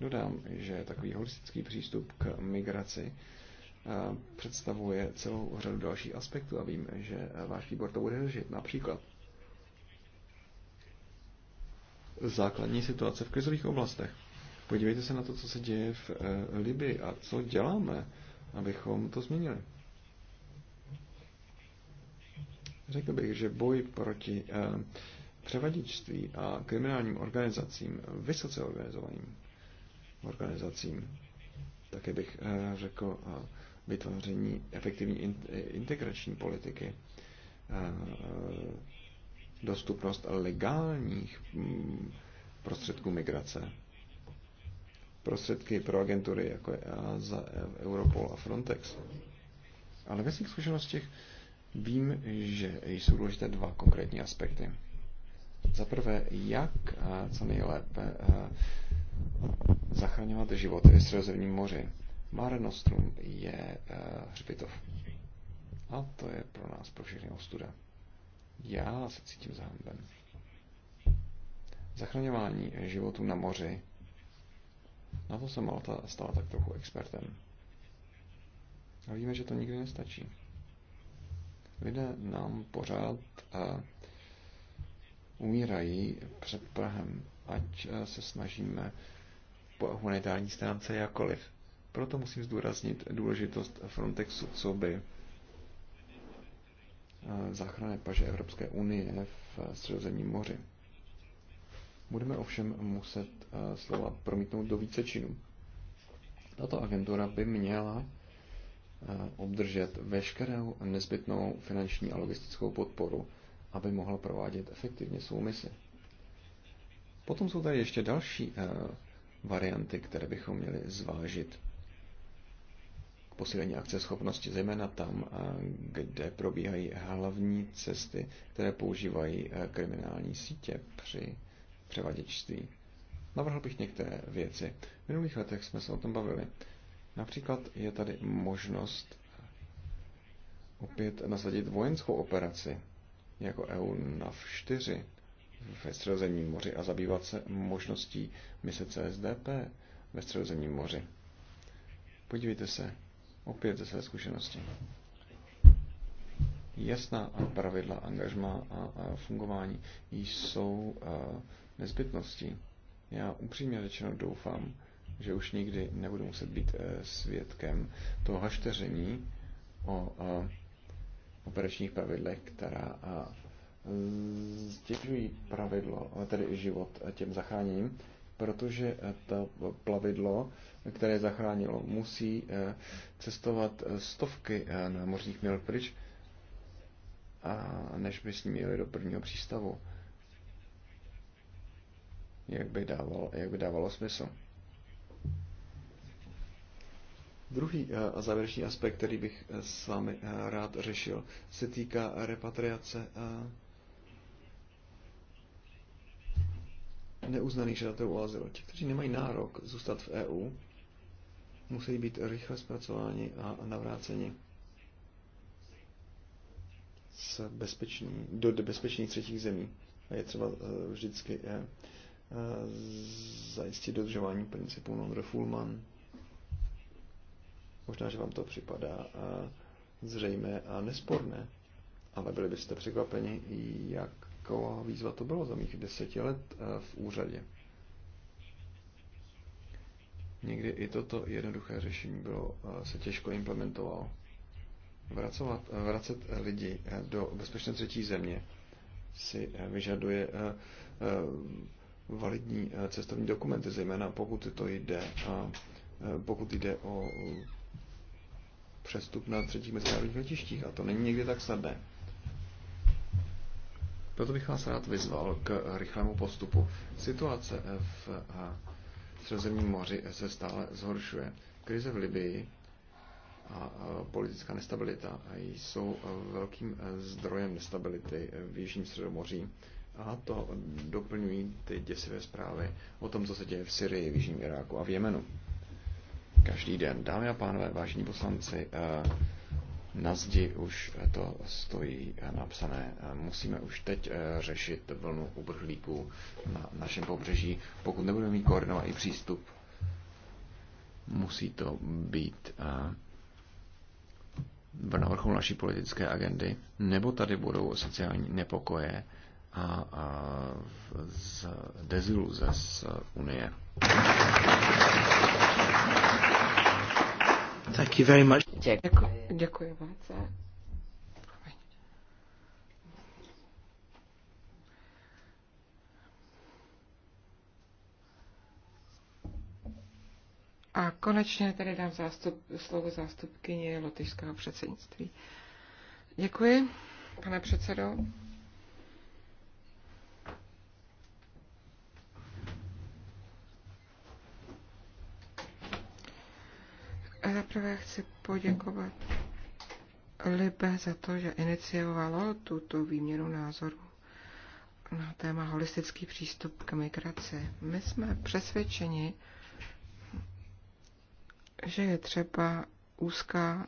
Dodám, že takový holistický přístup k migraci eh, představuje celou řadu dalších aspektů a vím, že váš výbor to bude řešit. Například základní situace v krizových oblastech. Podívejte se na to, co se děje eh, v Libii a co děláme, abychom to změnili. Řekl bych, že boj proti eh, převaděčství a kriminálním organizacím, vysoce organizovaným organizacím, také bych eh, řekl vytvoření efektivní integrační politiky, dostupnost legálních mm, prostředků migrace, prostředky pro agentury, jako je za e- Europol a Frontex. Ale ve svých zkušenostech vím, že jsou důležité dva konkrétní aspekty. Za prvé, jak co nejlépe zachraňovat životy ve Středozemním moři. Mare Nostrum je hřbitov. A to je pro nás, pro všechny ostuda. Já se cítím zahamben. Zachraňování životů na moři na to se Malta stala tak trochu expertem. A víme, že to nikdy nestačí. Lidé nám pořád uh, umírají před Prahem, ať uh, se snažíme po humanitární stránce jakoliv. Proto musím zdůraznit důležitost Frontexu, co by eh, záchranné paže Evropské unie v Středozemním moři. Budeme ovšem muset eh, slova promítnout do více činů. Tato agentura by měla eh, obdržet veškerou nezbytnou finanční a logistickou podporu, aby mohla provádět efektivně svou misi. Potom jsou tady ještě další eh, varianty, které bychom měli zvážit k posílení akceschopnosti, zejména tam, kde probíhají hlavní cesty, které používají kriminální sítě při převaděčství. Navrhl bych některé věci. V minulých letech jsme se o tom bavili. Například je tady možnost opět nasadit vojenskou operaci jako EU na 4 ve Středozemním moři a zabývat se možností mise CSDP ve Středozemním moři. Podívejte se opět ze své zkušenosti. Jasná pravidla angažma a fungování jsou eh, nezbytností. Já upřímně řečeno doufám, že už nikdy nebudu muset být eh, svědkem toho hašteření o eh, operačních pravidlech, která eh, ztěžují pravidlo, tedy život těm zachráněním, protože to plavidlo, které zachránilo, musí cestovat stovky námořních mil pryč, a než by s ním jeli do prvního přístavu jak by dávalo, jak by dávalo smysl. Druhý eh, a závěrečný aspekt, který bych eh, s vámi eh, rád řešil, se týká repatriace neuznaných žadatelů o azyl. Ti, kteří nemají nárok zůstat v EU, musí být rychle zpracováni a navráceni bezpečný, do bezpečných třetích zemí. A je třeba vždycky Eh, zajistit dodržování principu non-refoulement. Možná, že vám to připadá eh, zřejmé a nesporné, ale byli byste překvapeni, jakou výzva to bylo za mých deseti let eh, v úřadě. Někdy i toto jednoduché řešení bylo, se těžko implementovalo. Vracovat, vracet lidi do bezpečné třetí země si vyžaduje validní eh, cestovní dokumenty, zejména pokud to jde, eh, pokud jde o přestup na třetích mezinárodních letištích. A to není někdy tak snadné. Proto bych vás rád vyzval k eh, rychlému postupu. Situace v Středozemním moři se stále zhoršuje. Krize v Libii a politická nestabilita jsou velkým zdrojem nestability v Jižním Středomoří a to doplňují ty děsivé zprávy o tom, co se děje v Syrii, v Jižním Iráku a v Jemenu. Každý den, dámy a pánové, vážní poslanci, eh, na zdi už to stojí napsané. Eh, musíme už teď eh, řešit vlnu uprchlíků na našem pobřeží. Pokud nebudeme mít koordinovaný přístup, musí to být v navrchu naší politické agendy, nebo tady budou sociální nepokoje, a, a z deziluze z Unie. Thank you very much. Děkuji. Děkuji moc. A konečně tady dám zástup, slovo zástupkyně lotyšského předsednictví. Děkuji, pane předsedo. Zaprvé chci poděkovat Libe za to, že iniciovalo tuto výměnu názorů na téma holistický přístup k migraci. My jsme přesvědčeni, že je třeba úzká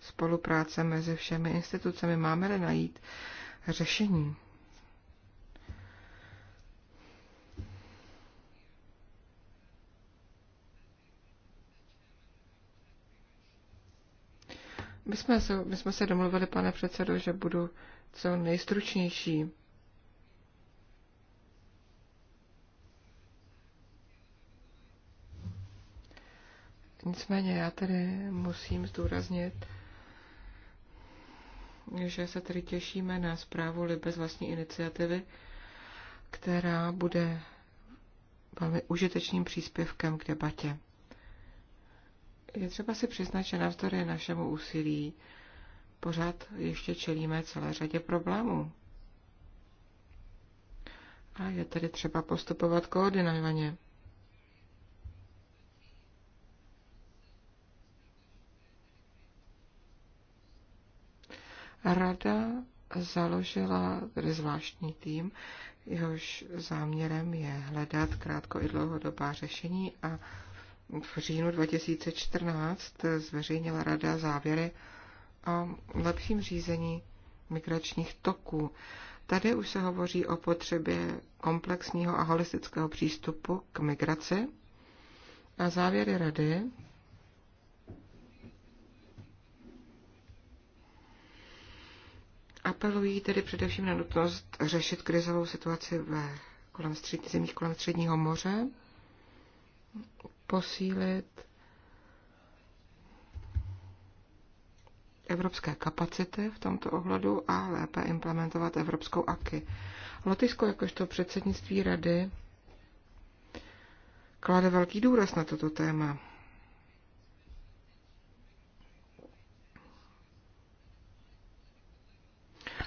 spolupráce mezi všemi institucemi. Máme-li najít řešení My jsme, se, my jsme se domluvili, pane předsedo, že budu co nejstručnější. Nicméně já tedy musím zdůraznit, že se tedy těšíme na zprávu Libe z vlastní iniciativy, která bude velmi užitečným příspěvkem k debatě. Je třeba si přiznat, že navzdory našemu úsilí pořád ještě čelíme celé řadě problémů. A je tedy třeba postupovat koordinovaně. Rada založila tedy zvláštní tým, jehož záměrem je hledat krátko i dlouhodobá řešení a v říjnu 2014 zveřejnila Rada závěry o lepším řízení migračních toků. Tady už se hovoří o potřebě komplexního a holistického přístupu k migraci a závěry Rady apelují tedy především na nutnost řešit krizovou situaci ve kolem střední, zemích kolem Středního moře, posílit evropské kapacity v tomto ohledu a lépe implementovat evropskou AKY. Lotyšsko jakožto předsednictví rady klade velký důraz na toto téma.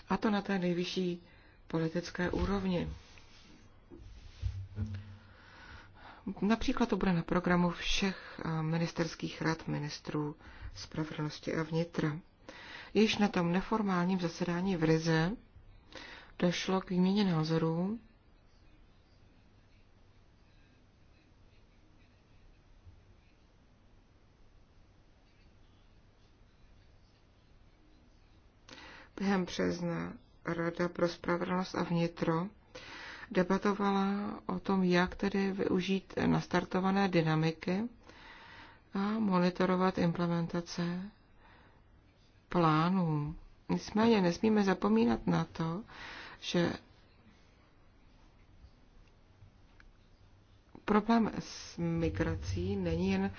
A to na té nejvyšší politické úrovni. Například to bude na programu všech eh, ministerských rad ministrů spravedlnosti a vnitra. Již na tom neformálním zasedání v Rize došlo k výměně názorů během března Rada pro spravedlnost a vnitro debatovala o tom, jak tedy využít nastartované dynamiky a monitorovat implementace plánů. Nicméně nesmíme zapomínat na to, že problém s migrací není jen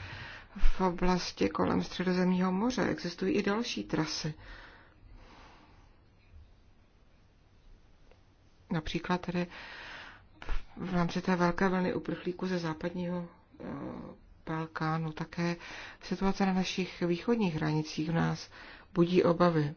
v oblasti kolem Středozemního moře, existují i další trasy. Například tedy v rámci té velké vlny uprchlíků ze západního eh, Balkánu, také situace na našich východních hranicích v nás budí obavy.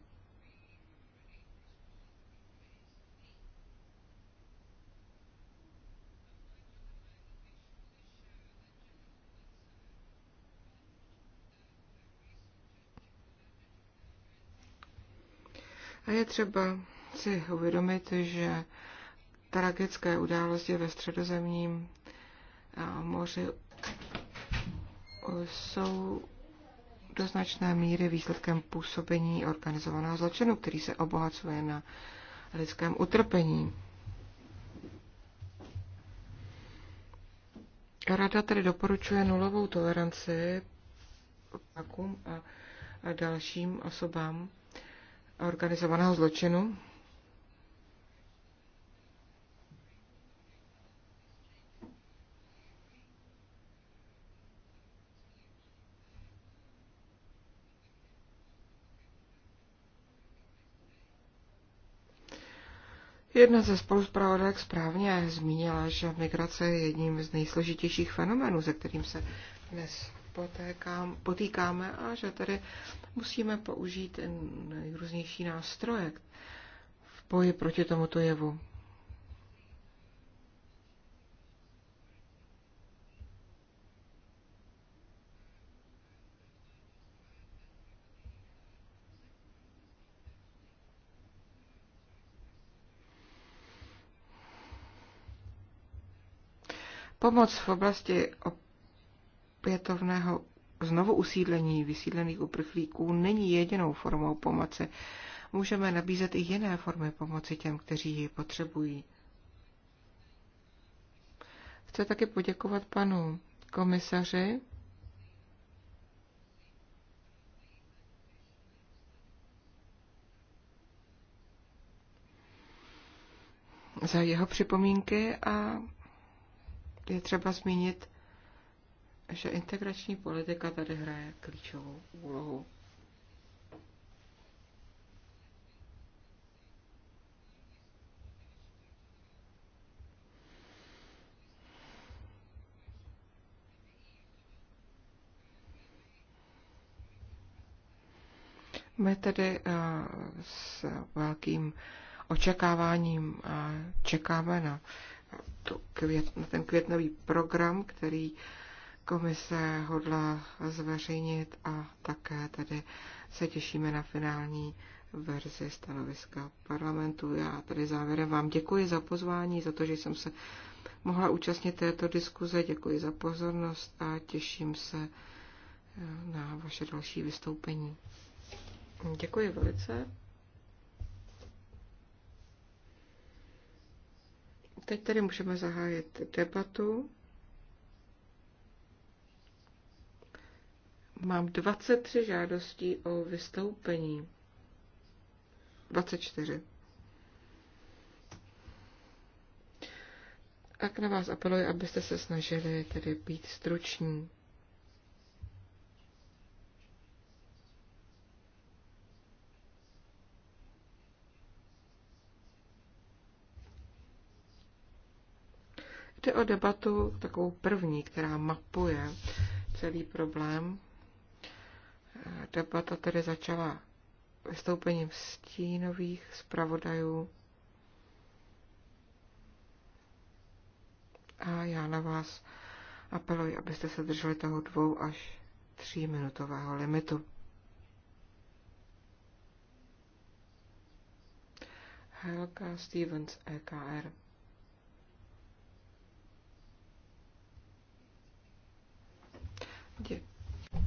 A je třeba si uvědomit, že tragické události ve středozemním moři jsou do značné míry výsledkem působení organizovaného zločinu, který se obohacuje na lidském utrpení. Rada tedy doporučuje nulovou toleranci a dalším osobám organizovaného zločinu. Jedna ze spoluzpravodajek správně zmínila, že migrace je jedním z nejsložitějších fenoménů, se kterým se dnes potékám, potýkáme a že tedy musíme použít nejrůznější nástroje v boji proti tomuto jevu. Pomoc v oblasti opětovného znovu usídlení vysídlených uprchlíků není jedinou formou pomoci. Můžeme nabízet i jiné formy pomoci těm, kteří ji potřebují. Chci taky poděkovat panu komisaři za jeho připomínky a je třeba zmínit, že integrační politika tady hraje klíčovou úlohu. My tedy eh, s velkým očekáváním eh, čekáme na tu květ, ten květnový program, který komise hodla zveřejnit a také tedy se těšíme na finální verzi stanoviska parlamentu. Já tady závěrem vám děkuji za pozvání, za to, že jsem se mohla účastnit této diskuze. Děkuji za pozornost a těším se eh, na vaše další vystoupení. Děkuji velice. Teď tedy můžeme zahájit debatu. Mám 23 žádostí o vystoupení. 24. Tak na vás apeluji, abyste se snažili tedy být struční. jde o debatu takovou první, která mapuje celý problém. Debata tedy začala vystoupením stínových zpravodajů. A já na vás apeluji, abyste se drželi toho dvou až minutového limitu. Helga Stevens, EKR.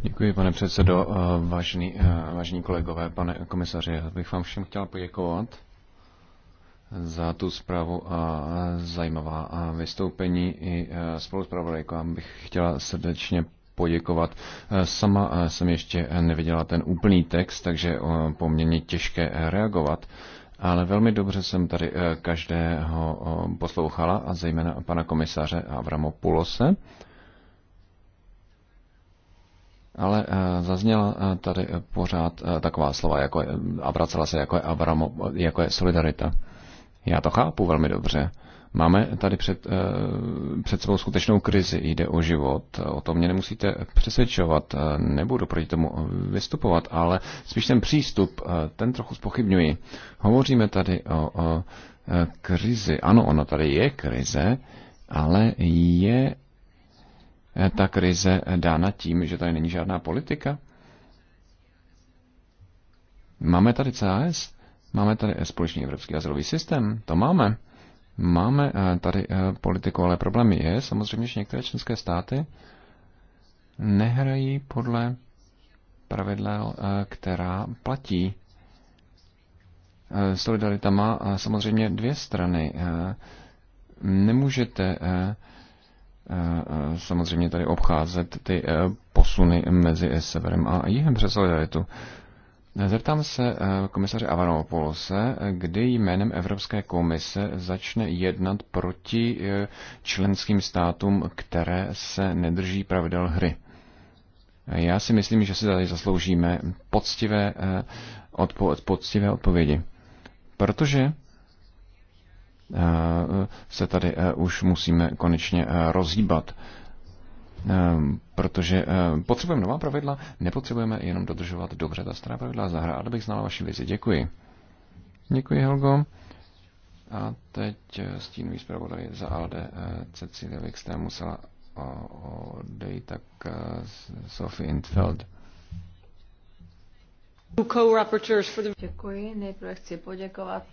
Děkuji. pane předsedo. Eh, vážení, eh, vážení kolegové, pane komisaři, já bych vám všem chtěl poděkovat za tu zprávu a zajímavá a eh, vystoupení i spolu zpravodajku. Já bych chtěla srdečně poděkovat. Sama jsem ještě neviděla ten úplný text, takže poměrně těžké reagovat. Ale velmi dobře jsem tady každého poslouchala a zejména pana komisaře Avramopulose ale eh, zazněla eh, tady pořád eh, taková slova, jako je, a vracela se, jako je, Abramo, jako je solidarita. Já to chápu velmi dobře. Máme tady před, před svou skutečnou krizi, jde o život, o tom mě nemusíte přesvědčovat, nebudu proti tomu vystupovat, ale spíš ten přístup, ten trochu spochybňuji. Hovoříme tady o, o krizi, ano, ono tady je krize, ale je Eh, ta krize eh, dána tím, že tady není žádná politika? Máme tady CAS? Máme tady eh, společný evropský azylový systém? To máme. Máme tady politiku, ale problém je samozřejmě, že některé členské státy nehrají podle pravidla, která platí. Solidarita má samozřejmě dvě strany. Nemůžete Eh, samozřejmě tady obcházet ty eh, posuny mezi severem a jihem přes solidaritu. Zeptám se eh, komisaře Avanopolose, kdy jménem Evropské komise začne jednat proti členským státům, které se nedrží pravidel hry. Já si myslím, že si tady zasloužíme poctivé, odpo- poctivé odpovědi. Protože se tady eh, už musíme konečně eh, rozhýbat. Eh, protože potřebujeme nová pravidla, nepotřebujeme jenom dodržovat dobře ta stará pravidla. Zahra, a bych znala vaši vizi. Děkuji. Děkuji, Helgo. A teď stínový zpravodaj za ALDE Cecilia Wikström musela odejít, tak Sophie Intfeld. Děkuji. Nejprve chci poděkovat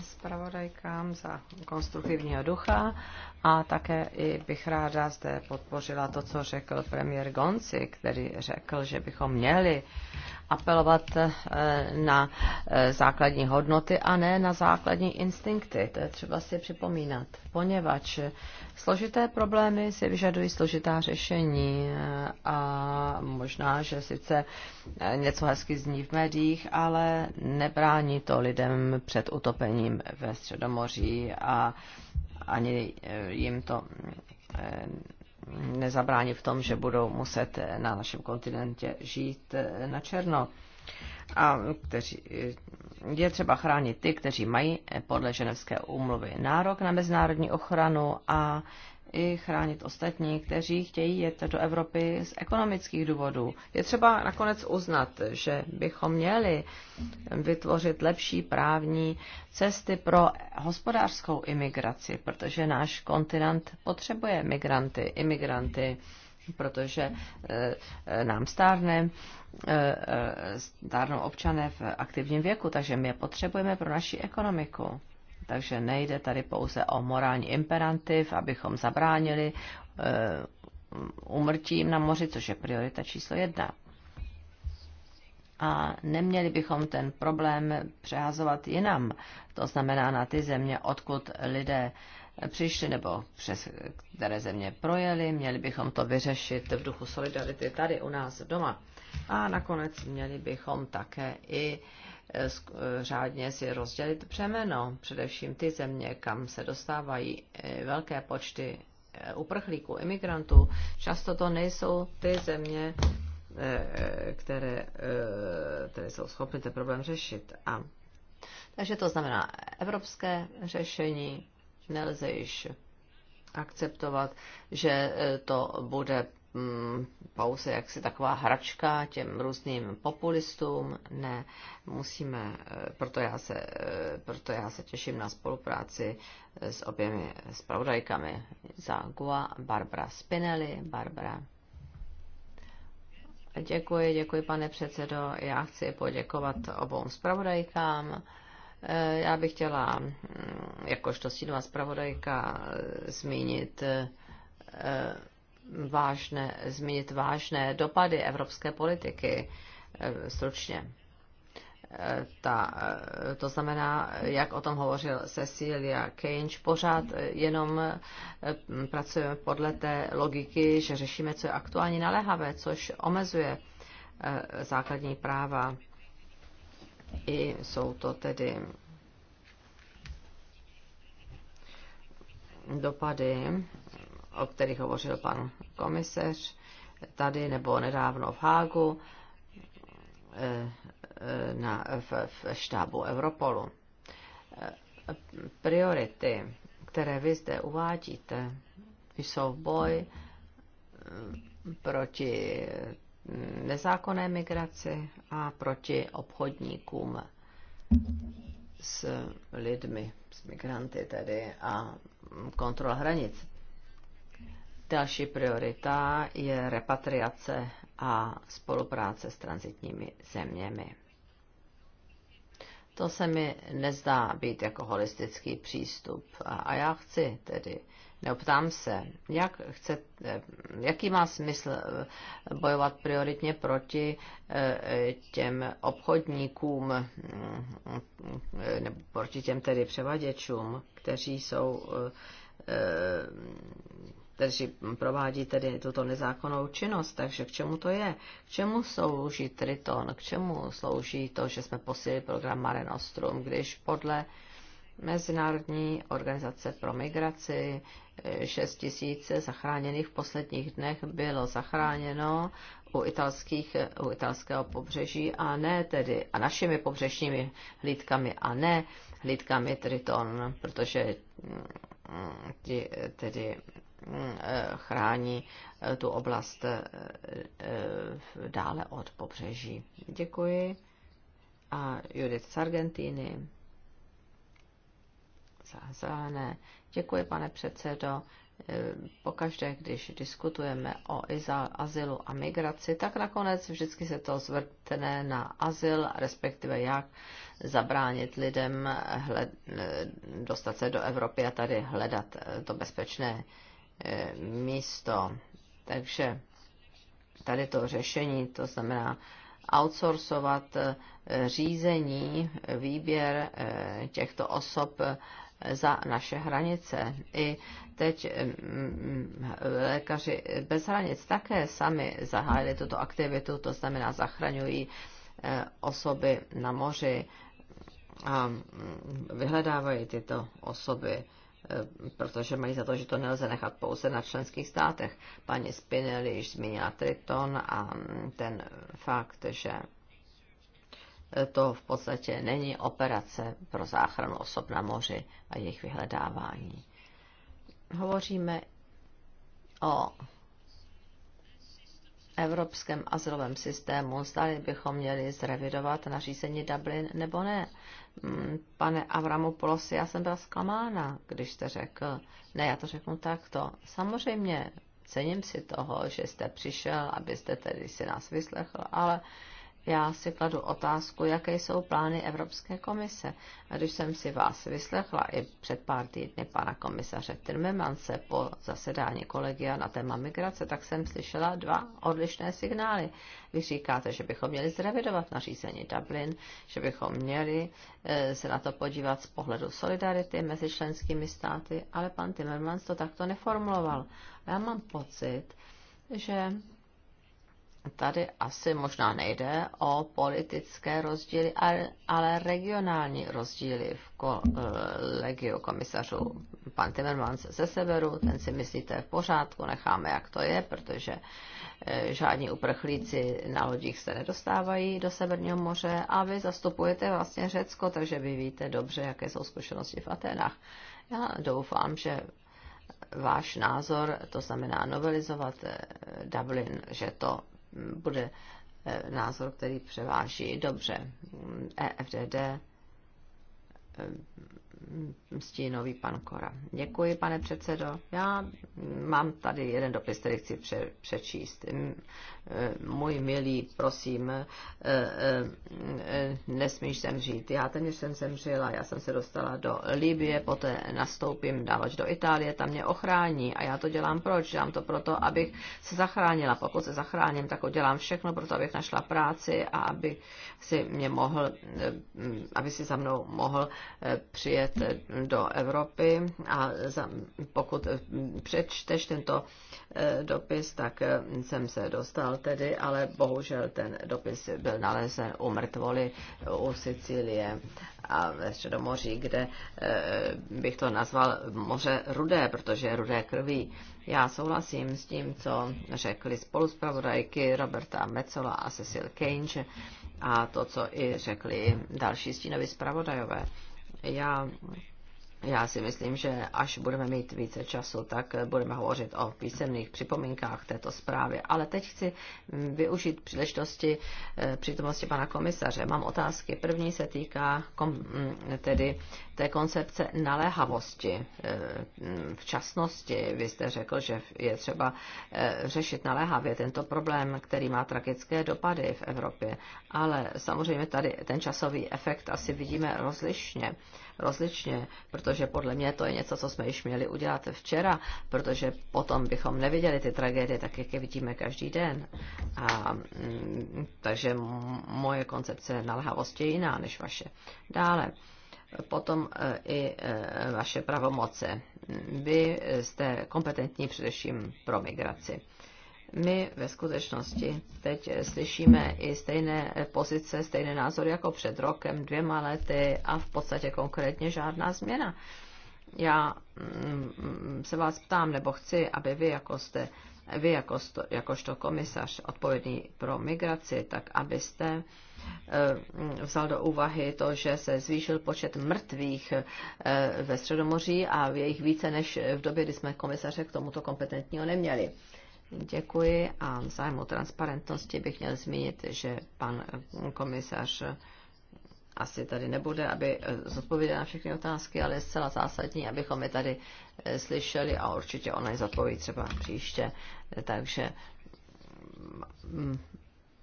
zpravodajkám za konstruktivního ducha a také i bych ráda zde podpořila to, co řekl premiér Gonci, který řekl, že bychom měli apelovat eh, na eh, základní hodnoty a ne na základní instinkty. To je třeba si připomínat, poněvadž složité problémy si vyžadují složitá řešení eh, a možná, že sice něco hezky zní v médiích, ale nebrání to lidem před utopením ve Středomoří a ani jim to nezabránit v tom, že budou muset na našem kontinentě žít na černo. A kteří, je třeba chránit ty, kteří mají podle ženevské úmluvy nárok na mezinárodní ochranu a i chránit ostatní, kteří chtějí jet do Evropy z ekonomických důvodů. Je třeba nakonec uznat, že bychom měli vytvořit lepší právní cesty pro hospodářskou imigraci, protože náš kontinent potřebuje migranty, imigranty, protože eh, eh, nám stárne, eh, stárnou občané v aktivním věku, takže my je potřebujeme pro naši ekonomiku. Takže nejde tady pouze o morální imperativ, abychom zabránili eh, umrtím na moři, což je priorita číslo jedna. A neměli bychom ten problém přehazovat jinam, to znamená na ty země, odkud lidé přišli nebo přes které země projeli, měli bychom to vyřešit v duchu solidarity tady u nás doma. A nakonec měli bychom také i e, Eh, eh, řádně si rozdělit přemeno, především ty země, kam se dostávají eh, velké počty uprchlíků, imigrantů. Často to nejsou ty země, které, které jsou schopny ten problém řešit. A, takže to znamená, evropské řešení nelze již akceptovat, že to bude pouze mm, jaksi taková hračka těm různým populistům. Ne, musíme, eh, proto já se, eh, proto já se těším na spolupráci eh, s oběmi spravodajkami za GUA, Barbara Spinelli, Barbara Děkuji, děkuji pane předsedo. Já chci poděkovat obou zpravodajkám. Já bych chtěla, mm, jakožto stínová zpravodajka, zmínit vážné, zmínit vážné dopady evropské politiky eh, stručně. Eh, ta, eh, to znamená, jak o tom hovořil Cecilia Keynes pořád jenom pracujeme podle té logiky, že řešíme, co je aktuálně naléhavé, což omezuje základní práva. I jsou to tedy dopady o kterých hovořil pan komisař tady nebo nedávno v Hágu eh, eh, na, v, v štábu Europolu. Priority, které vy zde uvádíte, jsou boj eh, proti nezákonné migraci a proti obchodníkům s lidmi, s migranty tedy a kontrola hranic. Další priorita je repatriace a spolupráce s transitními zeměmi. To se mi nezdá být jako holistický přístup. A já chci tedy, neoptám se, jak chce, jaký má smysl eh, bojovat prioritně proti eh, těm obchodníkům, mm, eh, nebo proti těm tedy převaděčům, kteří jsou kteří provádí tedy tuto nezákonnou činnost. Takže k čemu to je? K čemu slouží Triton? K čemu slouží to, že jsme posílili program Mare Nostrum, když podle Mezinárodní organizace pro migraci 6 tisíce zachráněných v posledních dnech bylo zachráněno u, italských, u italského pobřeží a ne tedy a našimi pobřežními hlídkami a ne hlídkami Triton, protože mm, ti tedy Mm, eh, chrání eh, tu oblast eh, dále od pobřeží. Děkuji. A Judith z Argentíny. Zelené. Děkuji, pane předsedo. Pokaždé, když diskutujeme o azylu a migraci, tak nakonec vždycky se to zvrtne na azyl, respektive jak zabránit lidem hled, dostat se do Evropy a tady hledat to bezpečné Eh, místo. Takže tady to řešení, to znamená outsourcovat eh, řízení, výběr eh, těchto osob za naše hranice. I teď mm, hm, lékaři bez hranic také sami zahájili tuto aktivitu, to znamená zachraňují osoby na moři a mm, vyhledávají tyto osoby Eh, protože mají za to, že to nelze nechat pouze na členských státech. Paní Spinelli již zmínila Triton a ten fakt, že eh, to v podstatě není operace pro záchranu osob na moři a jejich vyhledávání. Hovoříme o evropském azylovém systému, zdali bychom měli zrevidovat nařízení Dublin nebo ne. Mm, pane Avramopoulos, já jsem byla zklamána, když jste řekl, ne, já to řeknu takto. Samozřejmě cením si toho, že jste přišel, abyste tedy si nás vyslechl, ale uh, já si kladu otázku, jaké jsou plány Evropské komise. A když jsem si vás vyslechla i před pár týdny pana komisaře Timmermanse po zasedání kolegia na téma migrace, tak jsem slyšela dva odlišné signály. Vy říkáte, že bychom měli zrevidovat nařízení Dublin, že bychom měli eh, se na to podívat z pohledu solidarity mezi členskými státy, ale pan Timmermans to takto neformuloval. Já mám pocit, že tady asi možná nejde o politické rozdíly, ale, ale regionální rozdíly v eh, legio komisařů. Pan Timmermans ze severu, ten si myslíte v pořádku, necháme, jak to je, protože eh, žádní uprchlíci na lodích se nedostávají do Severního moře a vy zastupujete vlastně Řecko, takže vy víte dobře, jaké jsou zkušenosti v Atenách. Já doufám, že váš názor, to znamená novelizovat eh, Dublin, že to bude eh, názor, který převáží dobře. EFDD eh, stínový pan Kora. Děkuji, pane předsedo. Já mám tady jeden dopis, který chci pře- přečíst. Eh, můj milý, prosím, eh, eh, nesmíš zemřít. Já ten jsem zemřela, já jsem se dostala do Libie, poté nastoupím dávač do Itálie, tam mě ochrání a já to dělám proč? Dělám to proto, abych se zachránila. Pokud se zachráním, tak udělám všechno proto, abych našla práci a aby si mě mohl, aby si za mnou mohl přijet do Evropy a za, pokud přečteš tento Eh, dopis, tak eh, jsem se dostal tedy, ale bohužel ten dopis byl nalezen u mrtvoly u Sicílie a ve Středomoří, kde eh, bych to nazval moře rudé, protože je rudé krví. Já souhlasím s tím, co řekli spoluspravodajky Roberta Mecola a Cecil Cage a to, co i řekli další stínovi zpravodajové. Já já si myslím, že až budeme mít více času, tak budeme hovořit o písemných připomínkách této zprávy. Ale teď chci využít příležitosti eh, přítomnosti pana komisaře. Mám otázky. První se týká kom, tedy té koncepce naléhavosti, eh, včasnosti. Vy jste řekl, že je třeba eh, řešit naléhavě tento problém, který má tragické dopady v Evropě. Ale samozřejmě tady ten časový efekt asi vidíme rozlišně, rozličně, protože podle mě to je něco, co jsme již měli udělat včera, protože potom bychom neviděli ty tragédie tak, jak je vidíme každý den. A, mm, takže moje koncepce naléhavosti je jiná než vaše. Dále potom e, i e, vaše pravomoce. Vy jste kompetentní především pro migraci. My ve skutečnosti teď slyšíme i stejné pozice, stejné názory jako před rokem, dvěma lety a v podstatě konkrétně žádná změna. Já mm, se vás ptám, nebo chci, aby vy jako jste vy jako sto, jakožto komisař odpovědný pro migraci, tak abyste Eh, vzal do úvahy to, že se zvýšil počet mrtvých eh, ve Středomoří a je jich více než v době, kdy jsme komisaře k tomuto kompetentního neměli. Děkuji a zájem o transparentnosti bych měl zmínit, že pan komisař asi tady nebude, aby eh, zodpověděl na všechny otázky, ale je zcela zásadní, abychom je tady slyšeli a určitě ona je zodpoví třeba příště. Takže mm,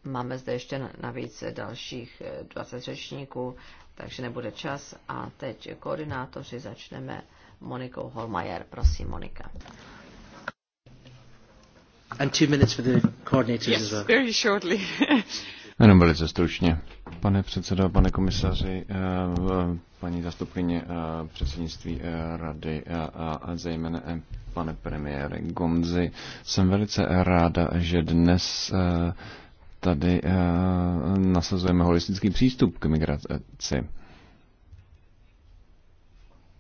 Máme zde ještě navíc dalších 20 eh, řečníků, takže nebude čas. A teď koordinátoři začneme Monikou Holmajer. Prosím, Monika. And two minutes for the coordinators yes, as well. very shortly. [laughs] Jenom velice stručně. Pane předsedo, pane komisaři, eh, paní zastupkyně eh, předsednictví rady a zejména pane premiére Gomzi, jsem velice ráda, že dnes tady eh, nasazujeme holistický přístup k migraci.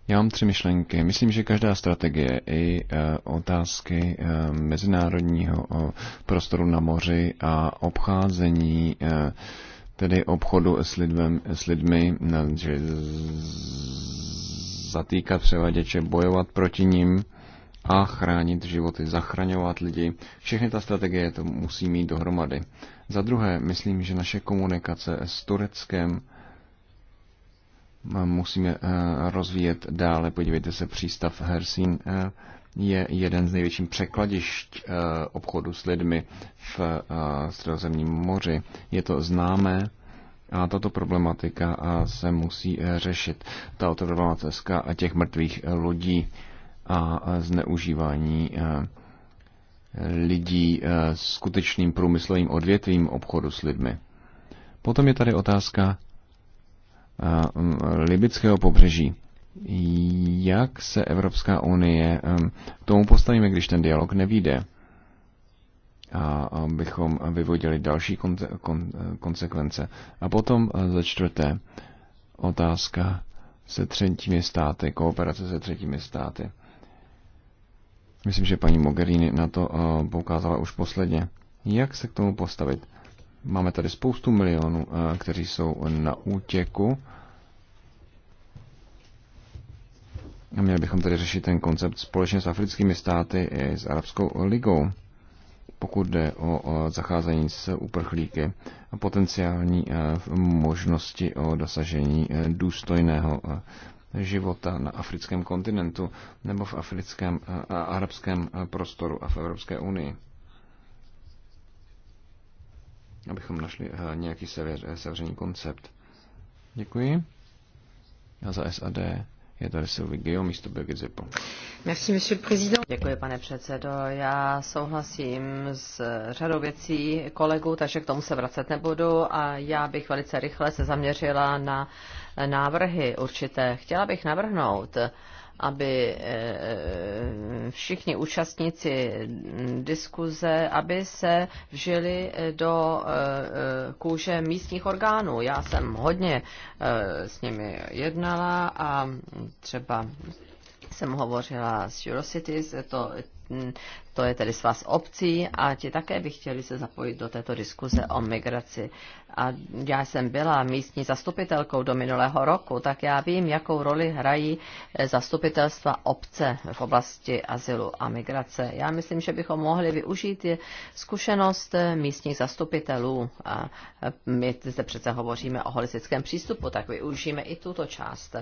Já mám tři myšlenky. Myslím, že každá strategie i eh, otázky eh, mezinárodního prostoru na moři a obcházení tedy obchodu s, lidvem, s lidmi, že zatýkat převaděče, bojovat proti ním a chránit životy, zachraňovat lidi. Všechny ta strategie to musí mít dohromady. Za druhé, myslím, že naše komunikace s Tureckem eh, musíme eh, rozvíjet dále. Podívejte se, přístav Hersin eh, je jeden z největších překladišť obchodu s lidmi v Středozemním moři. Je to známé a tato problematika se musí řešit. Tato problematika těch mrtvých lodí a zneužívání lidí eh, skutečným průmyslovým odvětvím obchodu s lidmi. Potom je tady otázka eh, libického pobřeží. Jak se Evropská unie eh, k tomu postavíme, když ten dialog nevíde? A abychom vyvodili další konce, kon, konsekvence. A potom za čtvrté otázka se třetími státy, kooperace se třetími státy. Myslím, že paní Mogherini na to eh, poukázala už posledně. Jak se k tomu postavit? Máme tady spoustu milionů, eh, kteří jsou na útěku. A měli bychom tady řešit ten koncept společně s africkými státy i s Arabskou ligou, pokud jde o zacházení s uprchlíky a potenciální eh, možnosti o dosažení důstojného života na africkém kontinentu nebo v africkém eh, a arabském eh, prostoru a v Evropské unii. Abychom našli eh, nějaký sevřený koncept. Děkuji. A za SAD je tady Sylvie místo Děkuji, pane předsedo. Já souhlasím s řadou věcí kolegů, takže k tomu se vracet nebudu a já bych velice rychle se zaměřila na návrhy určité. Chtěla bych navrhnout, aby eh, eh, všichni účastníci diskuze, aby se vžili eh, do kůže místních orgánů. Já jsem hodně s nimi jednala a třeba jsem hovořila s Eurocities, to Mm, to je tedy svaz obcí a ti také by chtěli se zapojit do této diskuze o migraci. A já jsem byla místní zastupitelkou do minulého roku, tak já vím, jakou roli hrají eh, zastupitelstva obce v oblasti azylu a migrace. Já myslím, že bychom mohli využít eh, zkušenost eh, místních zastupitelů. A my zde přece hovoříme o holistickém přístupu, tak využijeme i tuto část.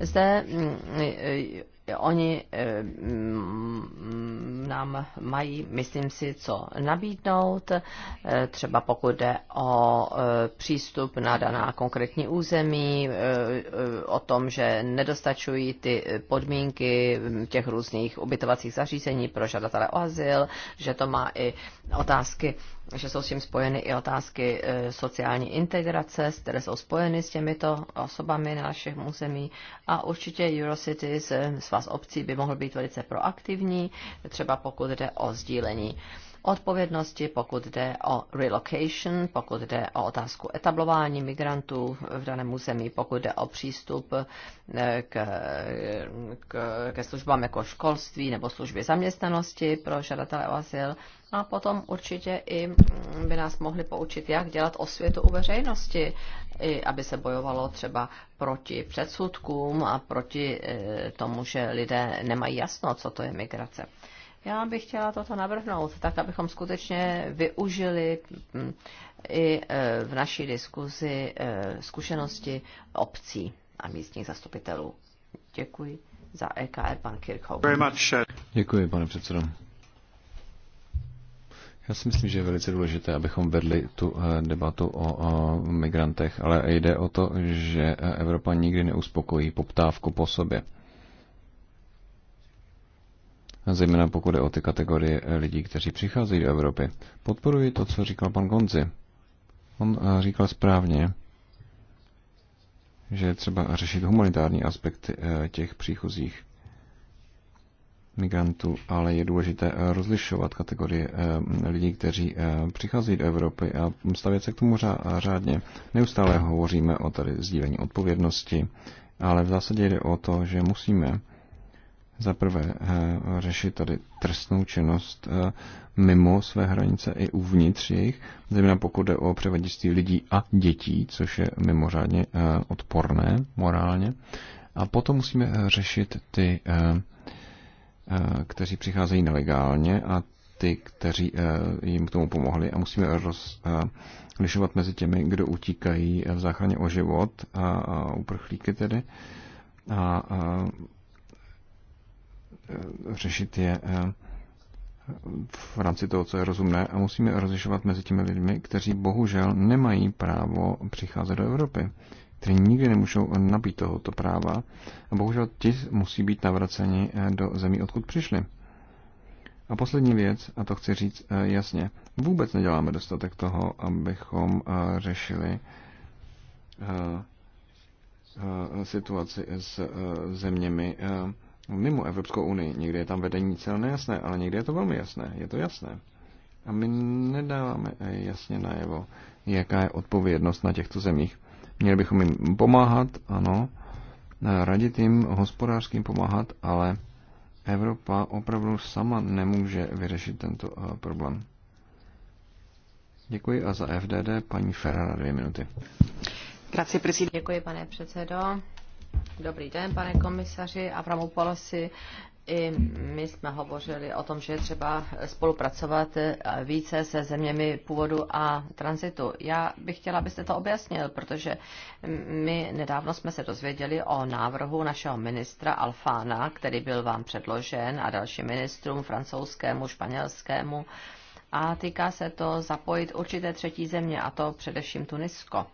Zde mm, oni eh, mm, nám mají, myslím si, co nabídnout, eh, třeba pokud jde o eh, přístup na daná konkrétní území, o tom, že nedostačují ty podmínky těch různých ubytovacích zařízení pro žadatele o azyl, že to má i otázky že jsou s tím spojeny i otázky e, sociální integrace, které jsou spojeny s těmito osobami na našich území. A určitě Eurocities, e, svaz obcí, by mohl být velice proaktivní, třeba pokud jde o sdílení odpovědnosti, pokud jde o relocation, pokud jde o otázku etablování migrantů v daném území, pokud jde o přístup e, k, k, ke službám jako školství nebo služby zaměstnanosti pro žadatele o azyl a potom určitě i mm, by nás mohli poučit, jak dělat osvětu u veřejnosti, i aby se bojovalo třeba proti předsudkům a proti e, tomu, že lidé nemají jasno, co to je migrace. Já bych chtěla toto navrhnout, tak abychom skutečně využili mm, i e, v naší diskuzi e, zkušenosti obcí a místních zastupitelů. Děkuji za EKR, pan Kirchhoff. Děkuji, pane předsedo. Já si myslím, že je velice důležité, abychom vedli tu eh, debatu o, o migrantech, ale jde o to, že eh, Evropa nikdy neuspokojí poptávku po sobě. zejména pokud je o ty kategorie eh, lidí, kteří přicházejí do Evropy. Podporuji to, co říkal pan Gonzi. On říkal správně, že je třeba řešit humanitární aspekty těch příchozích migrantů, ale je důležité eh, rozlišovat kategorie eh, lidí, kteří eh, přichází do Evropy a stavět se k tomu řádně. Neustále hovoříme o tady sdílení odpovědnosti, ale v zásadě jde o to, že musíme za prvé řešit tady trestnou činnost mimo své hranice i uvnitř jejich, zejména pokud jde o převaděství lidí a dětí, což je mimořádně odporné morálně. A potom musíme řešit ty Eh, kteří přicházejí nelegálně a ty, kteří eh, jim k tomu pomohli a musíme rozlišovat eh, mezi těmi, kdo utíkají v záchraně o život a uprchlíky tedy a řešit je v rámci toho, co je rozumné a musíme rozlišovat mezi těmi lidmi, kteří bohužel nemají právo přicházet do Evropy kteří nikdy nemůžou nabít tohoto práva. A bohužel ti musí být navraceni eh, do zemí, odkud přišli. A poslední věc, a to chci říct eh, jasně, vůbec neděláme dostatek toho, abychom eh, řešili situaci s zeměmi mimo Evropskou unii. Někdy je tam vedení celé nejasné, ale někdy je to velmi jasné. Je to jasné. A my nedáváme jasně najevo, jaká je odpovědnost na těchto zemích. Měli bychom jim pomáhat, ano, eh, radit jim hospodářským pomáhat, ale Evropa opravdu sama nemůže vyřešit tento eh, problém. Děkuji a za FDD paní Ferrara dvě minuty. Děkuji, pane předsedo. Dobrý den, pane komisaři Avramopoulosi. I my jsme hovořili o tom, že je třeba spolupracovat více se zeměmi původu a tranzitu. Já bych chtěla, abyste to objasnil, protože my nedávno jsme se dozvěděli o návrhu našeho ministra Alfána, který byl vám předložen a dalším ministrům francouzskému, španělskému. A týká se to zapojit určité třetí země, a to především Tunisko.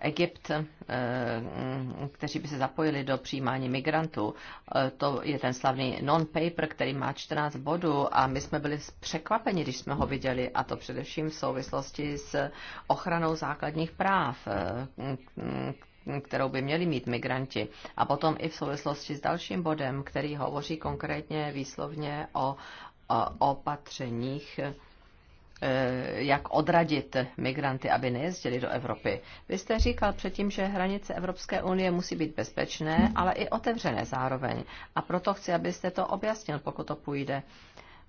Egypt, eh, kteří by se zapojili do přijímání migrantů. Eh, to je ten slavný non-paper, který má 14 bodů a my jsme byli překvapeni, když jsme ho viděli, a to především v souvislosti s ochranou základních práv, eh, kterou by měli mít migranti. A potom i v souvislosti s dalším bodem, který hovoří konkrétně výslovně o, o opatřeních, Eh, jak odradit migranty, aby nejezdili do Evropy. Vy jste říkal předtím, že hranice Evropské unie musí být bezpečné, ale i otevřené zároveň. A proto chci, abyste to objasnil, pokud to půjde,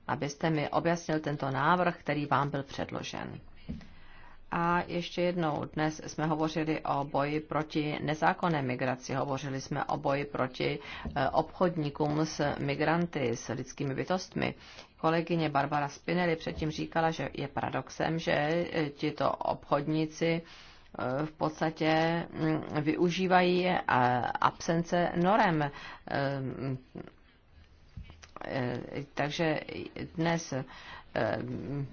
abyste mi objasnil tento návrh, který vám byl předložen. A ještě jednou, dnes jsme hovořili o boji proti nezákonné migraci, hovořili jsme o boji proti eh, obchodníkům s migranty, s lidskými bytostmi. Kolegyně Barbara Spinelli předtím říkala, že je paradoxem, že eh, tito obchodníci eh, v podstatě mm, využívají eh, absence norem. Ehm, takže dnes Ehm,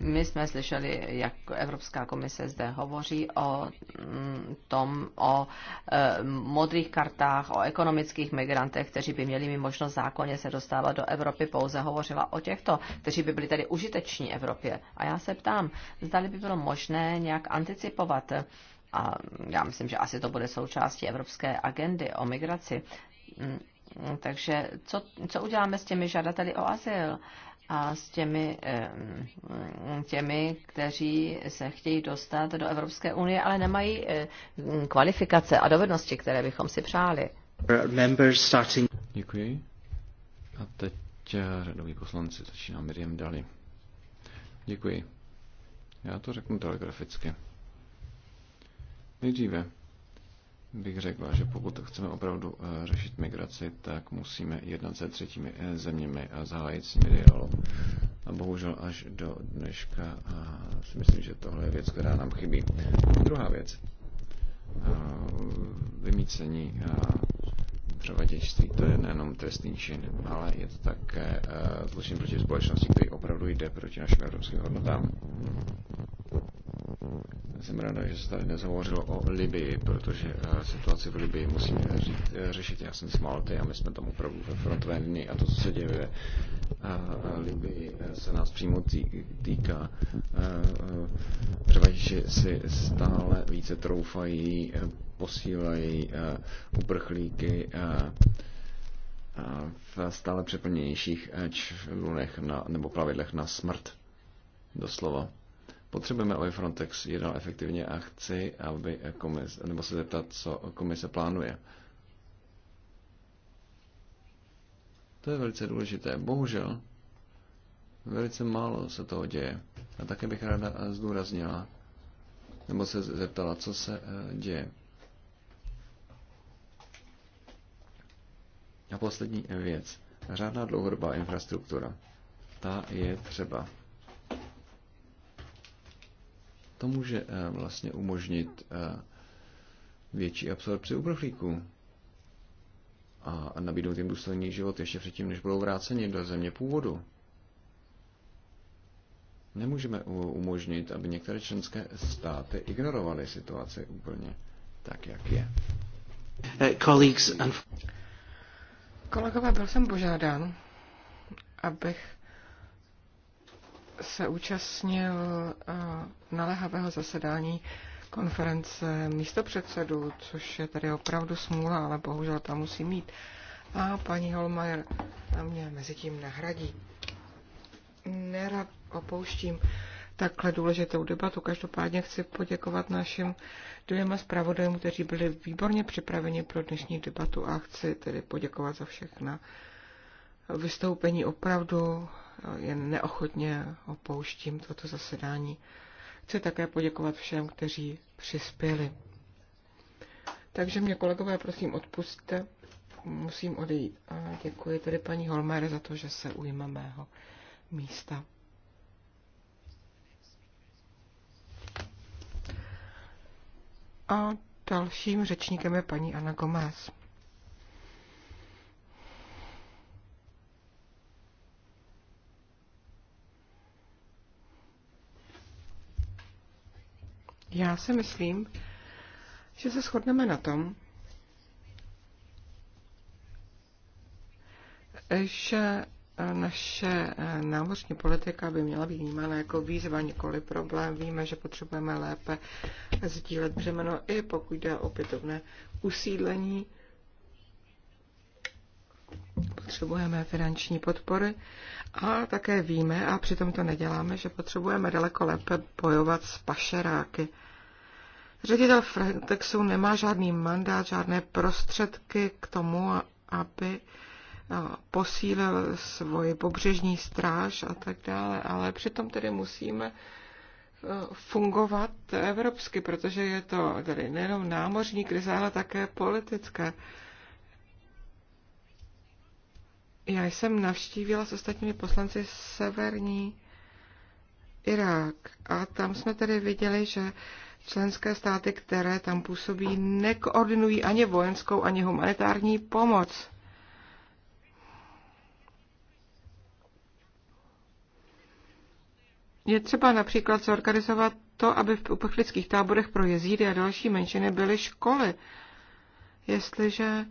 my jsme slyšeli, jak Evropská komise zde hovoří o mm, tom, o ehm, modrých kartách, o ekonomických migrantech, kteří by měli mít možnost zákonně se dostávat do Evropy. Pouze hovořila o těchto, kteří by byli tady užiteční Evropě. A já se ptám, zdali by bylo možné nějak anticipovat, a já myslím, že asi to bude součástí evropské agendy o migraci, mm, takže co, co uděláme s těmi žadateli o azyl? a s těmi, těmi, kteří se chtějí dostat do Evropské unie, ale nemají kvalifikace a dovednosti, které bychom si přáli. Děkuji. A teď eh, řadoví poslanci začíná Miriam Dali. Děkuji. Já to řeknu telegraficky. Nejdříve bych řekl, že pokud chceme opravdu eh, řešit migraci, tak musíme jednat se třetími eh, zeměmi a zahájit s nimi dialog. A bohužel až do dneška a si myslím, že tohle je věc, která nám chybí. Druhá věc. Eh, vymícení převaděčství, to je nejenom trestný čin, ale je to také zločin proti společnosti, který opravdu jde proti našim evropským hodnotám. Jsem ráda, že se tady dnes o Libii, protože eh, situaci v Libii musíme říct, eh, řešit. Já jsem z Malty a my jsme tam opravdu ve frontové linii a to, co se děje A eh, Libii, se nás přímo týká. Řevajíši si stále více troufají, posílají uprchlíky v stále přeplněnějších člunech na, nebo plavidlech na smrt. Doslova. Potřebujeme, aby Frontex jednal efektivně a chci, aby komise, nebo se zeptat, co komise plánuje. To je velice důležité. Bohužel, velice málo se toho děje. A také bych ráda zdůraznila, nebo se zeptala, co se eh, děje. A poslední věc. Řádná dlouhodobá infrastruktura. Ta je třeba. To může eh, vlastně umožnit eh, větší absorpci uprchlíků a nabídnout jim důstojný život ještě předtím, než budou vráceni do země původu. Nemůžeme umožnit, aby některé členské státy ignorovaly situaci úplně tak, jak je. Eh, Kolegové, byl jsem požádán, abych se účastnil eh, naléhavého zasedání konference místopředsedů, což je tady opravdu smůla, ale bohužel tam musí mít. A paní Holmajer na mě mezi tím nahradí. Nerad opouštím takhle důležitou debatu. Každopádně chci poděkovat našim dvěma zpravodajům, kteří byli výborně připraveni pro dnešní debatu a chci tedy poděkovat za všechna vystoupení. Opravdu jen neochotně opouštím toto zasedání. Chci také poděkovat všem, kteří přispěli. Takže mě kolegové, prosím, odpustte, musím odejít. A děkuji tedy paní Holmere za to, že se ujme mého místa. A dalším řečníkem je paní Ana Gomez. Já si myslím, že se shodneme na tom, že eh, naše eh, námořní politika by měla být vnímána jako výzva, nikoli problém. Víme, že potřebujeme lépe sdílet břemeno, i pokud jde o opětovné usídlení potřebujeme finanční podpory a také víme, a přitom to neděláme, že potřebujeme daleko lépe bojovat s pašeráky. Ředitel Frontexu nemá žádný mandát, žádné prostředky k tomu, aby posílil svoji pobřežní stráž a tak dále, ale přitom tedy musíme e, fungovat evropsky, protože je to tedy nejenom námořní krize, ale také politické. Já jsem navštívila s ostatními poslanci severní Irák a tam jsme tedy viděli, že členské státy, které tam působí, nekoordinují ani vojenskou, ani humanitární pomoc. Je třeba například zorganizovat to, aby v uprchlických táborech pro jezídy a další menšiny byly školy. Jestliže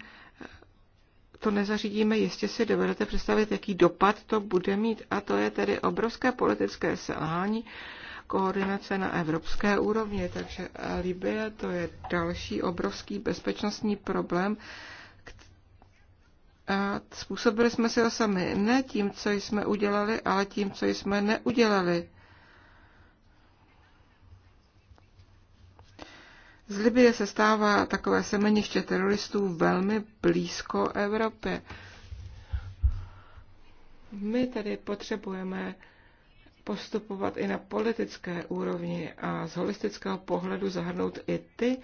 to nezařídíme, jistě si dovedete představit, jaký dopad to bude mít. A to je tedy obrovské politické selhání koordinace na evropské úrovni. Takže Libie to je další obrovský bezpečnostní problém. A způsobili jsme si ho sami. Ne tím, co jsme udělali, ale tím, co jsme neudělali. Z Libie se stává takové semeniště teroristů velmi blízko Evropě. My tedy potřebujeme postupovat i na politické úrovni a z holistického pohledu zahrnout i ty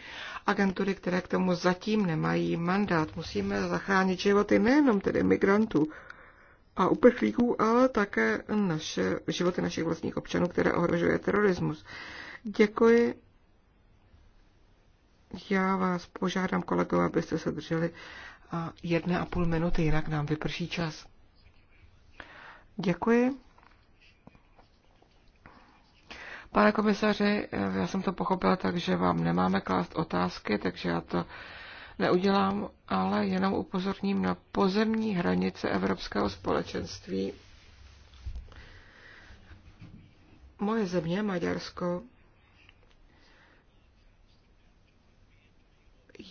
agentury, které k tomu zatím nemají mandát. Musíme zachránit životy nejenom tedy migrantů a uprchlíků, ale také naše, životy našich vlastních občanů, které ohrožuje terorismus. Děkuji já vás požádám, kolegové, abyste se drželi jedné a půl minuty, jinak nám vyprší čas. Děkuji. Pane komisaři, já jsem to pochopila tak, že vám nemáme klást otázky, takže já to neudělám, ale jenom upozorním na pozemní hranice Evropského společenství. Moje země, Maďarsko,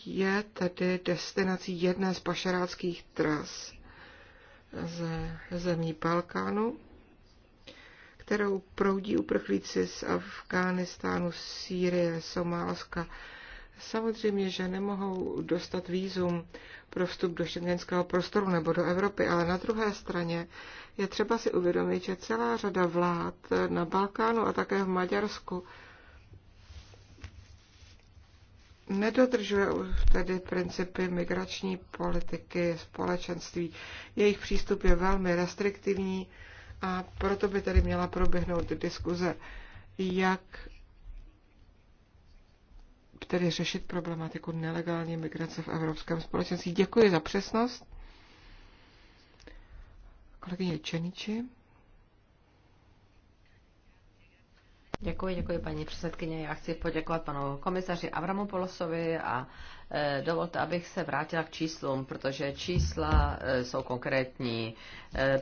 je tedy destinací jedné z pašeráckých tras ze zemí Balkánu, kterou proudí uprchlíci z Afghánistánu, Sýrie, Somálska. Samozřejmě, že nemohou dostat výzum pro vstup do šengenského prostoru nebo do Evropy, ale na druhé straně je třeba si uvědomit, že celá řada vlád na Balkánu a také v Maďarsku nedodržuje tedy principy migrační politiky společenství. Jejich přístup je velmi restriktivní a proto by tedy měla proběhnout diskuze, jak tedy řešit problematiku nelegální migrace v evropském společenství. Děkuji za přesnost. Kolegyně Čeniči. Děkuji, děkuji paní předsedkyně. Já chci poděkovat panu komisaři Polosovi a e, dovolte, abych se vrátila k číslům, protože čísla e, jsou konkrétní. E,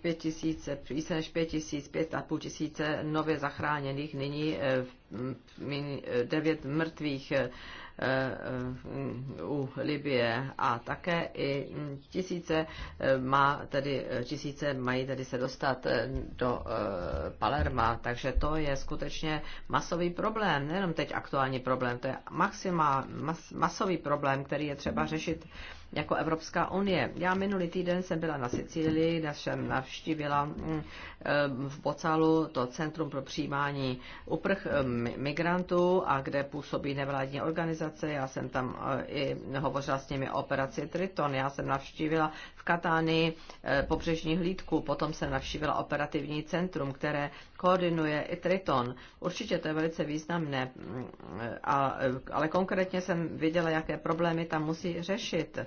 pět tisíce, více než pět tisíc, pět a půl tisíce nově zachráněných, nyní devět mrtvých Eh, u Libie a také i tisíce eh, má tedy, eh, tisíce mají tedy se dostat do Palerma, takže to je skutečně masový problém, nejenom teď aktuální problém, to je maxima, mas, masový problém, který je třeba řešit jako Evropská unie. Já minulý týden jsem byla na Sicílii, kde jsem navštívila mm, eh, v Bocalu to Centrum pro přijímání uprch eh, migrantů a kde působí nevládní organizace. Já jsem tam eh, i hovořila s nimi o operaci Triton. Já jsem navštívila v Katánii pobřežní hlídku, potom jsem navštívila operativní centrum, které koordinuje i Triton. Určitě to je velice významné, mm, a, ale konkrétně jsem viděla, jaké problémy tam musí řešit, e,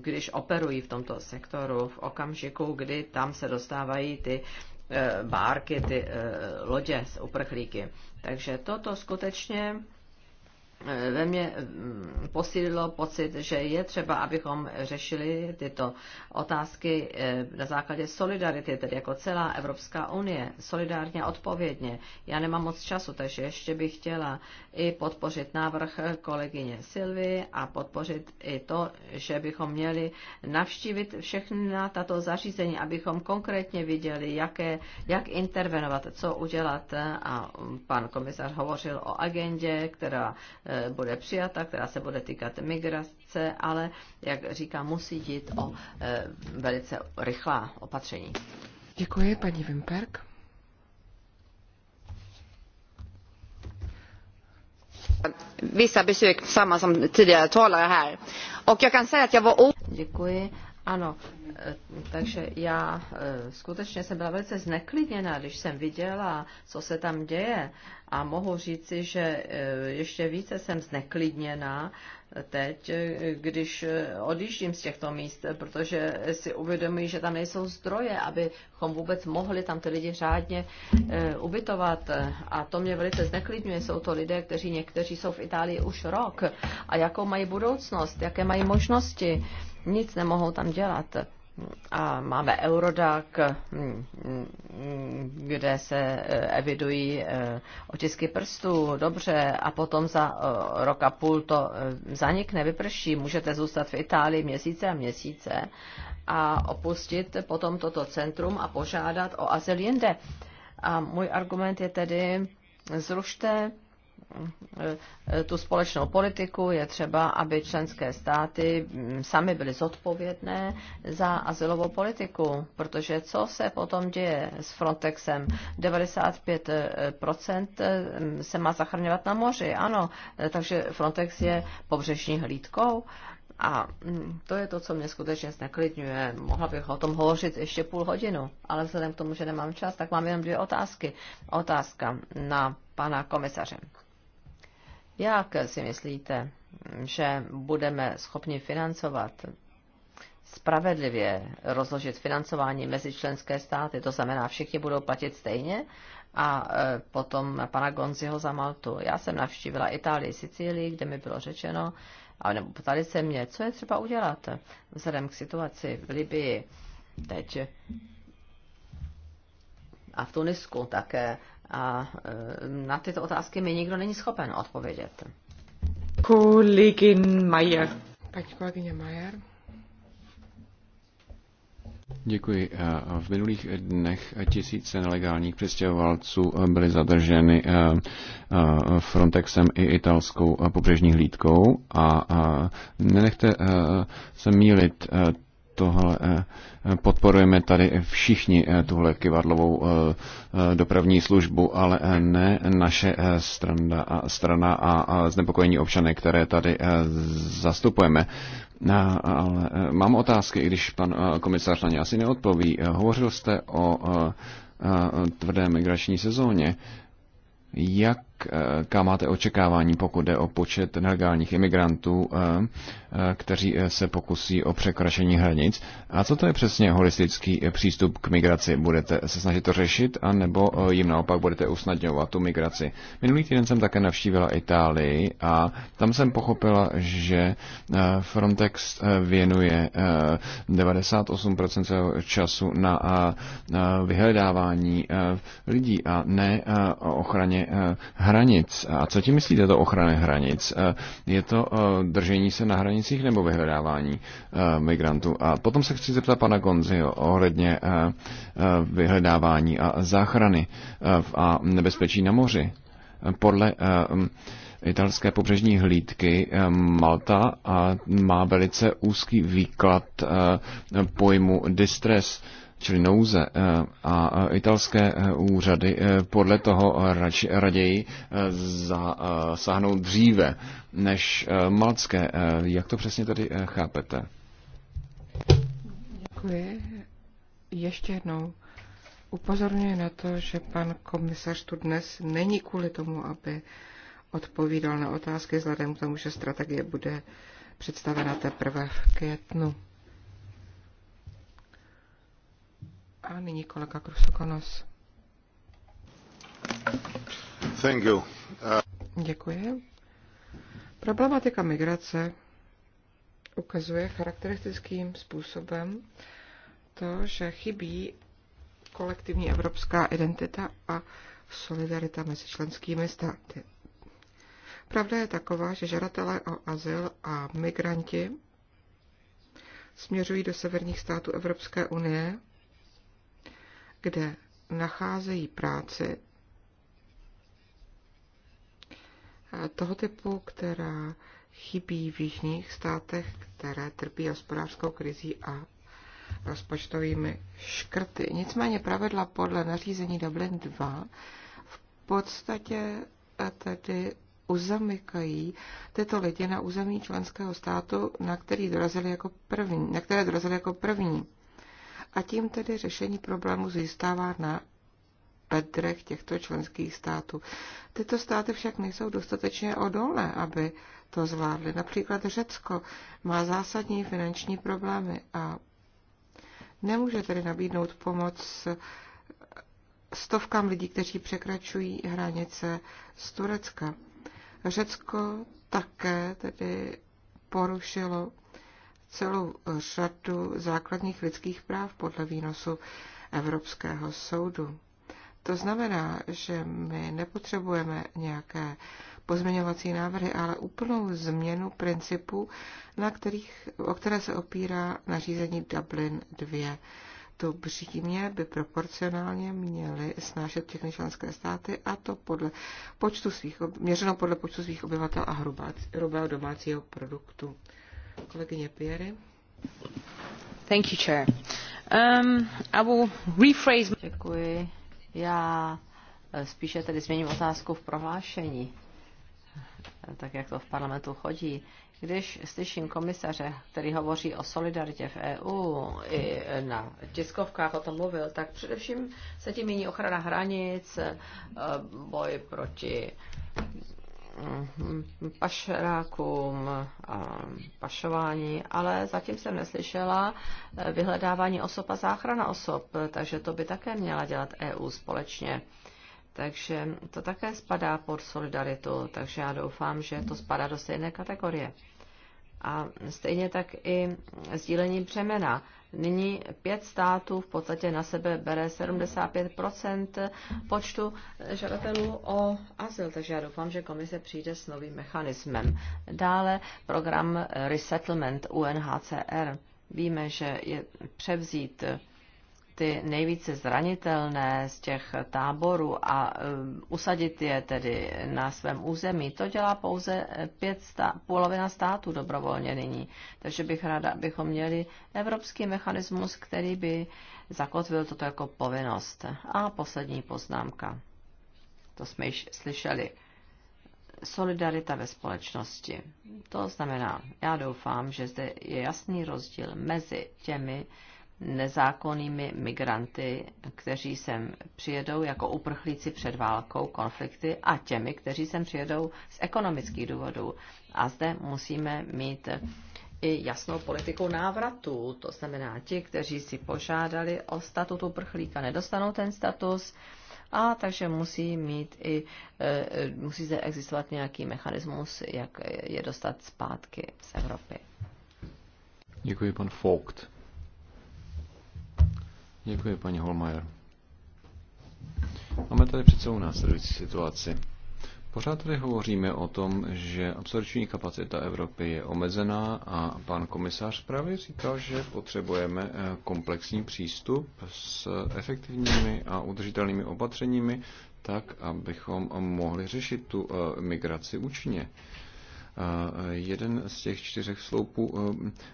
když operují v tomto sektoru v okamžiku, kdy tam se dostávají ty e, bárky, ty e, lodě z uprchlíky. Takže toto skutečně Eh, ve mně mm, posílilo pocit, že je třeba, abychom řešili tyto otázky eh, na základě solidarity, tedy jako celá Evropská unie, solidárně a odpovědně. Já nemám moc času, takže ještě bych chtěla i podpořit návrh kolegyně Silvy a podpořit i to, že bychom měli navštívit všechny na tato zařízení, abychom konkrétně viděli, jaké, jak intervenovat, co udělat. A pan komisař hovořil o agendě, která Eh, bude přijata, která se bude týkat migrace, ale, jak říká, musí jít o eh, velice rychlá opatření. Děkuji, paní Vimperk. vissa besök, samma som tidigare talare här. Och jag kan säga att jag var... Děkuji. Ano, Eh, takže já eh, skutečně jsem byla velice zneklidněna, když jsem viděla, co se tam děje. A mohu říci, že eh, ještě více jsem zneklidněna teď, když odjíždím z těchto míst, protože si uvědomuji, že tam nejsou zdroje, abychom vůbec mohli tam ty lidi řádně ubytovat. A to mě velice zneklidňuje. Jsou to lidé, kteří někteří jsou v Itálii už rok. A jakou mají budoucnost, jaké mají možnosti. Nic nemohou tam dělat a máme Eurodac, kde se eh, evidují eh, otisky prstů, dobře, a potom za eh, rok a půl to zanikne, vyprší, můžete zůstat v Itálii měsíce a měsíce a opustit potom toto centrum a požádat o azyl jinde. A můj argument je tedy, zrušte Eh, tu společnou politiku, je třeba, aby členské státy mm, sami byly zodpovědné za asilovou politiku, protože co se potom děje s Frontexem? 95% eh, eh, se má zachraňovat na moři, ano, takže Frontex je pobřežní hlídkou. A mm, to je to, co mě skutečně zneklidňuje. Mohla bych o tom hovořit ještě půl hodinu, ale vzhledem k tomu, že nemám čas, tak mám jenom dvě otázky. Otázka na pana komisaře. Jak si myslíte, že budeme schopni financovat spravedlivě rozložit financování mezi členské státy, to znamená, všichni budou platit stejně a e, potom pana Gonziho za Maltu. Já jsem navštívila Itálii, Sicílii, kde mi bylo řečeno, a nebo ptali se mě, co je třeba udělat vzhledem k situaci v Libii teď a v Tunisku také a e, na tyto otázky mi nikdo není schopen odpovědět. Kolegin Majer. Paní kolegyně Majer. Děkuji. E, v minulých dnech tisíce nelegálních přistěhovalců e, byly zadrženy Frontexem i italskou pobřežní hlídkou a nenechte se mílit, tohle eh, podporujeme tady všichni eh, tuhle kivadlovou eh, dopravní službu, ale ne naše strana, strana a znepokojení občany, které tady zastupujeme. Ale mám otázky, i když pan komisař na ně asi neodpoví. Hovořil jste o tvrdé migrační sezóně. Jak jaká eh, máte očekávání, pokud jde o počet nelegálních imigrantů, eh, eh, kteří se pokusí o překračení hranic. A co to je přesně holistický přístup k migraci? Budete se snažit to řešit, anebo jim naopak budete usnadňovat tu migraci? Minulý týden jsem také navštívila Itálii a tam jsem pochopila, že Frontex věnuje 98% svého času na vyhledávání lidí a ne ochraně hranic. A co ti myslíte to ochrany hranic? Eh, je to eh, držení se na hranicích nebo vyhledávání eh, migrantů? A potom se chci zeptat pana Gonziho ohledně vyhledávání a záchrany a nebezpečí na moři. Podle italské pobřežní hlídky Malta má velice úzký výklad pojmu distress čili nouze. Eh, a italské eh, úřady eh, podle toho raději zasáhnou dříve než malcké. Jak to přesně tady chápete? Děkuji. Ještě jednou upozorňuji na to, že pan komisař tu dnes není kvůli tomu, aby odpovídal na otázky, vzhledem k tomu, že strategie bude představena teprve v květnu. A nyní kolega Krusokonos. Thank you. Uh... Děkuji. Problematika migrace ukazuje charakteristickým způsobem to, že chybí kolektivní evropská identita a solidarita mezi členskými státy. Pravda je taková, že žadatelé o azyl a migranti směřují do severních států Evropské unie, kde nacházejí práci toho typu, která chybí v jižních státech, které trpí hospodářskou krizí a rozpočtovými škrty. Nicméně pravidla podle nařízení Dublin 2 v podstatě tedy uzamykají tyto lidi na území členského státu, na, který dorazili jako první, na které dorazili jako první a tím tedy řešení problému zůstává na bedrech těchto členských států. Tyto státy však nejsou dostatečně odolné, aby to zvládly. Například Řecko má zásadní finanční problémy a nemůže tedy nabídnout pomoc stovkám lidí, kteří překračují hranice z Turecka. Řecko také tedy porušilo celou řadu základních lidských práv podle výnosu Evropského soudu. To znamená, že my nepotřebujeme nějaké pozměňovací návrhy, ale úplnou změnu principů, na kterých, o které se opírá nařízení Dublin 2. To břímě by proporcionálně měly snášet všechny členské státy a to podle počtu svých, měřeno podle počtu svých obyvatel a hrubého domácího produktu. Kolegyně Thank you, Chair. Um, I will rephrase... Děkuji. Já eh, spíše tedy změním otázku v prohlášení, eh, tak jak to v parlamentu chodí. Když slyším komisaře, který hovoří o solidaritě v EU, i na tiskovkách o tom mluvil, tak především se tím mění ochrana hranic, eh, boj proti Mm, pašerákům a pašování, ale zatím jsem neslyšela eh, vyhledávání osob a záchrana osob, takže to by také měla dělat EU společně. Takže to také spadá pod solidaritu, takže já doufám, že to spadá do stejné kategorie. A stejně tak i sdílení břemena nyní pět států v podstatě na sebe bere 75 počtu žadatelů o azyl, takže já doufám, že komise přijde s novým mechanismem. Dále program Resettlement UNHCR. Víme, že je převzít ty nejvíce zranitelné z těch táborů a e, usadit je tedy na svém území, to dělá pouze pět stá- polovina států dobrovolně nyní. Takže bych ráda, abychom měli evropský mechanismus, který by zakotvil toto jako povinnost. A poslední poznámka. To jsme již slyšeli. Solidarita ve společnosti. To znamená, já doufám, že zde je jasný rozdíl mezi těmi, nezákonnými migranty, kteří sem přijedou jako uprchlíci před válkou, konflikty a těmi, kteří sem přijedou z ekonomických důvodů. A zde musíme mít i jasnou politiku návratu. To znamená, ti, kteří si požádali o statut uprchlíka, nedostanou ten status, a takže musí mít i, e, e, musí zde existovat nějaký mechanismus, jak je dostat zpátky z Evropy. Děkuji, pan Vogt. Děkuji, paní Holmajer. Máme tady před sebou následující situaci. Pořád tady hovoříme o tom, že absorpční kapacita Evropy je omezená a pan komisář právě říkal, že potřebujeme eh, komplexní přístup s efektivními a udržitelnými opatřeními, tak abychom mohli řešit tu eh, migraci účinně. Jeden z těch čtyřech sloupů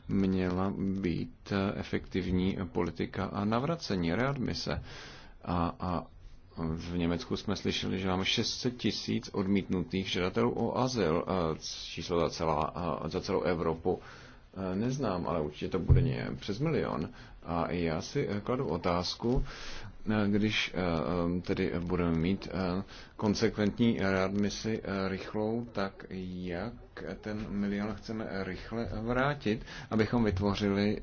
měla být efektivní politika a navracení, readmise. A, a v Německu jsme slyšeli, že máme 600 tisíc odmítnutých žadatelů o azyl, číslo za, celá, za celou Evropu. Neznám, ale určitě to bude přes milion. A já si e, kladu otázku, Eh, když eh, eh, tedy budeme mít konsekventní readmisi rychlou, tak jak ten milion chceme rychle vrátit, abychom vytvořili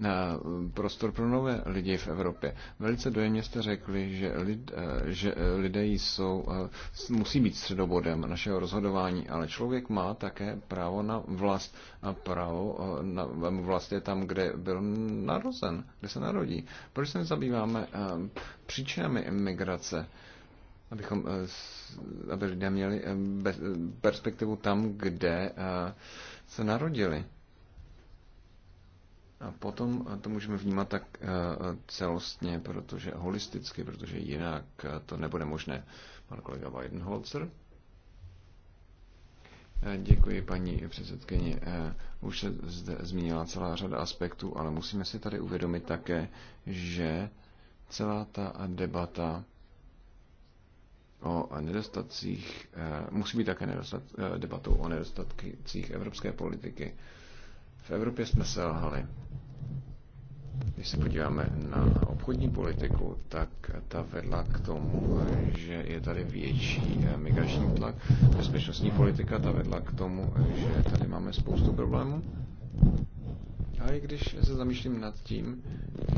Mm, prostor pro nové lidi v Evropě. Velice dojemně jste řekli, že, lid, eh, že eh, lidé jsou, eh, musí být středobodem našeho rozhodování, ale člověk má také právo na vlast a právo na vlast je tam, kde byl narozen, kde se narodí. Proč se nezabýváme příčinami emigrace, abychom, aby lidé měli perspektivu tam, kde se narodili. A potom to můžeme vnímat tak eh, celostně, protože holisticky, protože jinak eh, to nebude možné. Pan kolega Weidenholzer. Eh, děkuji, paní předsedkyni. Už se zde zmínila celá řada aspektů, ale musíme si tady uvědomit také, že celá ta debata o nedostatcích, musí být také debatou o nedostatcích evropské politiky v Evropě jsme selhali. Když se podíváme na obchodní politiku, tak ta vedla k tomu, že je tady větší eh, migrační tlak. Bezpečnostní politika ta vedla k tomu, že tady máme spoustu problémů. A i když se zamýšlím nad tím,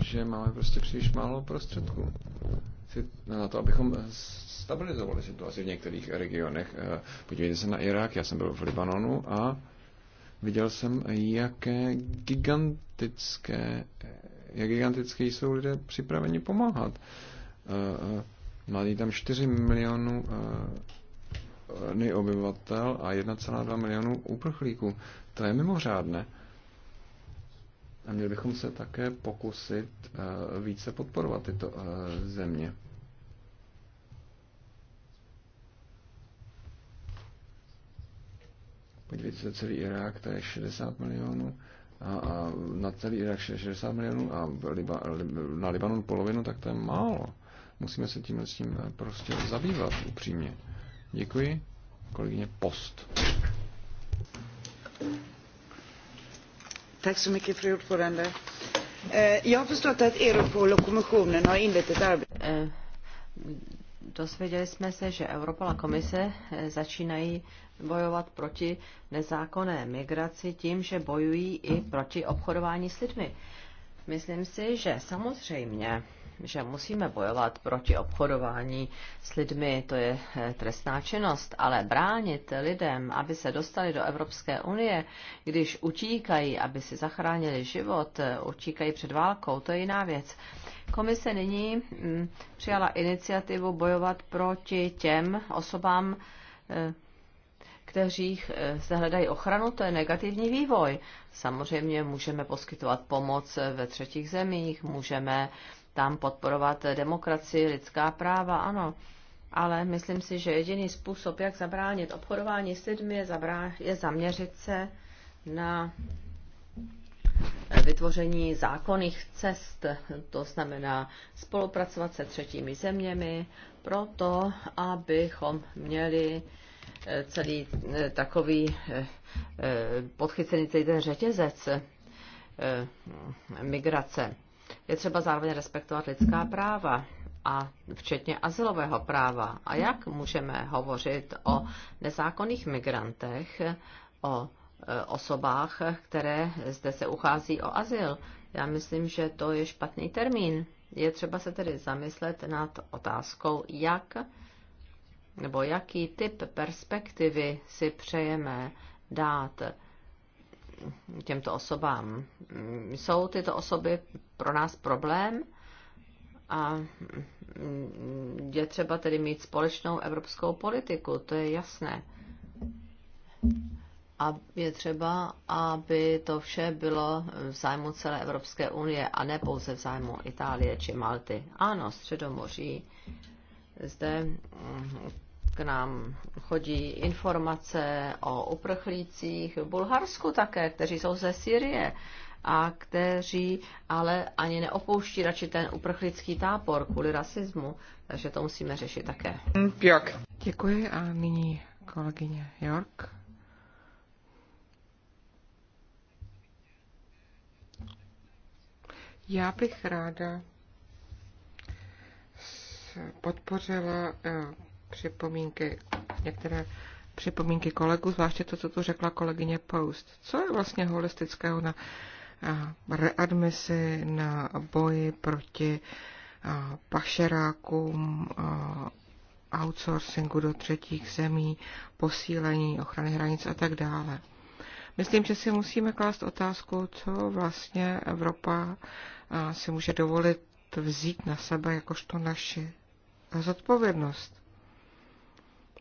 že máme prostě příliš málo prostředků na to, abychom eh, stabilizovali situaci v některých regionech. Eh, podívejte se na Irák, já jsem byl v Libanonu a Viděl jsem, jaké gigantické, jak gigantické jsou lidé připraveni pomáhat. Eh, eh, mladí tam 4 milionů eh, obyvatel a 1,2 milionů uprchlíků. To je mimořádné. A měli bychom se také pokusit více podporovat tyto země. se, celý Irák, to je 60 milionů a, a na celý Irák 60 milionů a Liba, na Libanon polovinu, tak to je málo. Musíme se tím s tím eh, prostě zabývat upřímně. Děkuji. Kolegyně Post. Tack så mycket, fru ordförande. Eh, jag har förstått att Europol och kommissionen har inlett ett arbete. Eh, Dozvěděli jsme se, že Europol a komise začínají bojovat proti nezákonné migraci tím, že bojují i proti obchodování s lidmi. Myslím si, že samozřejmě, že musíme bojovat proti obchodování s lidmi, to je eh, trestná činnost, ale bránit lidem, aby se dostali do Evropské unie, když utíkají, aby si zachránili život, eh, utíkají před válkou, to je jiná věc. Komise nyní mm, přijala iniciativu bojovat proti těm osobám, eh, kteří eh, se hledají ochranu, to je negativní vývoj. Samozřejmě můžeme poskytovat pomoc eh, ve třetích zemích, můžeme tam podporovat eh, demokracii, lidská práva, ano. Ale myslím si, že jediný způsob, jak zabránit obchodování s lidmi, je, zabrá- je zaměřit se na vytvoření zákonných cest, to znamená spolupracovat se třetími zeměmi, proto abychom měli Eh, celý eh, takový eh, podchycený celý ten řetězec mm, migrace. Je třeba zároveň respektovat lidská práva a včetně asilového práva. A jak můžeme hovořit o nezákonných migrantech, o osobách, které zde se uchází o azyl? Já myslím, že to je špatný termín. Je třeba se tedy zamyslet nad otázkou, jak nebo jaký typ perspektivy si přejeme dát těmto osobám. Jsou tyto osoby pro nás problém a je třeba tedy mít společnou evropskou politiku, to je jasné. A je třeba, aby to vše bylo v zájmu celé Evropské unie a ne pouze v zájmu Itálie či Malty. Ano, Středomoří. Zde k nám chodí informace o uprchlících v Bulharsku také, kteří jsou ze Syrie a kteří ale ani neopouští radši ten uprchlický tápor kvůli rasismu, takže to musíme řešit také. Jak? Děkuji a nyní kolegyně York. Já bych ráda podpořila eh, připomínky, některé připomínky kolegů, zvláště to, co tu řekla kolegyně Post. Co je vlastně holistického na readmisi, na boji proti pašerákům, outsourcingu do třetích zemí, posílení ochrany hranic a tak dále. Myslím, že si musíme klást otázku, co vlastně Evropa si může dovolit vzít na sebe jakožto naši zodpovědnost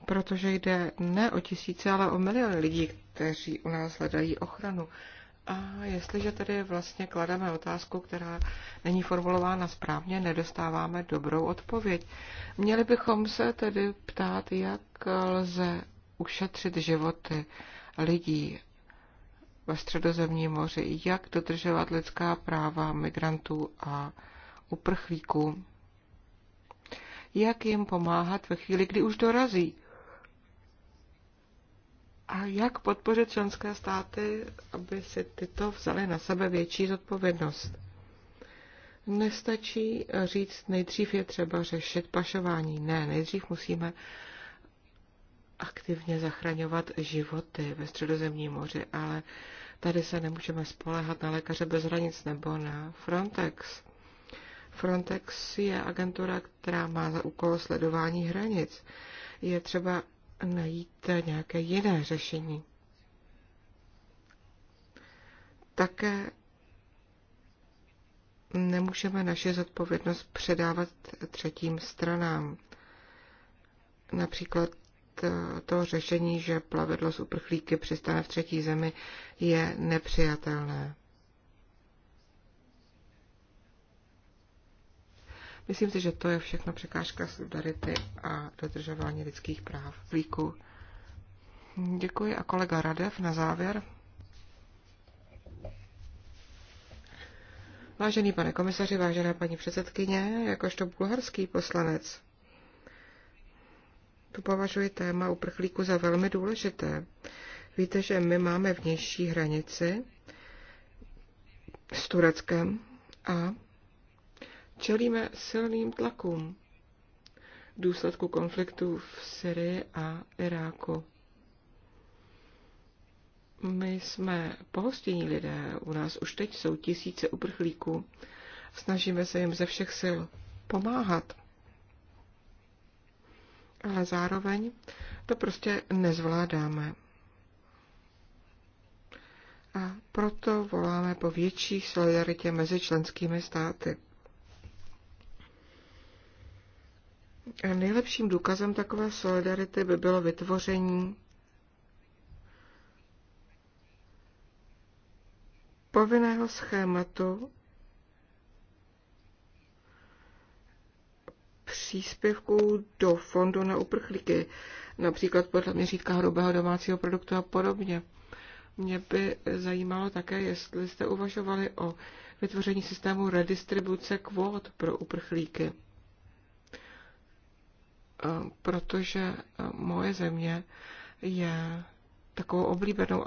protože jde ne o tisíce, ale o miliony lidí, kteří u nás hledají ochranu. A jestliže tedy vlastně klademe otázku, která není formulována správně, nedostáváme dobrou odpověď. Měli bychom se tedy ptát, jak lze ušetřit životy lidí ve středozemním moři, jak dodržovat lidská práva migrantů a uprchlíků, jak jim pomáhat ve chvíli, kdy už dorazí a jak podpořit členské státy, aby si tyto vzaly na sebe větší zodpovědnost? Nestačí říct, nejdřív je třeba řešit pašování. Ne, nejdřív musíme aktivně zachraňovat životy ve středozemním moři, ale tady se nemůžeme spolehat na lékaře bez hranic nebo na Frontex. Frontex je agentura, která má za úkol sledování hranic. Je třeba najít nějaké jiné řešení. Také nemůžeme naše zodpovědnost předávat třetím stranám. Například to řešení, že plavidlo s uprchlíky přistane v třetí zemi, je nepřijatelné. Myslím si, že to je všechno překážka solidarity a dodržování lidských práv. Líku. Děkuji a kolega Radev na závěr. Vážený pane komisaři, vážená paní předsedkyně, jakožto bulharský poslanec, tu považuji téma uprchlíku za velmi důležité. Víte, že my máme vnější hranici s Tureckem a Čelíme silným tlakům v důsledku konfliktu v Syrii a Iráku. My jsme pohostinní lidé, u nás už teď jsou tisíce uprchlíků. Snažíme se jim ze všech sil pomáhat. Ale zároveň to prostě nezvládáme. A proto voláme po větší solidaritě mezi členskými státy. A nejlepším důkazem takové solidarity by bylo vytvoření povinného schématu příspěvků do fondu na uprchlíky, například podle měřítka hrubého domácího produktu a podobně. Mě by zajímalo také, jestli jste uvažovali o vytvoření systému redistribuce kvót pro uprchlíky. Eh, protože eh, moje země je takovou oblíbenou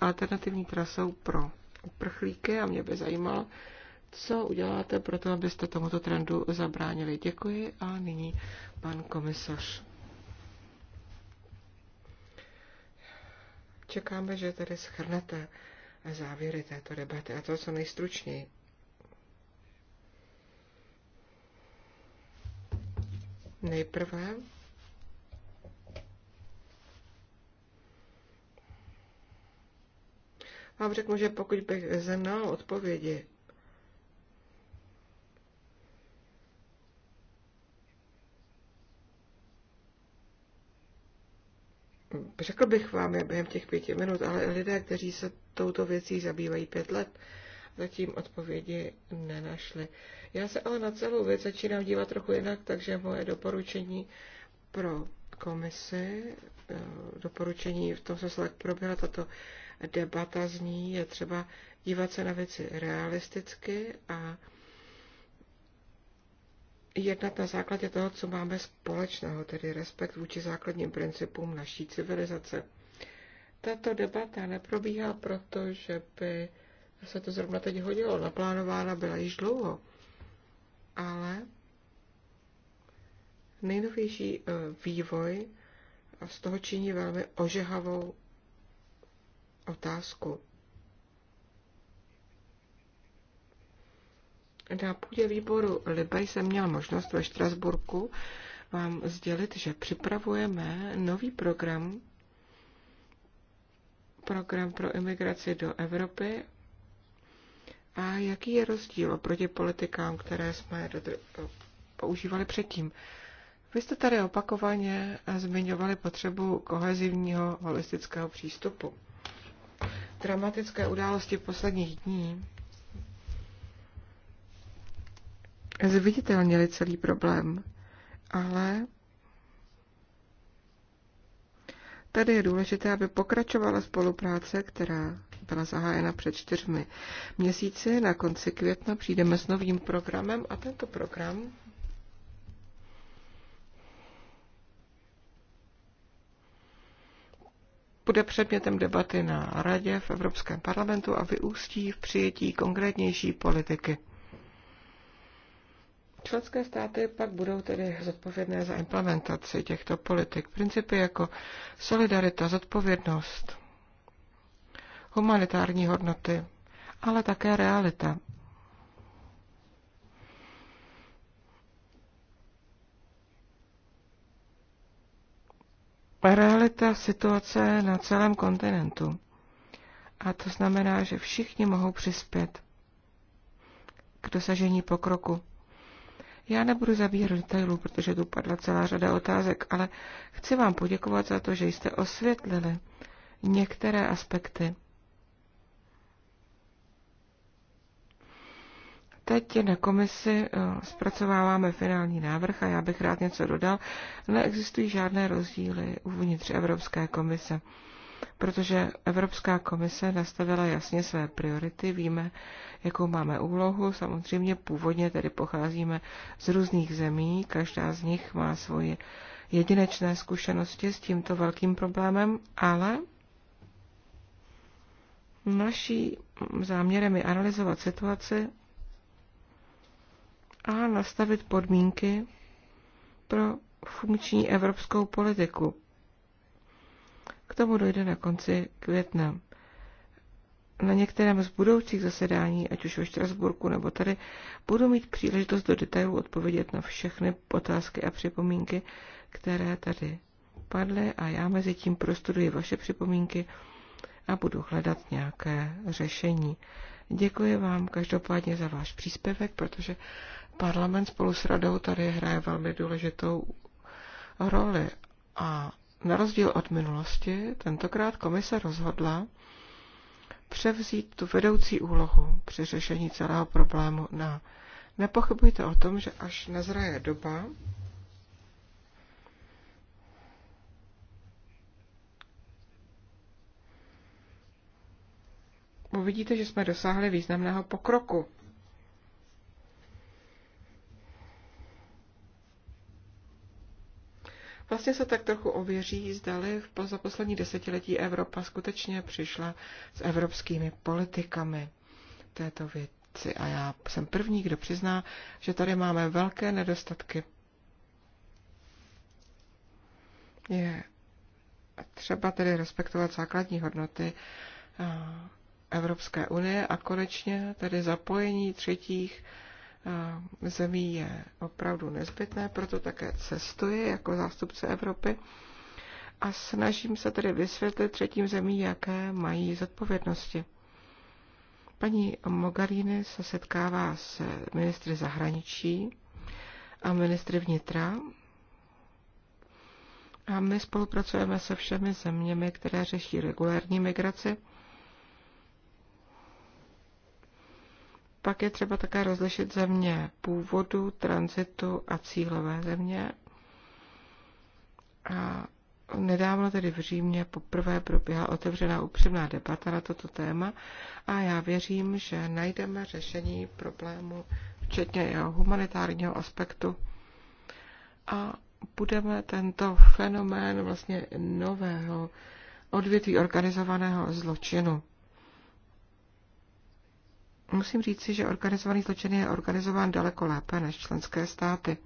alternativní trasou pro uprchlíky a mě by zajímalo, co uděláte pro to, abyste tomuto trendu zabránili. Děkuji a nyní pan komisař. Čekáme, že tedy schrnete závěry této debaty a to, co nejstručněji. Nejprve vám řeknu, že pokud bych znal odpovědi, řekl bych vám je během těch pěti minut, ale lidé, kteří se touto věcí zabývají pět let, zatím odpovědi nenašli. Já se ale na celou věc začínám dívat trochu jinak, takže moje doporučení pro komisi, eh, doporučení v tom se jak proběhla tato debata z ní, je třeba dívat se na věci realisticky a jednat na základě toho, co máme společného, tedy respekt vůči základním principům naší civilizace. Tato debata neprobíhá proto, že by se to zrovna teď hodilo. Naplánována byla již dlouho, ale nejnovější e, vývoj z toho činí velmi ožehavou otázku. Na půdě výboru Libej jsem měl možnost ve Štrasburku vám sdělit, že připravujeme nový program, program pro imigraci do Evropy a jaký je rozdíl oproti politikám, které jsme používali předtím? Vy jste tady opakovaně zmiňovali potřebu kohezivního holistického přístupu. Dramatické události posledních dní zviditelnili celý problém, ale tady je důležité, aby pokračovala spolupráce, která byla zahájena před čtyřmi měsíci. Na konci května přijdeme s novým programem a tento program bude předmětem debaty na Radě v Evropském parlamentu a vyústí v přijetí konkrétnější politiky. Členské státy pak budou tedy zodpovědné za implementaci těchto politik. Principy jako solidarita, zodpovědnost, humanitární hodnoty, ale také realita. Realita situace na celém kontinentu. A to znamená, že všichni mohou přispět k dosažení pokroku. Já nebudu zabíhat do detailů, protože tu padla celá řada otázek, ale chci vám poděkovat za to, že jste osvětlili některé aspekty Teď na komisi eh, zpracováváme finální návrh a já bych rád něco dodal. Neexistují žádné rozdíly uvnitř Evropské komise, protože Evropská komise nastavila jasně své priority, víme, jakou máme úlohu. Samozřejmě původně tedy pocházíme z různých zemí, každá z nich má svoje jedinečné zkušenosti s tímto velkým problémem, ale naší záměrem je analyzovat situaci a nastavit podmínky pro funkční evropskou politiku. K tomu dojde na konci května. Na některém z budoucích zasedání, ať už ve Štrasburku nebo tady, budu mít příležitost do detailu odpovědět na všechny otázky a připomínky, které tady padly a já mezi tím prostuduji vaše připomínky a budu hledat nějaké řešení. Děkuji vám každopádně za váš příspěvek, protože Parlament spolu s radou tady hraje velmi důležitou roli a na rozdíl od minulosti, tentokrát komise rozhodla převzít tu vedoucí úlohu při řešení celého problému na Nepochybujte o tom, že až nazraje doba, uvidíte, že jsme dosáhli významného pokroku. Vlastně se tak trochu ověří, zdali za poslední desetiletí Evropa skutečně přišla s evropskými politikami této věci. A já jsem první, kdo přizná, že tady máme velké nedostatky. Je třeba tedy respektovat základní hodnoty eh, Evropské unie a konečně tedy zapojení třetích zemí je opravdu nezbytné, proto také cestuji jako zástupce Evropy a snažím se tedy vysvětlit třetím zemí, jaké mají zodpovědnosti. Paní Mogarini se setkává s ministry zahraničí a ministry vnitra a my spolupracujeme se všemi zeměmi, které řeší regulární migraci Pak je třeba také rozlišit země původu, transitu a cílové země. A nedávno tedy v Římě poprvé proběhla otevřená upřímná debata na toto téma a já věřím, že najdeme řešení problému, včetně jeho humanitárního aspektu. A budeme tento fenomén vlastně nového odvětví organizovaného zločinu Musím říci, že organizovaný zločin je organizován daleko lépe než členské státy.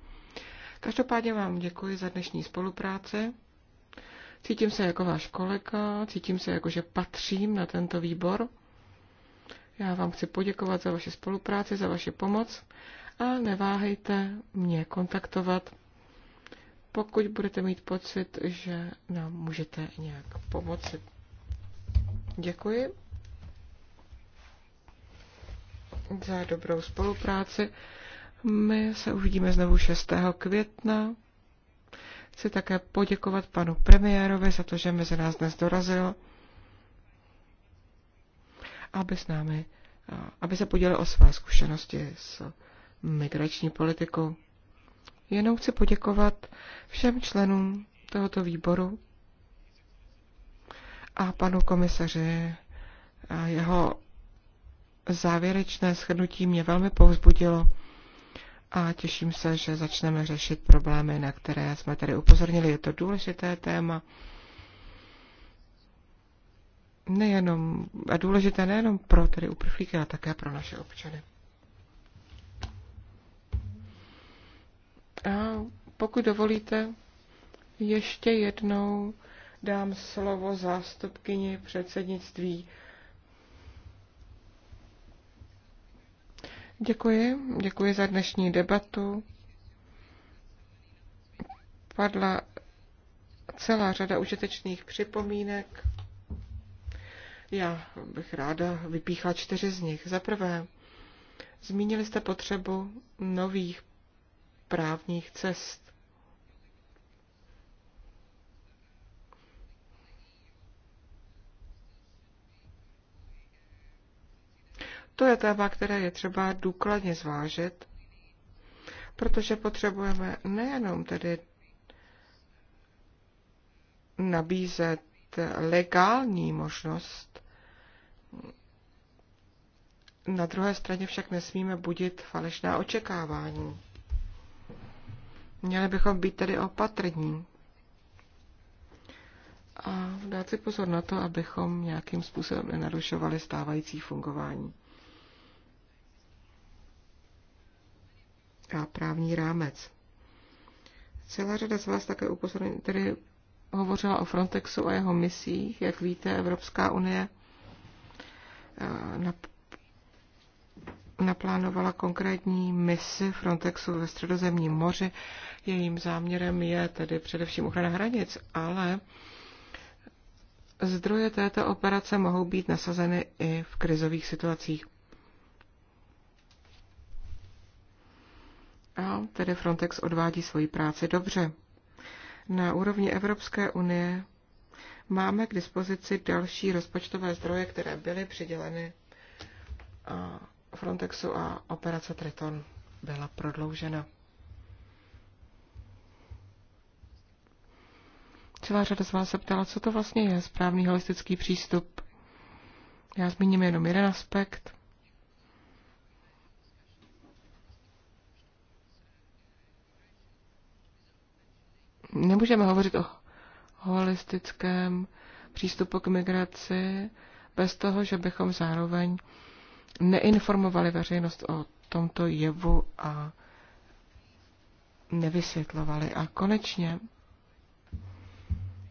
Každopádně vám děkuji za dnešní spolupráci. Cítím se jako váš kolega, cítím se jako, že patřím na tento výbor. Já vám chci poděkovat za vaši spolupráci, za vaši pomoc a neváhejte mě kontaktovat, pokud budete mít pocit, že nám můžete nějak pomoci. Děkuji za dobrou spolupráci. My se uvidíme znovu 6. května. Chci také poděkovat panu premiérovi za to, že mezi nás dnes dorazil, aby s námi, aby se podělil o své zkušenosti s migrační politikou. Jenom chci poděkovat všem členům tohoto výboru a panu komisaři a jeho závěrečné shrnutí mě velmi povzbudilo a těším se, že začneme řešit problémy, na které jsme tady upozornili. Je to důležité téma. Nejenom, a důležité nejenom pro tedy uprchlíky, ale také pro naše občany. A pokud dovolíte, ještě jednou dám slovo zástupkyni předsednictví Děkuji, děkuji za dnešní debatu. Padla celá řada užitečných připomínek. Já bych ráda vypíchla čtyři z nich. Za prvé, zmínili jste potřebu nových právních cest. To je téma, které je třeba důkladně zvážit, protože potřebujeme nejenom tedy nabízet legální možnost, na druhé straně však nesmíme budit falešná očekávání. Měli bychom být tedy opatrní a dát si pozor na to, abychom nějakým způsobem nenarušovali stávající fungování. a právní rámec. Celá řada z vás také upozorní, tedy hovořila o Frontexu a jeho misích. Jak víte, Evropská unie eh, naplánovala konkrétní misi Frontexu ve středozemním moři. Jejím záměrem je tedy především ochrana hranic, ale zdroje této operace mohou být nasazeny i v krizových situacích. A tedy Frontex odvádí svoji práci dobře. Na úrovni Evropské unie máme k dispozici další rozpočtové zdroje, které byly přiděleny Frontexu a operace Triton byla prodloužena. Celá řada z vás se ptala, co to vlastně je správný holistický přístup. Já zmíním jenom jeden aspekt. nemůžeme hovořit o holistickém přístupu k migraci bez toho, že bychom zároveň neinformovali veřejnost o tomto jevu a nevysvětlovali. A konečně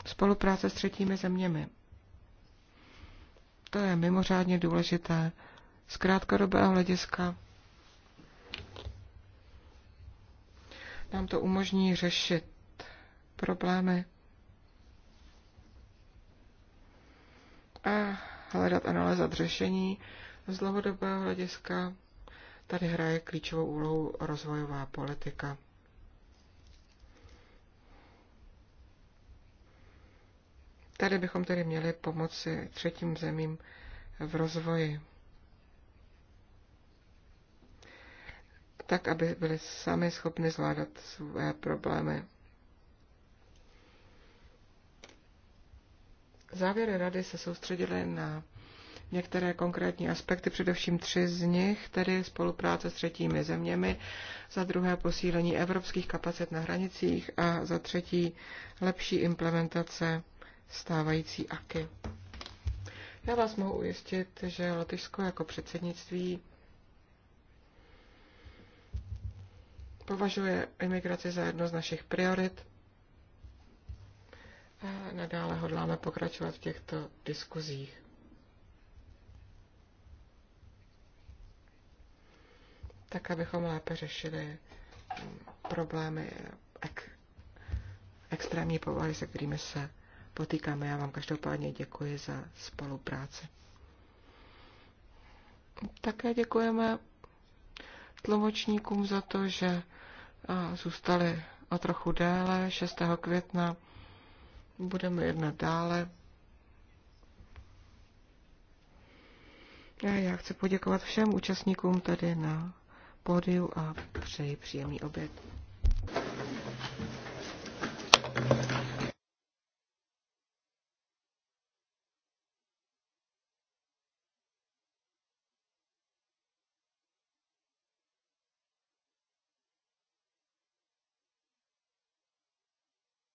spolupráce s třetími zeměmi. To je mimořádně důležité z krátkodobého hlediska. Nám to umožní řešit problémy a hledat a nalézat řešení z dlouhodobého hlediska. Tady hraje klíčovou úlohu rozvojová politika. Tady bychom tedy měli pomoci třetím zemím v rozvoji. Tak, aby byli sami schopni zvládat své problémy. Závěry rady se soustředily na některé konkrétní aspekty, především tři z nich, tedy spolupráce s třetími zeměmi, za druhé posílení evropských kapacit na hranicích a za třetí lepší implementace stávající AKY. Já vás mohu ujistit, že Lotyšsko jako předsednictví považuje imigraci za jedno z našich priorit nadále hodláme pokračovat v těchto diskuzích. Tak, abychom lépe řešili mm, problémy ek- extrémní povahy, se kterými se potýkáme. Já vám každopádně děkuji za spolupráci. Také děkujeme tlumočníkům za to, že zůstali o trochu déle. 6. května budeme jednat dále. A já chci poděkovat všem účastníkům tady na pódiu a přeji příjemný oběd.